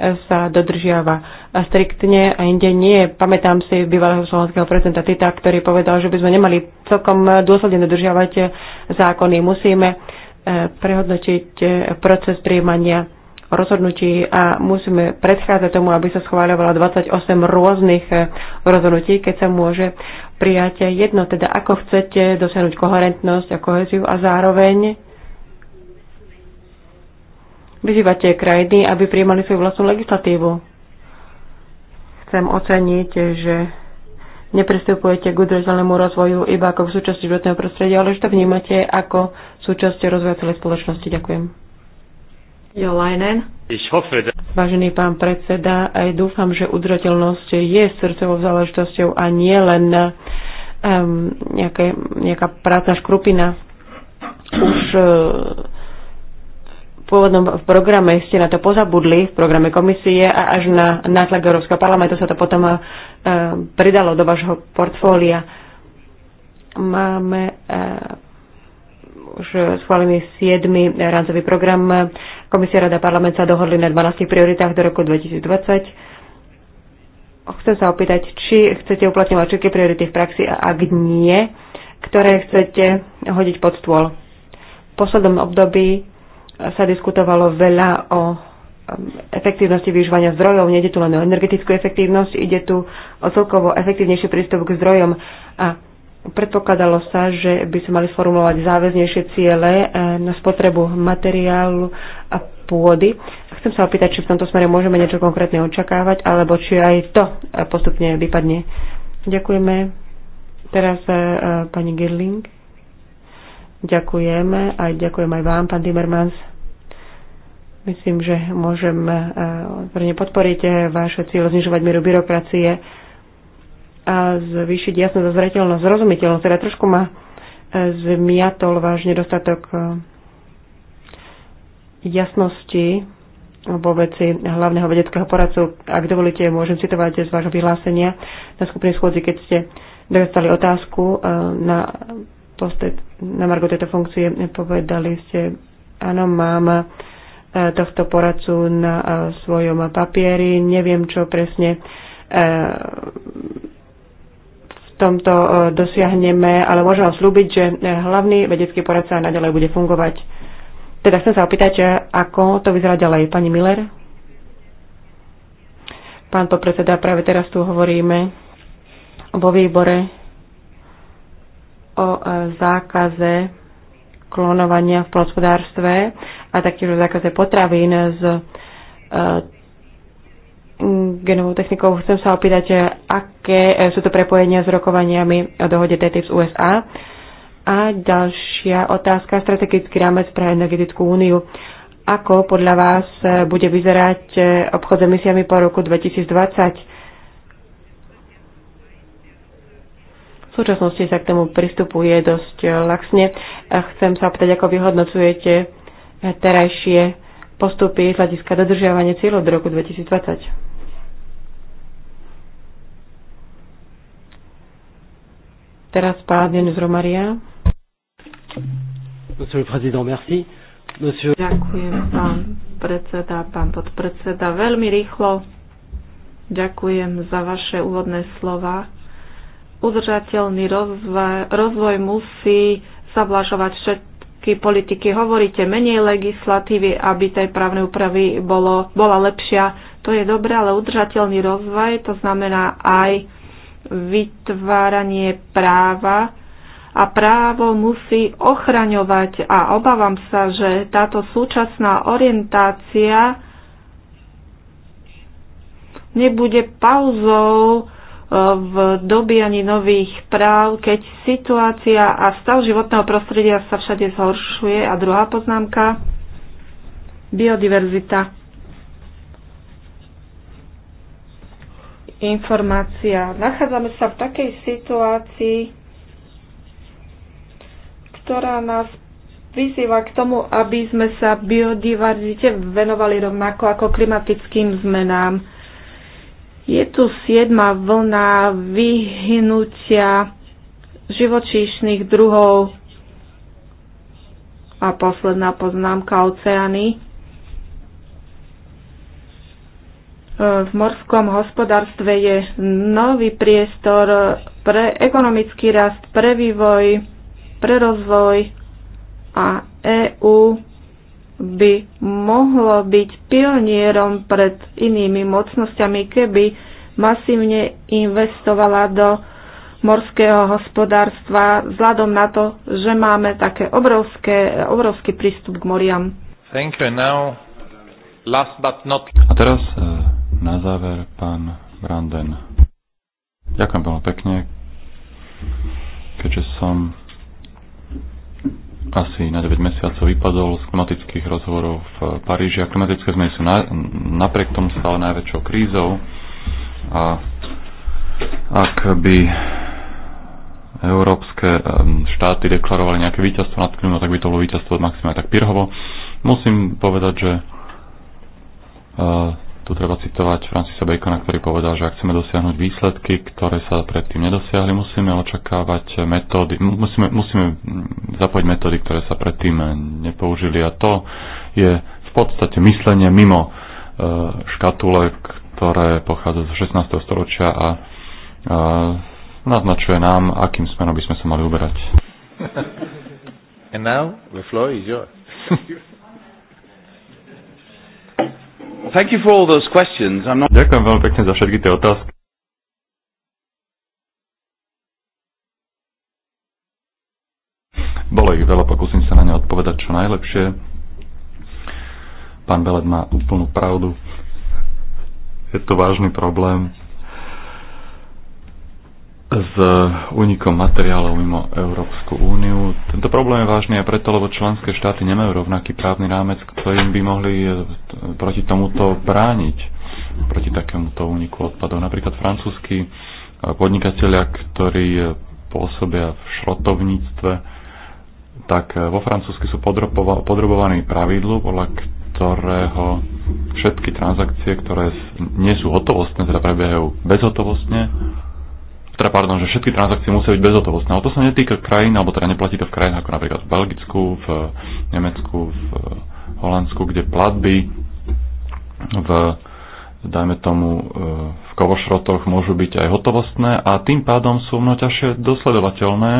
e, sa dodržiava a striktne a inde nie. Pamätám si bývalého slovenského prezidenta Tita, ktorý povedal, že by sme nemali celkom dôsledne dodržiavať zákony. Musíme e, prehodnotiť e, proces príjmania rozhodnutí a musíme predchádzať tomu, aby sa schváľovalo 28 rôznych e, rozhodnutí, keď sa môže prijať jedno, teda ako chcete dosiahnuť koherentnosť a koheziu a zároveň vyzývate krajiny, aby prijímali svoju vlastnú legislatívu. Chcem oceniť, že nepristupujete k udržateľnému rozvoju iba ako v súčasti životného prostredia, ale že to vnímate ako súčasť rozvoja celej spoločnosti. Ďakujem. Jolajnen. Vážený pán predseda, aj dúfam, že udržateľnosť je srdcovou záležitosťou a nie len um, nejaké, nejaká práca škrupina. Už uh, v pôvodnom v programe ste na to pozabudli, v programe komisie a až na nátlak Európskeho parlamentu sa to potom uh, e, pridalo do vášho portfólia. Máme uh, už schválený 7. rámcový program Komisia Rada Parlament sa dohodli na 12 prioritách do roku 2020. Chcem sa opýtať, či chcete uplatňovať všetky priority v praxi a ak nie, ktoré chcete hodiť pod stôl. V poslednom období sa diskutovalo veľa o um, efektívnosti využívania zdrojov. Nejde tu len o energetickú efektívnosť, ide tu o celkovo efektívnejší prístup k zdrojom a predpokladalo sa, že by sme mali formulovať záväznejšie ciele eh, na spotrebu materiálu a pôdy. Chcem sa opýtať, či v tomto smere môžeme niečo konkrétne očakávať, alebo či aj to eh, postupne vypadne. Ďakujeme. Teraz eh, pani Girling. Ďakujeme. a ďakujem aj vám, pán Timmermans. Myslím, že môžem podporiť vaše cieľo znižovať mieru byrokracie a zvýšiť jasnosť a zretelnosť, zrozumiteľnosť. Teda trošku ma e, zmiatol váš nedostatok e, jasnosti vo veci hlavného vedeckého poradcu. Ak dovolíte, môžem citovať z vášho vyhlásenia na skupine schôdzi, keď ste dostali otázku e, na, na Margo tejto funkcie. Povedali ste, áno, mám tohto poradcu na svojom papieri, neviem, čo presne tomto e, dosiahneme, ale môžem vám slúbiť, že e, hlavný vedecký poradca naďalej bude fungovať. Teda chcem sa opýtať, e, ako to vyzerá ďalej. Pani Miller? Pán predseda, práve teraz tu hovoríme vo výbore o zákaze klonovania v hospodárstve a taktiež o zákaze potravín z genovou technikou. Chcem sa opýtať, aké e, sú to prepojenia s rokovaniami o dohode TTIP z USA. A ďalšia otázka, strategický rámec pre energetickú úniu. Ako podľa vás e, bude vyzerať e, obchod s emisiami po roku 2020? V súčasnosti sa k tomu pristupuje dosť laxne. Chcem sa opýtať, ako vyhodnocujete terajšie postupy z hľadiska dodržiavania cieľov do roku 2020. Teraz pán Denis Romaria. Monsieur le Président, merci. Monsieur... Ďakujem, pán predseda, pán podpredseda. Veľmi rýchlo ďakujem za vaše úvodné slova. Udržateľný rozvoj, rozvoj musí zablažovať všetky politiky. Hovoríte menej legislatívy, aby tej právnej úpravy bolo, bola lepšia. To je dobré, ale udržateľný rozvoj, to znamená aj vytváranie práva a právo musí ochraňovať a obávam sa, že táto súčasná orientácia nebude pauzou e, v dobi ani nových práv, keď situácia a stav životného prostredia sa všade zhoršuje. A druhá poznámka, biodiverzita. informácia. Nachádzame sa v takej situácii, ktorá nás vyzýva k tomu, aby sme sa biodiverzite venovali rovnako ako klimatickým zmenám. Je tu siedma vlna vyhnutia živočíšnych druhov a posledná poznámka oceány. v morskom hospodárstve je nový priestor pre ekonomický rast, pre vývoj, pre rozvoj a EÚ by mohlo byť pionierom pred inými mocnosťami, keby masívne investovala do morského hospodárstva vzhľadom na to, že máme také obrovské, obrovský prístup k moriam. Thank you. Now, last but not... A teraz eh, na záver pán Branden. Ďakujem veľmi pekne, keďže som asi na 9 mesiacov vypadol z klimatických rozhovorov v Paríži a klimatické zmeny sú na, napriek tomu stále najväčšou krízou a ak by európske eh, štáty deklarovali nejaké víťazstvo nad klimatom, tak by to bolo víťazstvo od tak Pirhovo. Musím povedať, že eh, tu treba citovať Francisa Bacona, ktorý povedal, že ak chceme dosiahnuť výsledky, ktoré sa predtým nedosiahli, musíme očakávať metódy, musíme, musíme zapojiť metódy, ktoré sa predtým nepoužili. A to je v podstate myslenie mimo e, škatule, ktoré pochádza zo 16. storočia a naznačuje nám, akým smerom by sme sa mali uberať. And now the floor is yours. thank you for all those questions. I'm not... Ďakujem veľmi pekne za všetky tie otázky. Bolo ich veľa, pokúsim sa na ne odpovedať čo najlepšie. Pán Belet má úplnú pravdu. Je to vážny problém s únikom materiálov mimo Európsku úniu. Tento problém je vážny aj preto, lebo členské štáty nemajú rovnaký právny rámec, ktorým by mohli e, proti tomuto brániť, proti takémuto úniku odpadov. Napríklad francúzskí e, podnikatelia, ktorí e, pôsobia v šrotovníctve, tak vo Francúzsku sú podrobovaní pravidlu, podľa ktorého všetky transakcie, ktoré nie sú hotovostné, teda prebiehajú bezhotovostne, teda pardon, že všetky transakcie musia byť bezhotovostné. Ale to sa netýka krajín, alebo teda neplatí to v krajinách ako napríklad v Belgicku, v Nemecku, v Holandsku, kde platby v dajme tomu, v kovošrotoch môžu byť aj hotovostné a tým pádom sú mnoho ťažšie dosledovateľné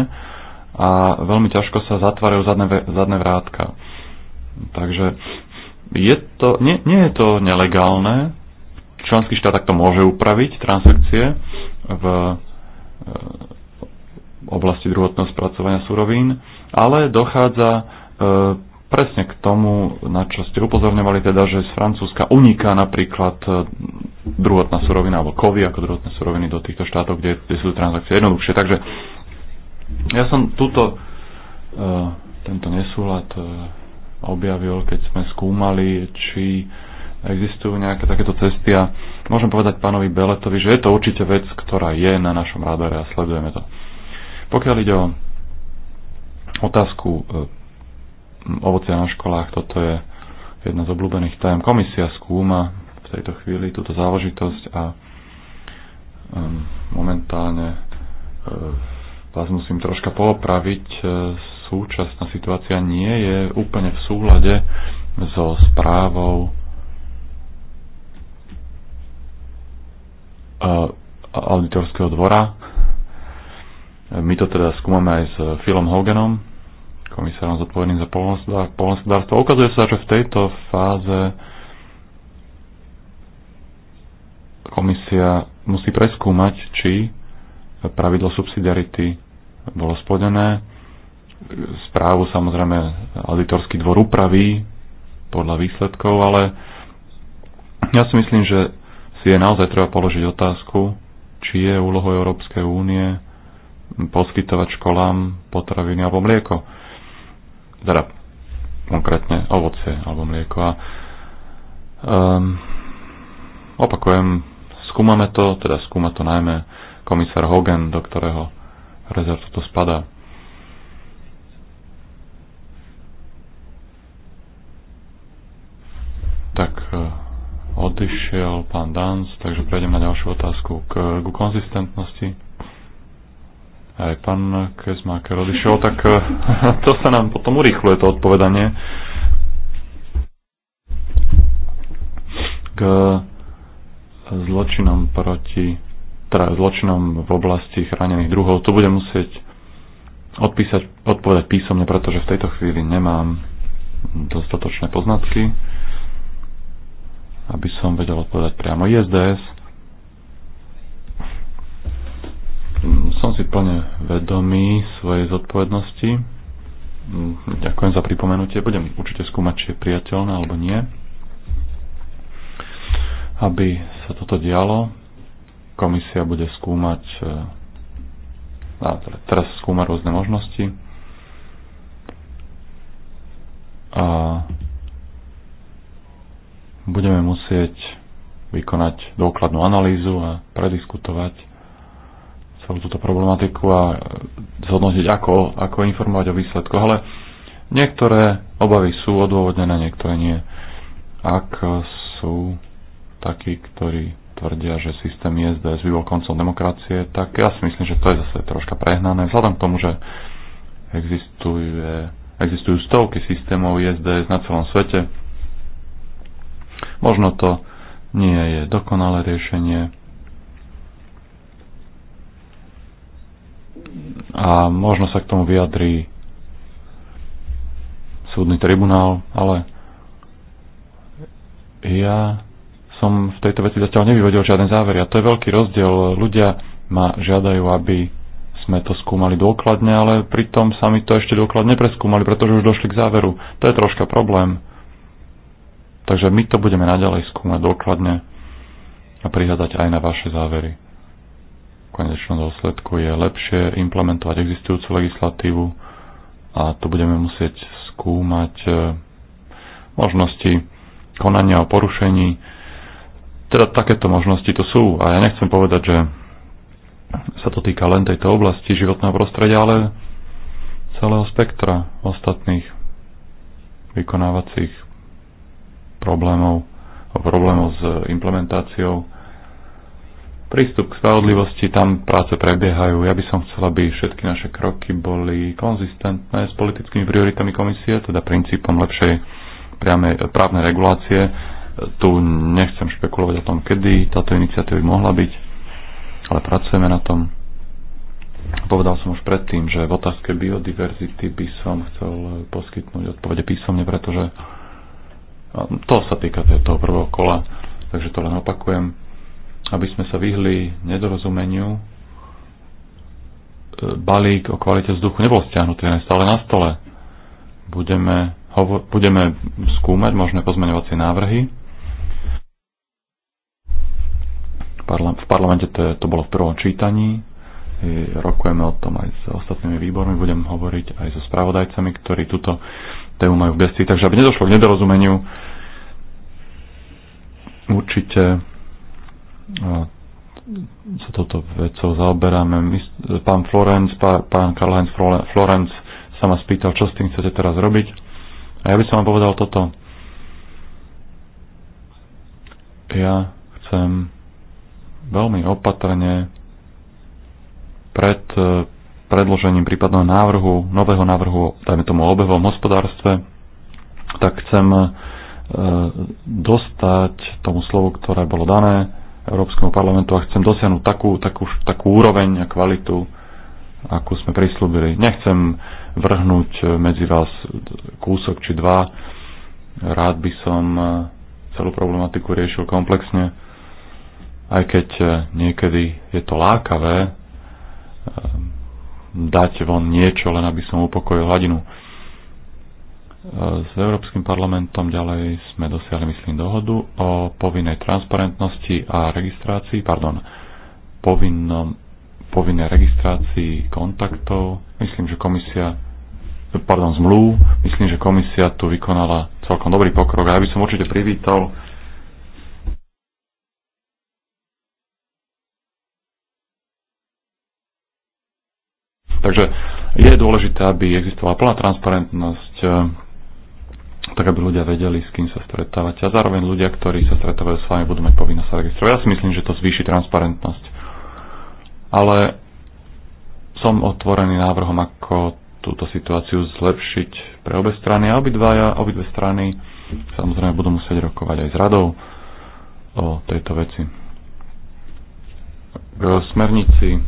a veľmi ťažko sa zatvárajú zadné, zadné vrátka. Takže je to, nie, nie je to nelegálne, členský štát takto môže upraviť transakcie v Eh, oblasti druhotného spracovania surovín, ale dochádza eh, presne k tomu, na čo ste upozorňovali, teda, že z Francúzska uniká napríklad eh, druhotná surovina alebo kovy ako druhotné suroviny do týchto štátov, kde, kde sú transakcie jednoduchšie. Takže ja som túto, tento nesúlad objavil, keď sme skúmali, či existujú nejaké takéto cesty a môžem povedať pánovi Beletovi, že je to určite vec, ktorá je na našom radare a sledujeme to. Pokiaľ ide o otázku eh, ovocia na školách, toto je jedna z obľúbených tajem. Komisia skúma v tejto chvíli túto záležitosť a ehm, momentálne eh, vás musím troška poopraviť. Eh, súčasná situácia nie je úplne v súlade so správou auditorského dvora. My to teda skúmame aj s Philom Hoganom, komisárom zodpovedným za polnospodárstvo. Ukazuje sa, že v tejto fáze komisia musí preskúmať, či pravidlo subsidiarity bolo splnené. Správu samozrejme auditorský dvor upraví podľa výsledkov, ale ja si myslím, že si je naozaj treba položiť otázku, či je úlohou Európskej únie poskytovať školám potraviny alebo mlieko. Teda konkrétne ovocie alebo mlieko. A, um, opakujem, skúmame to, teda skúma to najmä komisár Hogan, do ktorého rezervu to spadá. Tak e, odišiel pán Danc, takže prejdem na ďalšiu otázku k, k konzistentnosti. Aj pán Kezmaker odišiel, tak eh, to sa nám potom urýchluje to odpovedanie. K zločinom proti teda zločinom v oblasti chránených druhov. To budem musieť odpísať, odpovedať písomne, pretože v tejto chvíli nemám dostatočné poznatky aby som vedel odpovedať priamo. ISDS mm, som si plne vedomý svojej zodpovednosti. Mm, ďakujem za pripomenutie. Budem určite skúmať, či je priateľné alebo nie. Aby sa toto dialo, komisia bude skúmať e, a teda teraz skúma rôzne možnosti a budeme musieť vykonať dôkladnú analýzu a prediskutovať celú túto problematiku a zhodnotiť, ako, ako informovať o výsledkoch. Ale niektoré obavy sú odôvodnené, niektoré nie. Ak sú takí, ktorí tvrdia, že systém ISDS by bol koncom demokracie, tak ja si myslím, že to je zase troška prehnané. Vzhľadom k tomu, že existuje, existujú stovky systémov ISDS na celom svete, Možno to nie je dokonalé riešenie a možno sa k tomu vyjadrí súdny tribunál, ale ja som v tejto veci zatiaľ nevyvedel žiaden záver a to je veľký rozdiel. Ľudia ma žiadajú, aby sme to skúmali dôkladne, ale pritom sa mi to ešte dôkladne preskúmali, pretože už došli k záveru. To je troška problém. Takže my to budeme naďalej skúmať dokladne a prihľadať aj na vaše závery. V konečnom dôsledku je lepšie implementovať existujúcu legislatívu a tu budeme musieť skúmať e, možnosti konania o porušení. Teda takéto možnosti to sú a ja nechcem povedať, že sa to týka len tejto oblasti životného prostredia, ale celého spektra ostatných vykonávacích problémov, o problémov s implementáciou. Prístup k spravodlivosti, tam práce prebiehajú. Ja by som chcela, aby všetky naše kroky boli konzistentné s politickými prioritami komisie, teda princípom lepšej priame, právnej regulácie. Tu nechcem špekulovať o tom, kedy táto iniciatíva by mohla byť, ale pracujeme na tom. Povedal som už predtým, že v otázke biodiverzity by som chcel poskytnúť odpovede písomne, pretože to sa týka teda toho prvého kola, takže to len opakujem, aby sme sa vyhli nedorozumeniu. E, balík o kvalite vzduchu nebol stiahnutý, je stále na stole. Budeme, hovor, budeme skúmať možné pozmeňovacie návrhy. V parlamente to, to bolo v prvom čítaní. Rokujeme o tom aj s ostatnými výbormi. Budem hovoriť aj so spravodajcami, ktorí túto tému majú v gestii. Takže aby nedošlo k nedorozumeniu, určite sa toto vecou zaoberáme. pán Florenc, pán Karl-Heinz Florenc sa ma spýtal, čo s tým chcete teraz robiť. A ja by som vám povedal toto. Ja chcem veľmi opatrne pred e, predložením prípadného návrhu, nového návrhu, dajme tomu obehovom hospodárstve, tak chcem e, dostať tomu slovu, ktoré bolo dané Európskemu parlamentu a chcem dosiahnuť takú, takú, takú úroveň a kvalitu, akú sme prislúbili. Nechcem vrhnúť medzi vás kúsok či dva. Rád by som e, celú problematiku riešil komplexne, aj keď e, niekedy je to lákavé dať von niečo, len aby som upokojil hladinu. E, s Európskym parlamentom ďalej sme dosiahli, myslím, dohodu o povinnej transparentnosti a registrácii, pardon, povinnom, povinnej registrácii kontaktov. Myslím, že komisia pardon, zmluv. Myslím, že komisia tu vykonala celkom dobrý pokrok a ja by som určite privítal Takže je dôležité, aby existovala plná transparentnosť, eh, tak aby ľudia vedeli, s kým sa stretávate. A zároveň ľudia, ktorí sa stretávajú s vami, budú mať povinnosť sa registrovať. Ja si myslím, že to zvýši transparentnosť. Ale som otvorený návrhom, ako túto situáciu zlepšiť pre obe strany. A obidvaja, obidve strany samozrejme budú musieť rokovať aj s radou o tejto veci. K smernici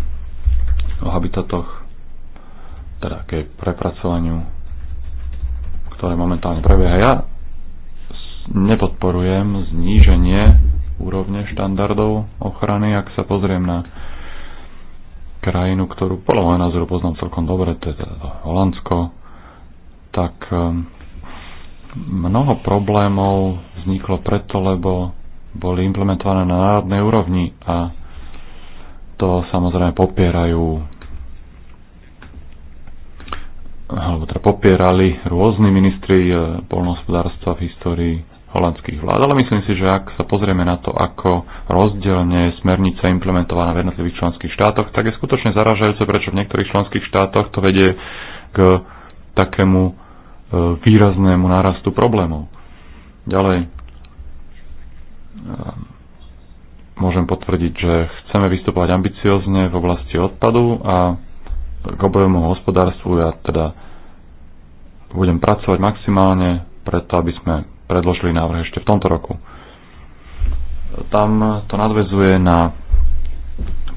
o habitatoch teda ke prepracovaniu, ktoré momentálne prebieha. Ja nepodporujem zníženie úrovne štandardov ochrany, ak sa pozriem na krajinu, ktorú podľa môjho názoru poznám celkom dobre, to je teda Holandsko, tak ehm, mnoho problémov vzniklo preto, lebo boli implementované na národnej úrovni a to samozrejme popierajú alebo teda popierali rôzni ministri eh, polnohospodárstva v histórii holandských vlád. Ale myslím si, že ak sa pozrieme na to, ako rozdielne je smernica implementovaná v jednotlivých členských štátoch, tak je skutočne zaražajúce, prečo v niektorých členských štátoch to vedie k takému eh, výraznému nárastu problémov. Ďalej, eh, môžem potvrdiť, že chceme vystupovať ambiciozne v oblasti odpadu a k obojomu hospodárstvu. Ja teda budem pracovať maximálne preto, aby sme predložili návrh ešte v tomto roku. Tam to nadvezuje na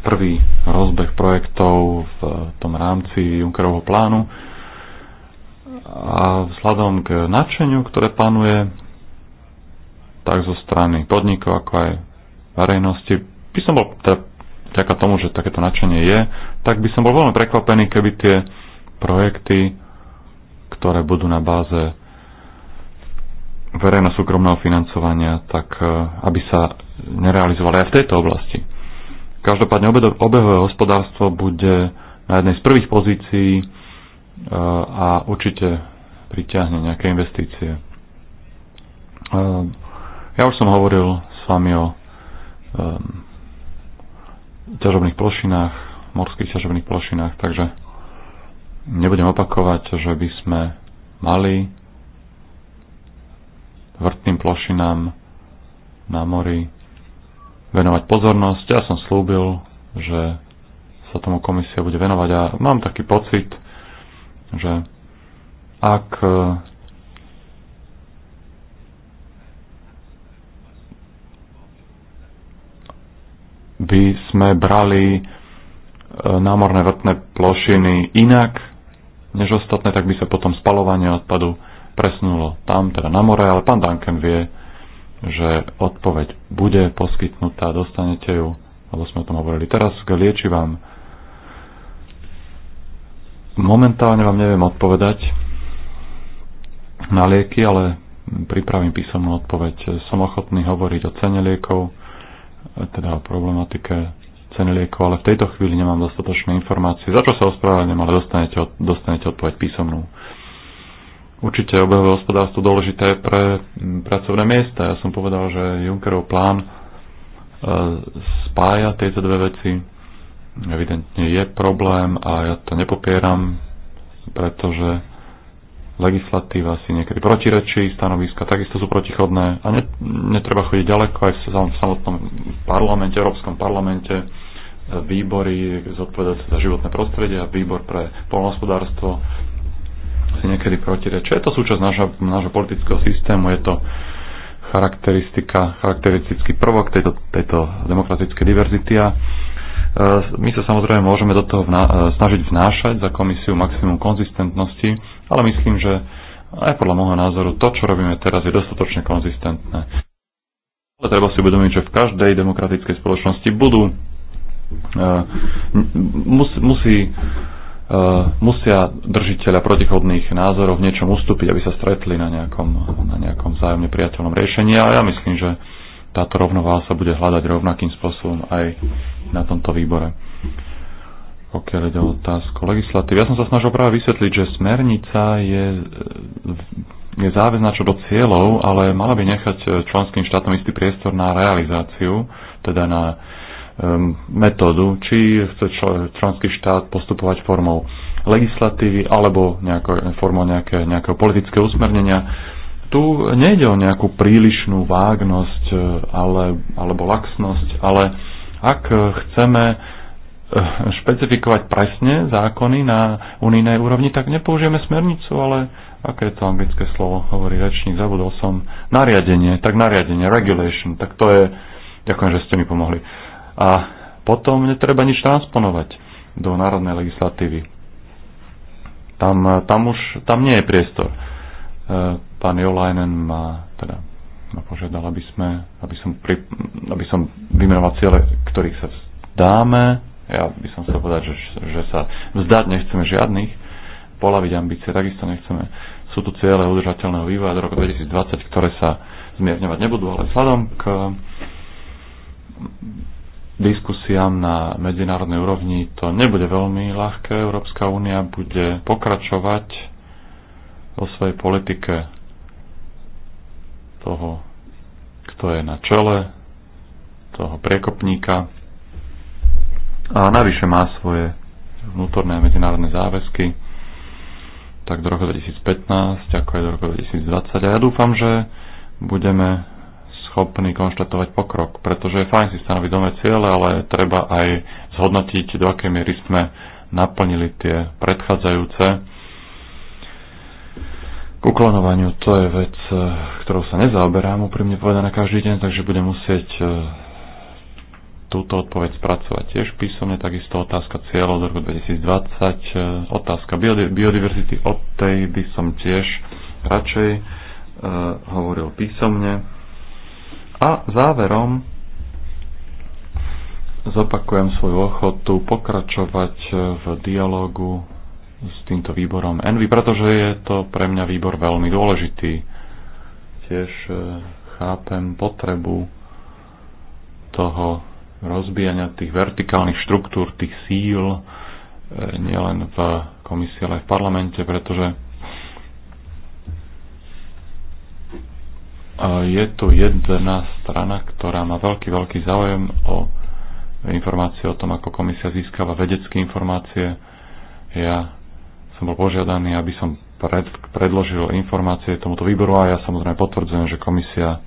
prvý rozbeh projektov v tom rámci Junckerovho plánu a vzhľadom k nadšeniu, ktoré panuje tak zo strany podnikov, ako aj verejnosti, by som bol teda vďaka tomu, že takéto nadšenie je, tak by som bol veľmi prekvapený, keby tie projekty, ktoré budú na báze verejno-súkromného financovania, tak e, aby sa nerealizovali aj v tejto oblasti. Každopádne obehové hospodárstvo bude na jednej z prvých pozícií e, a určite priťahne nejaké investície. E, ja už som hovoril s vami o ťažobných plošinách, morských ťažobných plošinách, takže nebudem opakovať, že by sme mali vrtným plošinám na mori venovať pozornosť. Ja som slúbil, že sa tomu komisia bude venovať a mám taký pocit, že ak sme brali e, námorné vrtné plošiny inak než ostatné, tak by sa potom spalovanie odpadu presnulo tam, teda na more, ale pán Duncan vie, že odpoveď bude poskytnutá, dostanete ju, lebo sme o tom hovorili. Teraz k liečivám. Momentálne vám neviem odpovedať na lieky, ale pripravím písomnú odpoveď. Som ochotný hovoriť o cene liekov, e, teda o problematike ceny liekov, ale v tejto chvíli nemám dostatočné informácie. Za čo sa ospravedlňujem, ale dostanete, od, dostanete odpoveď písomnú. Určite obehové hospodárstvo dôležité pre pracovné miesta. Ja som povedal, že Junckerov plán e, spája tieto dve veci. Evidentne je problém a ja to nepopieram, pretože legislatíva si niekedy protirečí, stanoviska takisto sú protichodné a netreba chodiť ďaleko aj v samotnom parlamente, Európskom parlamente výbory zodpovedajúce za životné prostredie a výbor pre polnohospodárstvo si niekedy protirečia. Je to súčasť nášho, nášho politického systému, je to charakteristika, charakteristický prvok tejto, tejto demokratickej diverzity a e, my sa samozrejme môžeme do toho vna- e, snažiť vnášať za komisiu maximum konzistentnosti, ale myslím, že aj podľa môjho názoru to, čo robíme teraz, je dostatočne konzistentné. Ale treba si uvedomiť, že v každej demokratickej spoločnosti budú Hm. Eh, musí, musí eh, musia držiteľa protichodných názorov v niečom ustúpiť, aby sa stretli na nejakom, na nejakom vzájomne priateľnom riešení. A ja myslím, že táto rovnováha sa bude hľadať rovnakým spôsobom aj na tomto výbore. Pokiaľ ide o otázku legislatívy. Ja som sa snažil práve vysvetliť, že smernica je, je záväzná čo do cieľov, ale mala by nechať členským štátom istý priestor na realizáciu, teda na metódu, či chce členský štát postupovať formou legislatívy alebo nejako, formou nejaké, nejakého politického usmernenia. Tu nejde o nejakú prílišnú vágnosť e, ale, alebo laxnosť, ale ak chceme e, špecifikovať presne zákony na unijnej úrovni, tak nepoužijeme smernicu, ale aké je to anglické slovo, hovorí rečník, zabudol som, nariadenie, tak nariadenie, regulation, tak to je, ďakujem, že ste mi pomohli a potom netreba nič transponovať do národnej legislatívy. Tam, tam už tam nie je priestor. E, pán Jolajnen ma, teda, ma požiadal, aby, sme, aby, som pri, aby som vymenoval ciele, ktorých sa vzdáme. Ja by som chcel povedať, že, že sa vzdať nechceme žiadnych, polaviť ambície takisto nechceme. Sú tu ciele udržateľného vývoja do roku 2020, ktoré sa zmierňovať nebudú, ale vzhľadom k diskusiám na medzinárodnej úrovni to nebude veľmi ľahké. Európska únia bude pokračovať o svojej politike toho, kto je na čele, toho priekopníka a navyše má svoje vnútorné a medzinárodné záväzky tak do roku 2015, ako aj do roku 2020. A ja dúfam, že budeme schopní konštatovať pokrok, pretože je fajn si stanoviť nové ciele, ale treba aj zhodnotiť, do akej miery sme naplnili tie predchádzajúce. K uklonovaniu to je vec, eh, ktorou sa nezaoberám úprimne povedané každý deň, takže budem musieť eh, túto odpoveď spracovať tiež písomne, takisto otázka cieľov do roku 2020, eh, otázka biodiverzity, od tej by som tiež radšej hovoril písomne. A záverom zopakujem svoju ochotu pokračovať v dialogu s týmto výborom Envy, pretože je to pre mňa výbor veľmi dôležitý. Tiež e, chápem potrebu toho rozbijania tých vertikálnych štruktúr, tých síl, e, nielen v komisii, ale aj v parlamente, pretože je tu jedna strana, ktorá má veľký, veľký záujem o informácie o tom, ako komisia získava vedecké informácie. Ja som bol požiadaný, aby som pred, predložil informácie tomuto výboru a ja samozrejme potvrdzujem, že komisia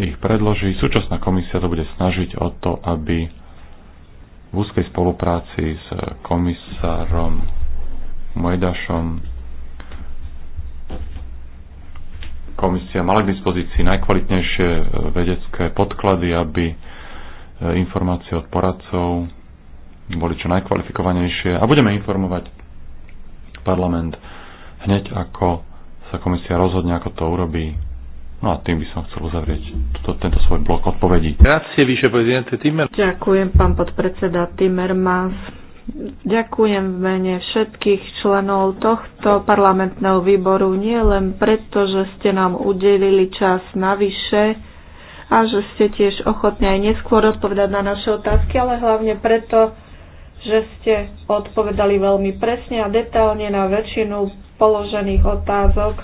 ich predloží. Súčasná komisia to bude snažiť o to, aby v úzkej spolupráci s komisárom Mojdašom komisia mala k dispozícii najkvalitnejšie e, vedecké podklady, aby e, informácie od poradcov boli čo najkvalifikovanejšie a budeme informovať parlament hneď ako sa komisia rozhodne, ako to urobí. No a tým by som chcel uzavrieť toto, tento svoj blok odpovedí. Ďakujem, pán podpredseda Timmermans. Ďakujem v mene všetkých členov tohto parlamentného výboru, nie len preto, že ste nám udelili čas navyše a že ste tiež ochotní aj neskôr odpovedať na naše otázky, ale hlavne preto, že ste odpovedali veľmi presne a detailne na väčšinu položených otázok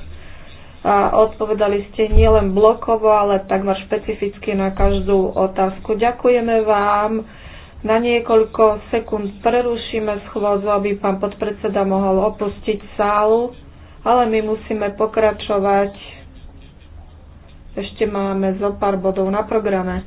a odpovedali ste nielen blokovo, ale takmer špecificky na každú otázku. Ďakujeme vám na niekoľko sekúnd prerušíme schôdzu, aby pán podpredseda mohol opustiť sálu, ale my musíme pokračovať. Ešte máme zo pár bodov na programe.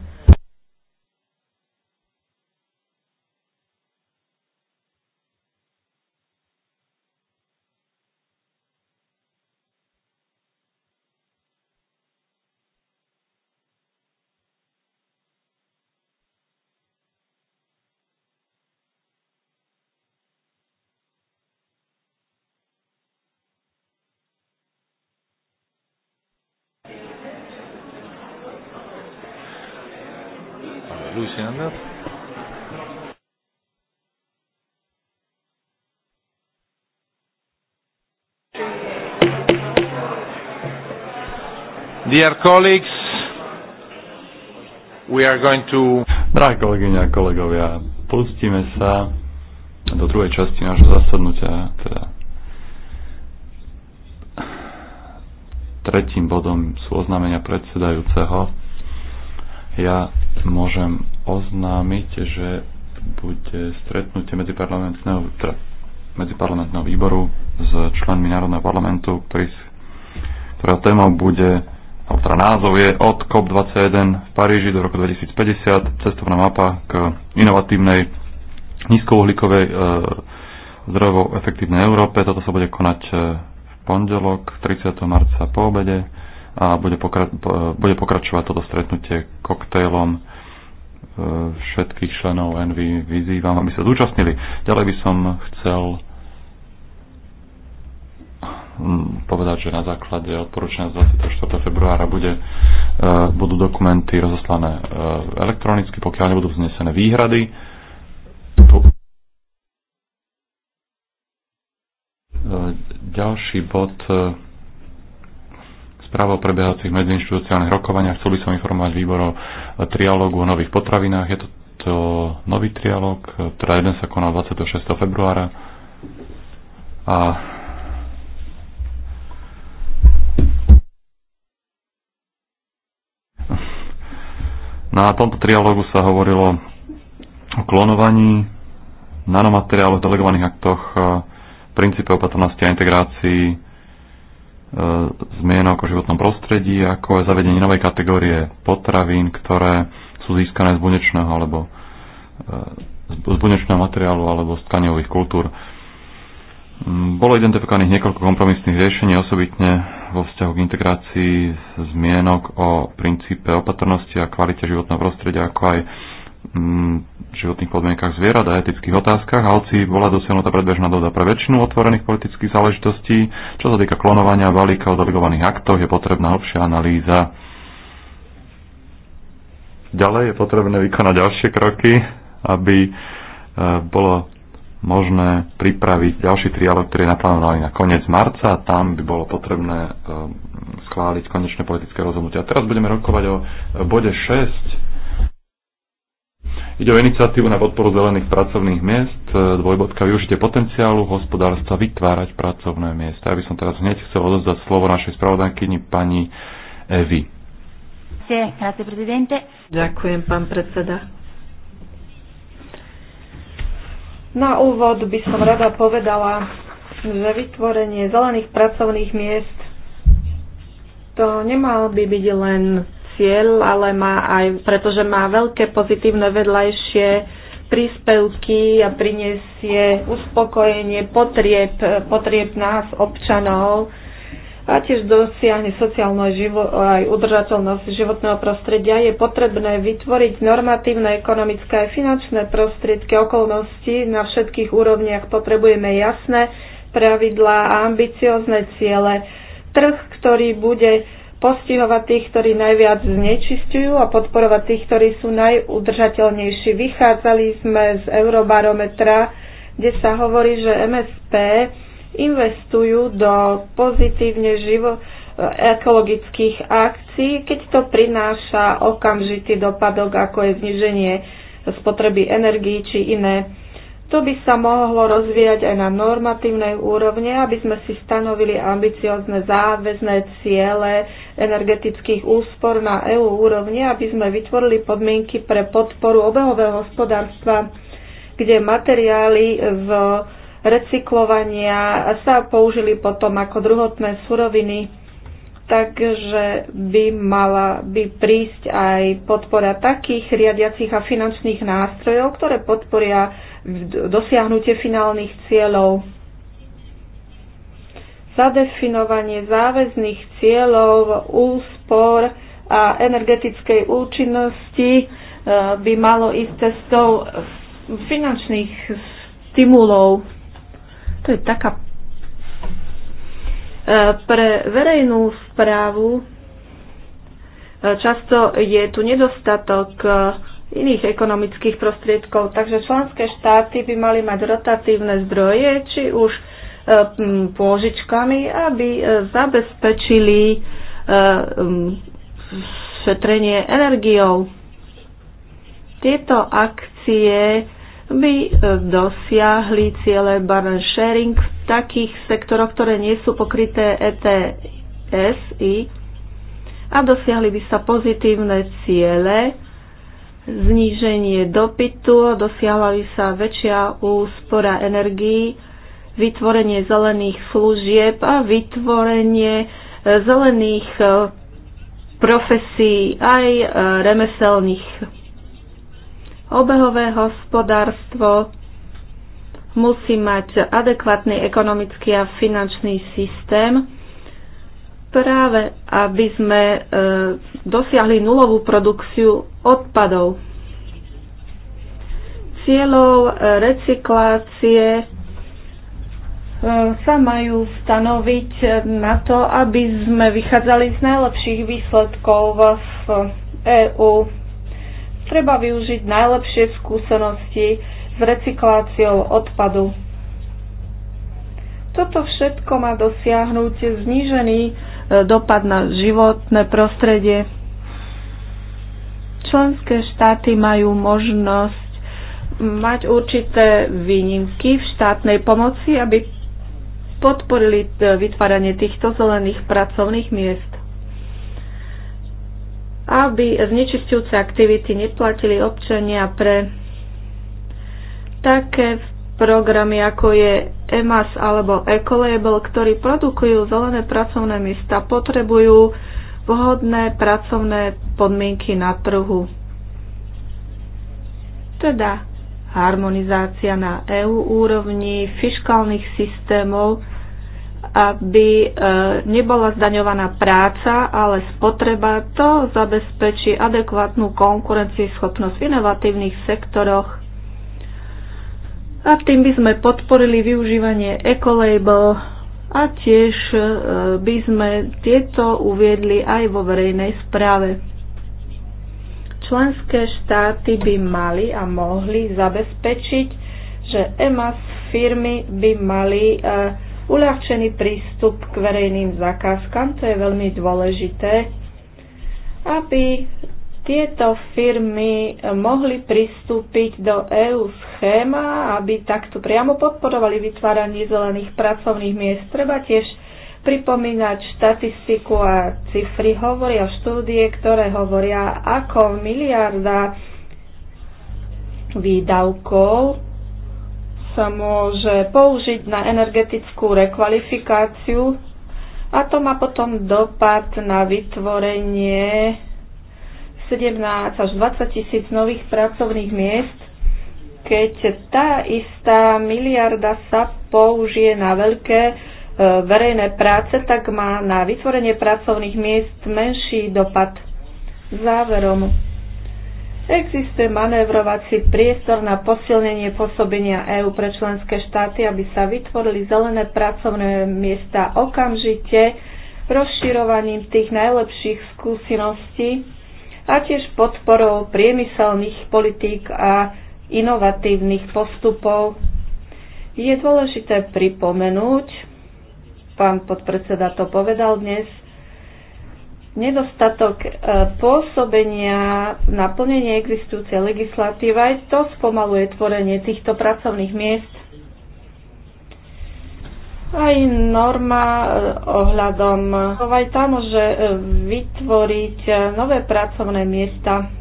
Dear colleagues, we are going to... Drahé kolegyne a kolegovia, pustíme sa do druhej časti nášho zasadnutia, teda tretím bodom sú oznámenia predsedajúceho. Ja môžem oznámiť, že bude stretnutie medziparlamentného, teda medziparlamentného výboru s členmi Národného parlamentu, ktorý, ktorá témou bude Autor teda názov je od COP21 v Paríži do roku 2050 cestovná mapa k inovatívnej nízkouhlíkovej e, zdrojovo efektívnej Európe. Toto sa bude konať e, v pondelok 30. marca po obede a bude, pokra- e, bude pokračovať toto stretnutie koktejlom e, všetkých členov NV vyzývam, aby sa zúčastnili. Ďalej by som chcel povedať, že na základe odporúčania z 24. februára bude, e, budú dokumenty rozoslané e, elektronicky, pokiaľ nebudú vznesené výhrady. E, ďalší bod správa o prebiehacích medziinstitucionálnych rokovaniach. Chcel by som informovať výbor o trialógu o nových potravinách. Je to, to nový trialóg, teda jeden sa konal 26. februára a No na tomto trialógu sa hovorilo o klonovaní, nanomateriáloch, delegovaných aktoch, e, princípe opatrnosti a integrácii e, zmienok o životnom prostredí, ako aj zavedenie novej kategórie potravín, ktoré sú získané z bunečného alebo e, z bunečného materiálu alebo z tkaniových kultúr. Mm, bolo identifikovaných niekoľko kompromisných riešení, osobitne vo vzťahu k integrácii zmienok o princípe opatrnosti a kvalite životného prostredia, ako aj v mm, životných podmienkach zvierat a etických otázkach a hoci bola dosiahnutá predbežná doda pre väčšinu otvorených politických záležitostí, čo sa týka klonovania balíka o delegovaných aktoch, je potrebná hlbšia analýza. Ďalej je potrebné vykonať ďalšie kroky, aby eh, bolo možné pripraviť ďalší trialog, ktorý je naplánovaný na koniec marca. Tam by bolo potrebné e, schváliť konečné politické rozhodnutie. A teraz budeme rokovať o e, bode 6. Ide o iniciatívu na podporu zelených pracovných miest, e, dvojbodka využite potenciálu hospodárstva vytvárať pracovné miesta. Ja by som teraz hneď chcel odozdať slovo našej spravodajkyni pani Evi. Ďakujem, pán predseda. Na úvod by som rada povedala, že vytvorenie zelených pracovných miest to nemal by byť len cieľ, ale má aj, pretože má veľké pozitívne vedľajšie príspevky a priniesie uspokojenie potrieb, potrieb nás, občanov, a tiež dosiahne sociálnu živo- aj udržateľnosť životného prostredia, je potrebné vytvoriť normatívne, ekonomické a finančné prostriedky okolnosti na všetkých úrovniach. Potrebujeme jasné pravidlá a ambiciozne ciele. Trh, ktorý bude postihovať tých, ktorí najviac znečistujú a podporovať tých, ktorí sú najudržateľnejší. Vychádzali sme z Eurobarometra, kde sa hovorí, že MSP investujú do pozitívne živo eh, ekologických akcií, keď to prináša okamžitý dopadok, ako je zniženie spotreby energií či iné. To by sa mohlo rozvíjať aj na normatívnej úrovne, aby sme si stanovili ambiciozne záväzné ciele energetických úspor na EU úrovni, aby sme vytvorili podmienky pre podporu obehového hospodárstva, kde materiály v recyklovania sa použili potom ako druhotné suroviny, takže by mala by prísť aj podpora takých riadiacich a finančných nástrojov, ktoré podporia dosiahnutie finálnych cieľov zadefinovanie záväzných cieľov úspor a energetickej účinnosti e, by malo ísť cestou finančných stimulov. To je taká e, pre verejnú správu e, často je tu nedostatok e, iných ekonomických prostriedkov, takže členské štáty by mali mať rotatívne zdroje, či už pôžičkami, aby zabezpečili šetrenie energiou. Tieto akcie by e, dosiahli ciele burden sharing v takých sektoroch, ktoré nie sú pokryté ETSI a dosiahli by sa pozitívne ciele, zníženie dopytu, dosiahla by sa väčšia úspora energií, vytvorenie zelených služieb a vytvorenie e, zelených e, profesí aj remeselných Obehové hospodárstvo musí mať adekvátny ekonomický a finančný systém, práve aby sme e, dosiahli nulovú produkciu odpadov. Cieľov e, recyklácie e, sa majú stanoviť na to, aby sme vychádzali z najlepších výsledkov v EÚ Treba využiť najlepšie skúsenosti s recykláciou odpadu. Toto všetko má dosiahnuť znížený e, dopad na životné prostredie. Členské štáty majú možnosť mať určité výnimky v štátnej pomoci, aby podporili e, vytváranie týchto zelených pracovných miest aby znečistujúce aktivity neplatili občania pre také programy, ako je EMAS alebo Ecolabel, ktorí produkujú zelené pracovné miesta, potrebujú vhodné pracovné podmienky na trhu. Teda harmonizácia na EU úrovni fiškálnych systémov, aby e, nebola zdaňovaná práca, ale spotreba, to zabezpečí adekvátnu konkurencieschopnosť v inovatívnych sektoroch a tým by sme podporili využívanie ecolabel a tiež e, by sme tieto uviedli aj vo verejnej správe. Členské štáty by mali a mohli zabezpečiť, že EMAS firmy by mali uh, uľahčený prístup k verejným zakázkam, to je veľmi dôležité, aby tieto firmy mohli pristúpiť do EU schéma, aby takto priamo podporovali vytváranie zelených pracovných miest. Treba tiež pripomínať štatistiku a cifry. Hovoria štúdie, ktoré hovoria, ako miliarda výdavkov sa môže použiť na energetickú rekvalifikáciu a to má potom dopad na vytvorenie 17 až 20 tisíc nových pracovných miest, keď tá istá miliarda sa použije na veľké e, verejné práce, tak má na vytvorenie pracovných miest menší dopad. Záverom Existuje manévrovací priestor na posilnenie pôsobenia EÚ pre členské štáty, aby sa vytvorili zelené pracovné miesta okamžite rozširovaním tých najlepších skúseností a tiež podporou priemyselných politík a inovatívnych postupov. Je dôležité pripomenúť, pán podpredseda to povedal dnes, nedostatok e, pôsobenia na plnenie existujúcej legislatívy, aj to spomaluje tvorenie týchto pracovných miest. Aj norma e, ohľadom, aj tá môže e, vytvoriť nové pracovné miesta.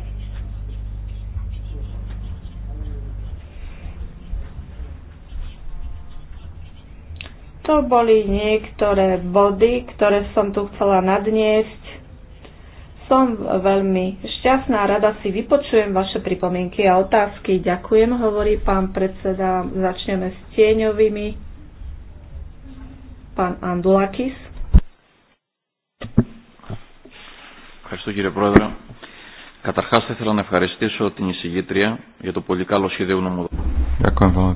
To boli niektoré body, ktoré som tu chcela nadniesť som veľmi šťastná, a rada si vypočujem vaše pripomienky a otázky. Ďakujem, hovorí pán predseda. Začneme s tieňovými. Pán Andulakis. Ďakujem veľmi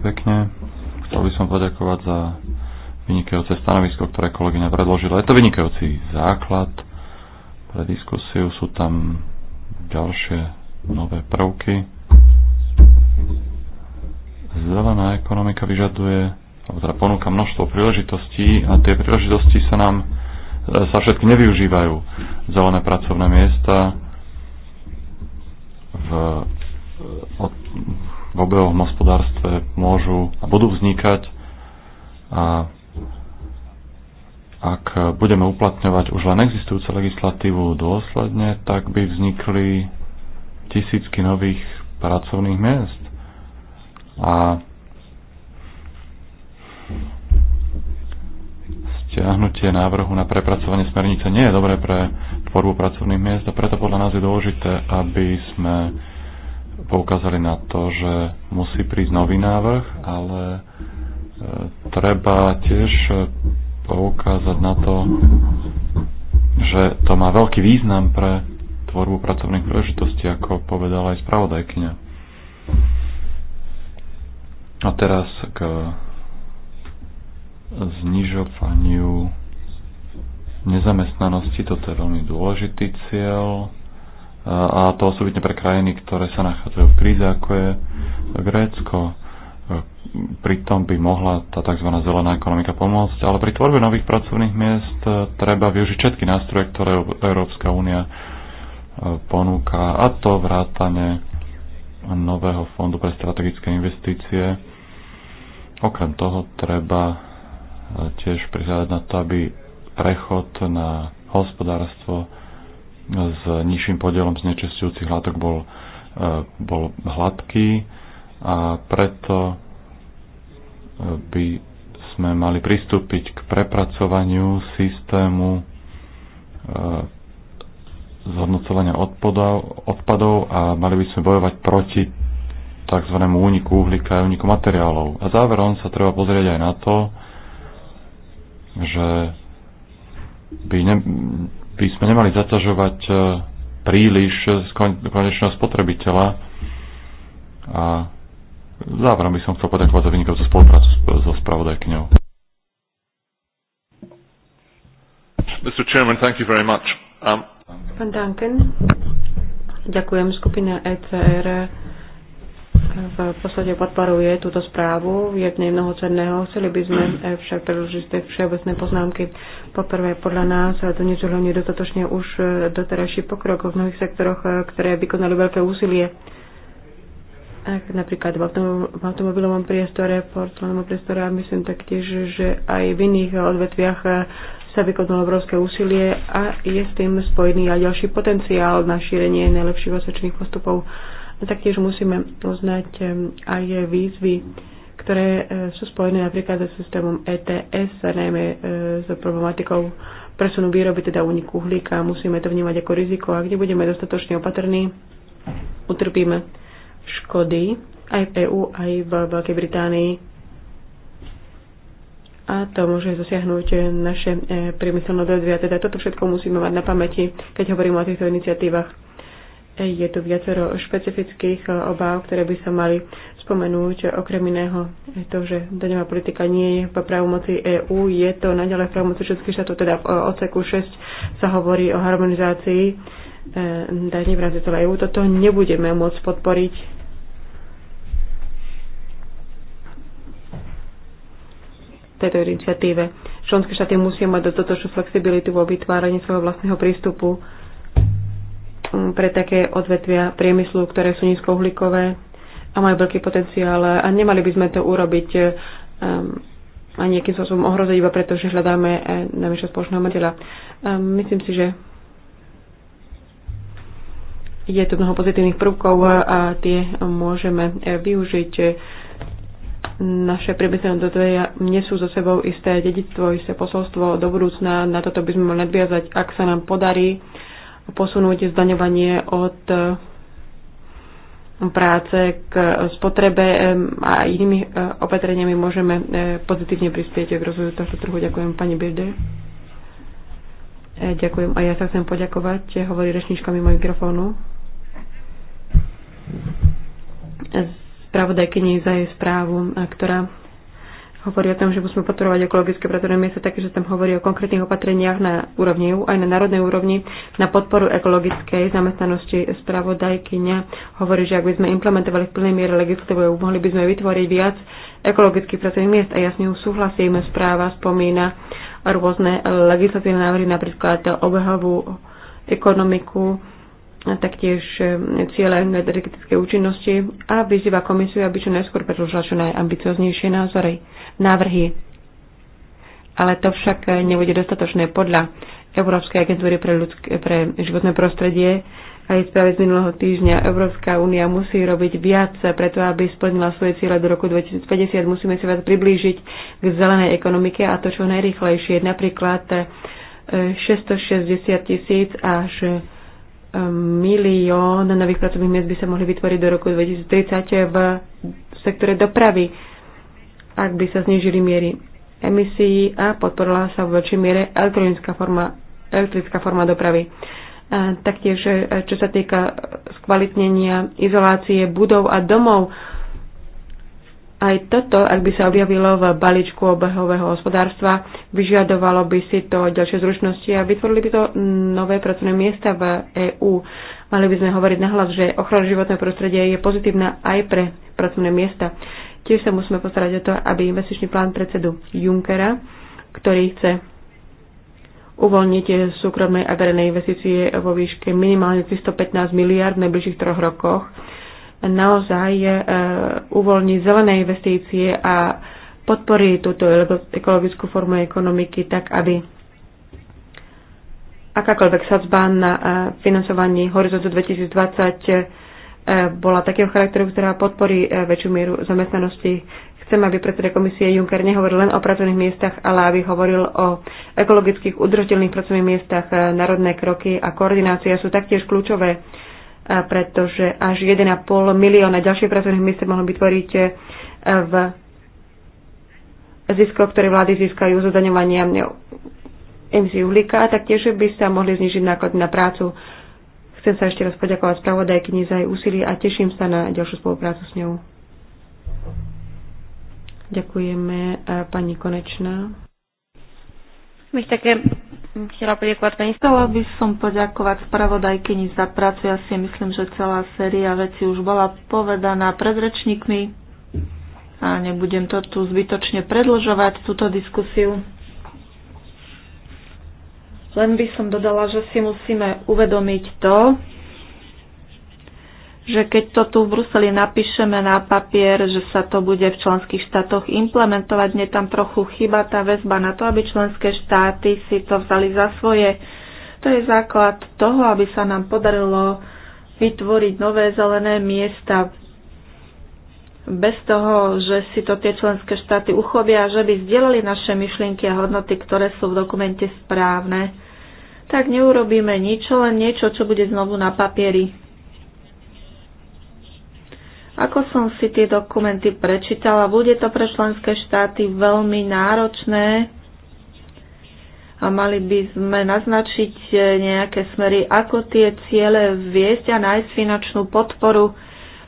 pekne. Chcel by som poďakovať za vynikajúce stanovisko, ktoré kolegyňa predložila. Je to vynikajúci základ pre diskusiu. Sú tam ďalšie nové prvky. Zelená ekonomika vyžaduje, alebo teda ponúka množstvo príležitostí a tie príležitosti sa nám sa všetky nevyužívajú. Zelené pracovné miesta v, v obehovom hospodárstve môžu a budú vznikať a ak budeme uplatňovať už len existujúcu legislatívu dôsledne, tak by vznikli tisícky nových pracovných miest. A stiahnutie návrhu na prepracovanie smernice nie je dobré pre tvorbu pracovných miest a preto podľa nás je dôležité, aby sme poukázali na to, že musí prísť nový návrh, ale e, treba tiež poukázať na to, že to má veľký význam pre tvorbu pracovných príležitostí, ako povedala aj spravodajkyňa. A teraz k znižovaniu nezamestnanosti. Toto je veľmi dôležitý cieľ a to osobitne pre krajiny, ktoré sa nachádzajú v kríze, ako je Grécko. E, pritom by mohla tá tzv. zelená ekonomika pomôcť, ale pri tvorbe nových pracovných miest e, treba využiť všetky nástroje, ktoré Európska únia e, ponúka, a to vrátane nového fondu pre strategické investície. Okrem toho treba tiež prihľadať na to, aby prechod na hospodárstvo s nižším podielom znečistujúcich látok bol, bol hladký a preto eh, by sme mali pristúpiť k prepracovaniu systému eh, zhodnocovania odpadov, odpadov a mali by sme bojovať proti tzv. úniku uhlíka a úniku materiálov. A záverom sa treba pozrieť aj na to, že by, ne, by sme nemali zaťažovať eh, príliš konečného spotrebiteľa a Záverom by som chcel poďakovať za vynikajúcu spoluprácu so spravodajkňou. Mr. Chairman, thank you very much. Um... Pán Duncan, ďakujem. skupine ECR eh, v podstate podporuje túto správu. Je v nej mnoho cenného. Chceli by sme eh, však preložiť tie všeobecné poznámky. Poprvé, podľa nás eh, to nezhľadne dostatočne už doterajší pokrok v mnohých sektoroch, ktoré vykonali veľké úsilie tak napríklad v, autom- v automobilovom priestore, v porcelánovom priestore a myslím taktiež, že aj v iných odvetviach eh, sa vykonalo obrovské úsilie a je s tým spojený aj ďalší potenciál na šírenie najlepších osvedčených postupov. A taktiež musíme uznať eh, aj výzvy, ktoré eh, sú spojené napríklad so systémom ETS a najmä s problematikou presunu výroby, teda uniku uhlíka. Musíme to vnímať ako riziko a kde budeme dostatočne opatrní, utrpíme škody aj v EÚ, aj v Veľkej Británii. A to môže zasiahnuť naše e, priemyselné odvetvia. Teda toto všetko musíme mať na pamäti, keď hovorím o týchto iniciatívach. E, je tu viacero špecifických e, obáv, ktoré by sa mali spomenúť. Okrem iného to, že daňová politika nie je v právomoci EÚ, je to naďalej v právomoci všetkých štátov, teda v odseku 6 sa hovorí o harmonizácii daní v rámci celej EÚ. Toto nebudeme môcť podporiť tejto iniciatíve. Členské štáty musia mať dostatočnú flexibilitu vo vytváraní svojho vlastného prístupu mm, pre také odvetvia priemyslu, ktoré sú nízkouhlíkové a majú veľký potenciál. A nemali by sme to urobiť um, eh, mm, a nejakým spôsobom ohroziť iba preto, že hľadáme eh, najmenšieho spoločného mŕtela. Um, eh, myslím si, že je tu mnoho pozitívnych prvkov a tie môžeme využiť naše priemyselné odvetvia nesú so sebou isté dedictvo, isté posolstvo do budúcna. Na toto by sme mali nadviazať, ak sa nám podarí posunúť zdaňovanie od eh, práce k eh, spotrebe eh, a inými opatreniami môžeme pozitívne prispieť k rozvoju tohto trhu. Ďakujem pani Birde. Ďakujem a ja sa chcem poďakovať, hovorí rečníčka mimo mikrofónu spravodajkyni za jej správu, ktorá hovorí o tom, že musíme podporovať ekologické pracovné miesta, takže tam hovorí o konkrétnych opatreniach na úrovni EU, aj na národnej úrovni na podporu ekologickej zamestnanosti. Spravodajkyňa hovorí, že ak by sme implementovali v plnej miere legislatívu EU, mohli by sme vytvoriť viac ekologických pracovných miest a jasne s Správa spomína rôzne legislatívne návrhy, napríklad obehovú ekonomiku, taktiež e, cieľa energetické účinnosti a vyzýva komisiu, aby čo najskôr predložila čo najambicioznejšie názory, návrhy. Ale to však nebude dostatočné podľa Európskej agentúry pre, ľudské, pre životné prostredie aj správe z minulého týždňa. Európska únia musí robiť viac preto, aby splnila svoje ciele do roku 2050. Musíme sa viac priblížiť k zelenej ekonomike a to čo najrychlejšie. Napríklad 660 e, tisíc až milión nových pracovných miest by sa mohli vytvoriť do roku 2030 v sektore dopravy, ak by sa znižili miery emisí a podporila sa v väčšej miere elektronická forma, elektrická forma dopravy. A taktiež, e, čo sa týka skvalitnenia izolácie budov a domov, aj toto, ak by sa objavilo v balíčku obehového hospodárstva, vyžadovalo by si to ďalšie zručnosti a vytvorili by to nové pracovné miesta v EÚ. Mali by sme hovoriť nahlas, že ochrana životného prostredia je pozitívna aj pre pracovné miesta. Tiež sa musíme postarať o to, aby investičný plán predsedu Junckera, ktorý chce uvoľniť súkromné a verejné investície vo výške minimálne 315 miliard v najbližších troch rokoch, naozaj e, uvoľní zelené investície a podporí túto ekologickú formu ekonomiky tak, aby akákoľvek sadzba na e, financovaní Horizontu 2020 e, bola takého charakteru, ktorá podporí väčšiu mieru zamestnanosti. Chcem, aby predseda komisie Juncker nehovoril len o pracovných miestach, ale aby hovoril o ekologických udržiteľných pracovných miestach. Národné kroky a koordinácia sú taktiež kľúčové pretože až 1,5 milióna ďalších pracovných miest mohlo vytvoriť e, v zisko, ktoré vlády získajú zo zdaňovania emisí uhlíka a taktiež by sa mohli znižiť náklady na prácu. Chcem sa ešte raz poďakovať spravodajkyni za jej úsilie a teším sa na ďalšiu spoluprácu s ňou. Ďakujeme e, pani Konečná. Bych také chcela poďakovať pani. Chcela by som poďakovať spravodajkyni za prácu. Ja si myslím, že celá séria vecí už bola povedaná pred rečníkmi a nebudem to tu zbytočne predlžovať, túto diskusiu. Len by som dodala, že si musíme uvedomiť to, že keď to tu v Bruseli napíšeme na papier, že sa to bude v členských štátoch implementovať, mne tam trochu chyba tá väzba na to, aby členské štáty si to vzali za svoje. To je základ toho, aby sa nám podarilo vytvoriť nové zelené miesta bez toho, že si to tie členské štáty uchopia, že by zdieľali naše myšlienky a hodnoty, ktoré sú v dokumente správne, tak neurobíme nič, len niečo, čo bude znovu na papieri. Ako som si tie dokumenty prečítala, bude to pre členské štáty veľmi náročné a mali by sme naznačiť eh, nejaké smery, ako tie ciele viesť a nájsť finančnú podporu.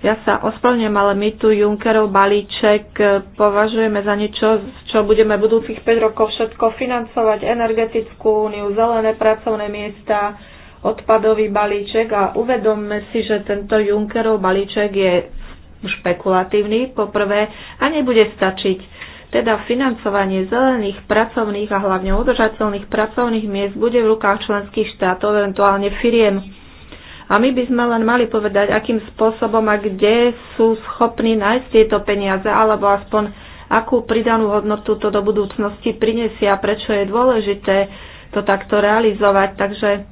Ja sa ospravňujem, ale my tu Junckerov balíček eh, považujeme za niečo, čo budeme budúcich 5 rokov všetko financovať, energetickú úniu, zelené pracovné miesta, odpadový balíček a uvedomme si, že tento Junckerov balíček je špekulatívny, poprvé, a nebude stačiť. Teda financovanie zelených pracovných a hlavne udržateľných pracovných miest bude v rukách členských štátov, eventuálne firiem. A my by sme len mali povedať, akým spôsobom a kde sú schopní nájsť tieto peniaze, alebo aspoň akú pridanú hodnotu to do budúcnosti prinesie a prečo je dôležité to takto realizovať. Takže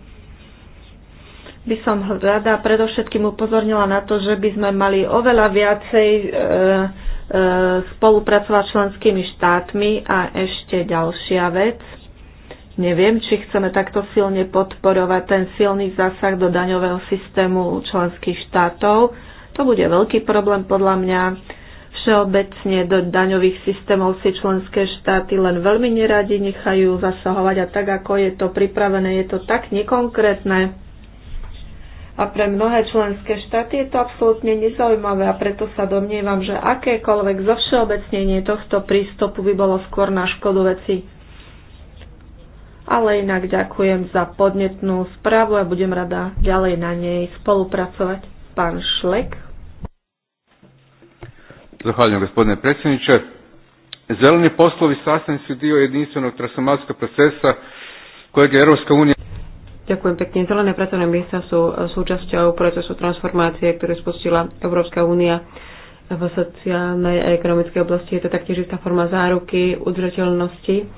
by som rada predovšetkým upozornila na to, že by sme mali oveľa viacej e, e, spolupracovať členskými štátmi a ešte ďalšia vec. Neviem, či chceme takto silne podporovať ten silný zásah do daňového systému členských štátov. To bude veľký problém podľa mňa. Všeobecne do daňových systémov si členské štáty len veľmi neradi nechajú zasahovať a tak, ako je to pripravené, je to tak nekonkrétne a pre mnohé členské štáty je to absolútne nezaujímavé a preto sa domnievam, že akékoľvek zovšeobecnenie tohto prístupu by bolo skôr na škodu veci. Ale inak ďakujem za podnetnú správu a budem rada ďalej na nej spolupracovať. Pán Šlek. Zahvaljujem gospodine predsjedniče. Zeleni poslovi sastavni su dio jedinstvenog transformacijskog procesa kojeg je Europska unija Ďakujem pekne. Zelené pracovné miesta sú súčasťou procesu transformácie, ktorý spustila Európska únia v sociálnej a ekonomickej oblasti. Je to taktiež istá forma záruky udržateľnosti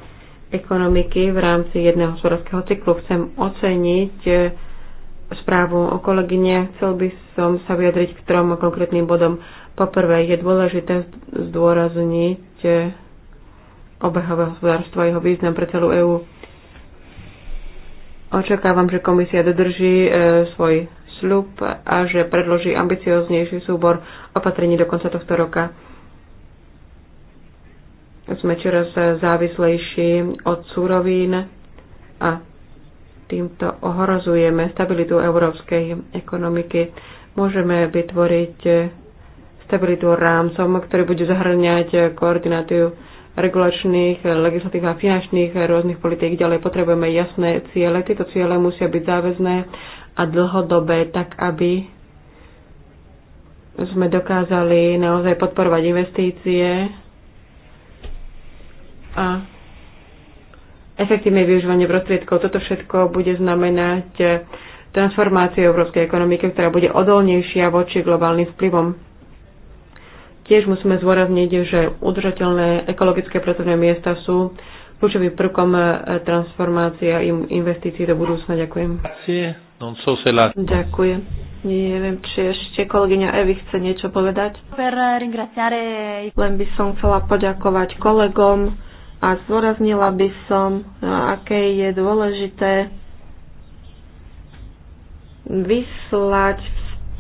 ekonomiky v rámci jedného hospodárskeho cyklu. Chcem oceniť eh, správu o kolegyne. Chcel by som sa vyjadriť k trom konkrétnym bodom. Poprvé, je dôležité zdôrazniť eh, obehové hospodárstvo a jeho význam pre celú EÚ Očakávam, že komisia dodrží e, svoj sľub a že predloží ambicioznejší súbor opatrení do konca tohto roka. Sme čoraz závislejší od súrovín a týmto ohrozujeme stabilitu európskej ekonomiky. Môžeme vytvoriť stabilitu rámcom, ktorý bude zahrňať koordináciu regulačných, legislatív a finančných rôznych politiek Ďalej potrebujeme jasné ciele. Tieto ciele musia byť záväzné a dlhodobé, tak aby sme dokázali naozaj podporovať investície a efektívne využívanie prostriedkov. Toto všetko bude znamenať transformáciu európskej ekonomiky, ktorá bude odolnejšia voči globálnym vplyvom. Tiež musíme zvorazniť, že udržateľné ekologické pracovné miesta sú kľúčovým prvkom e, transformácie a investícií do budúcna. Ďakujem. Ďakujem. Neviem, či ešte kolegyňa Evi chce niečo povedať. Len by som chcela poďakovať kolegom a zdôraznila by som, aké je dôležité vyslať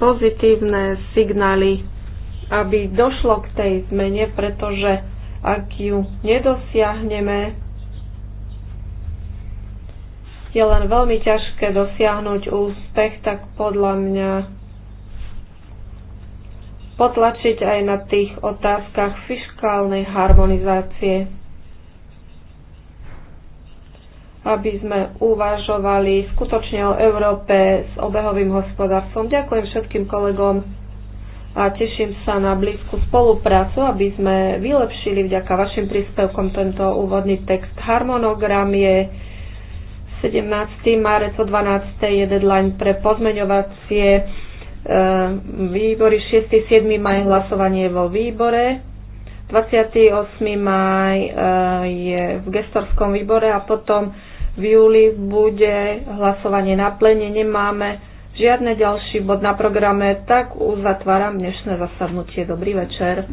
pozitívne signály aby došlo k tej zmene, pretože ak ju nedosiahneme, je len veľmi ťažké dosiahnuť úspech, tak podľa mňa potlačiť aj na tých otázkach fiskálnej harmonizácie, aby sme uvažovali skutočne o Európe s obehovým hospodárstvom. Ďakujem všetkým kolegom a teším sa na blízku spoluprácu, aby sme vylepšili vďaka vašim príspevkom tento úvodný text. Harmonogram je 17. marec o 12. je deadline pre pozmeňovacie e, výbory 6. 7. maj hlasovanie vo výbore. 28. maj e, je v gestorskom výbore a potom v júli bude hlasovanie na plene. Nemáme žiadne ďalší bod na programe, tak uzatváram dnešné zasadnutie. Dobrý večer.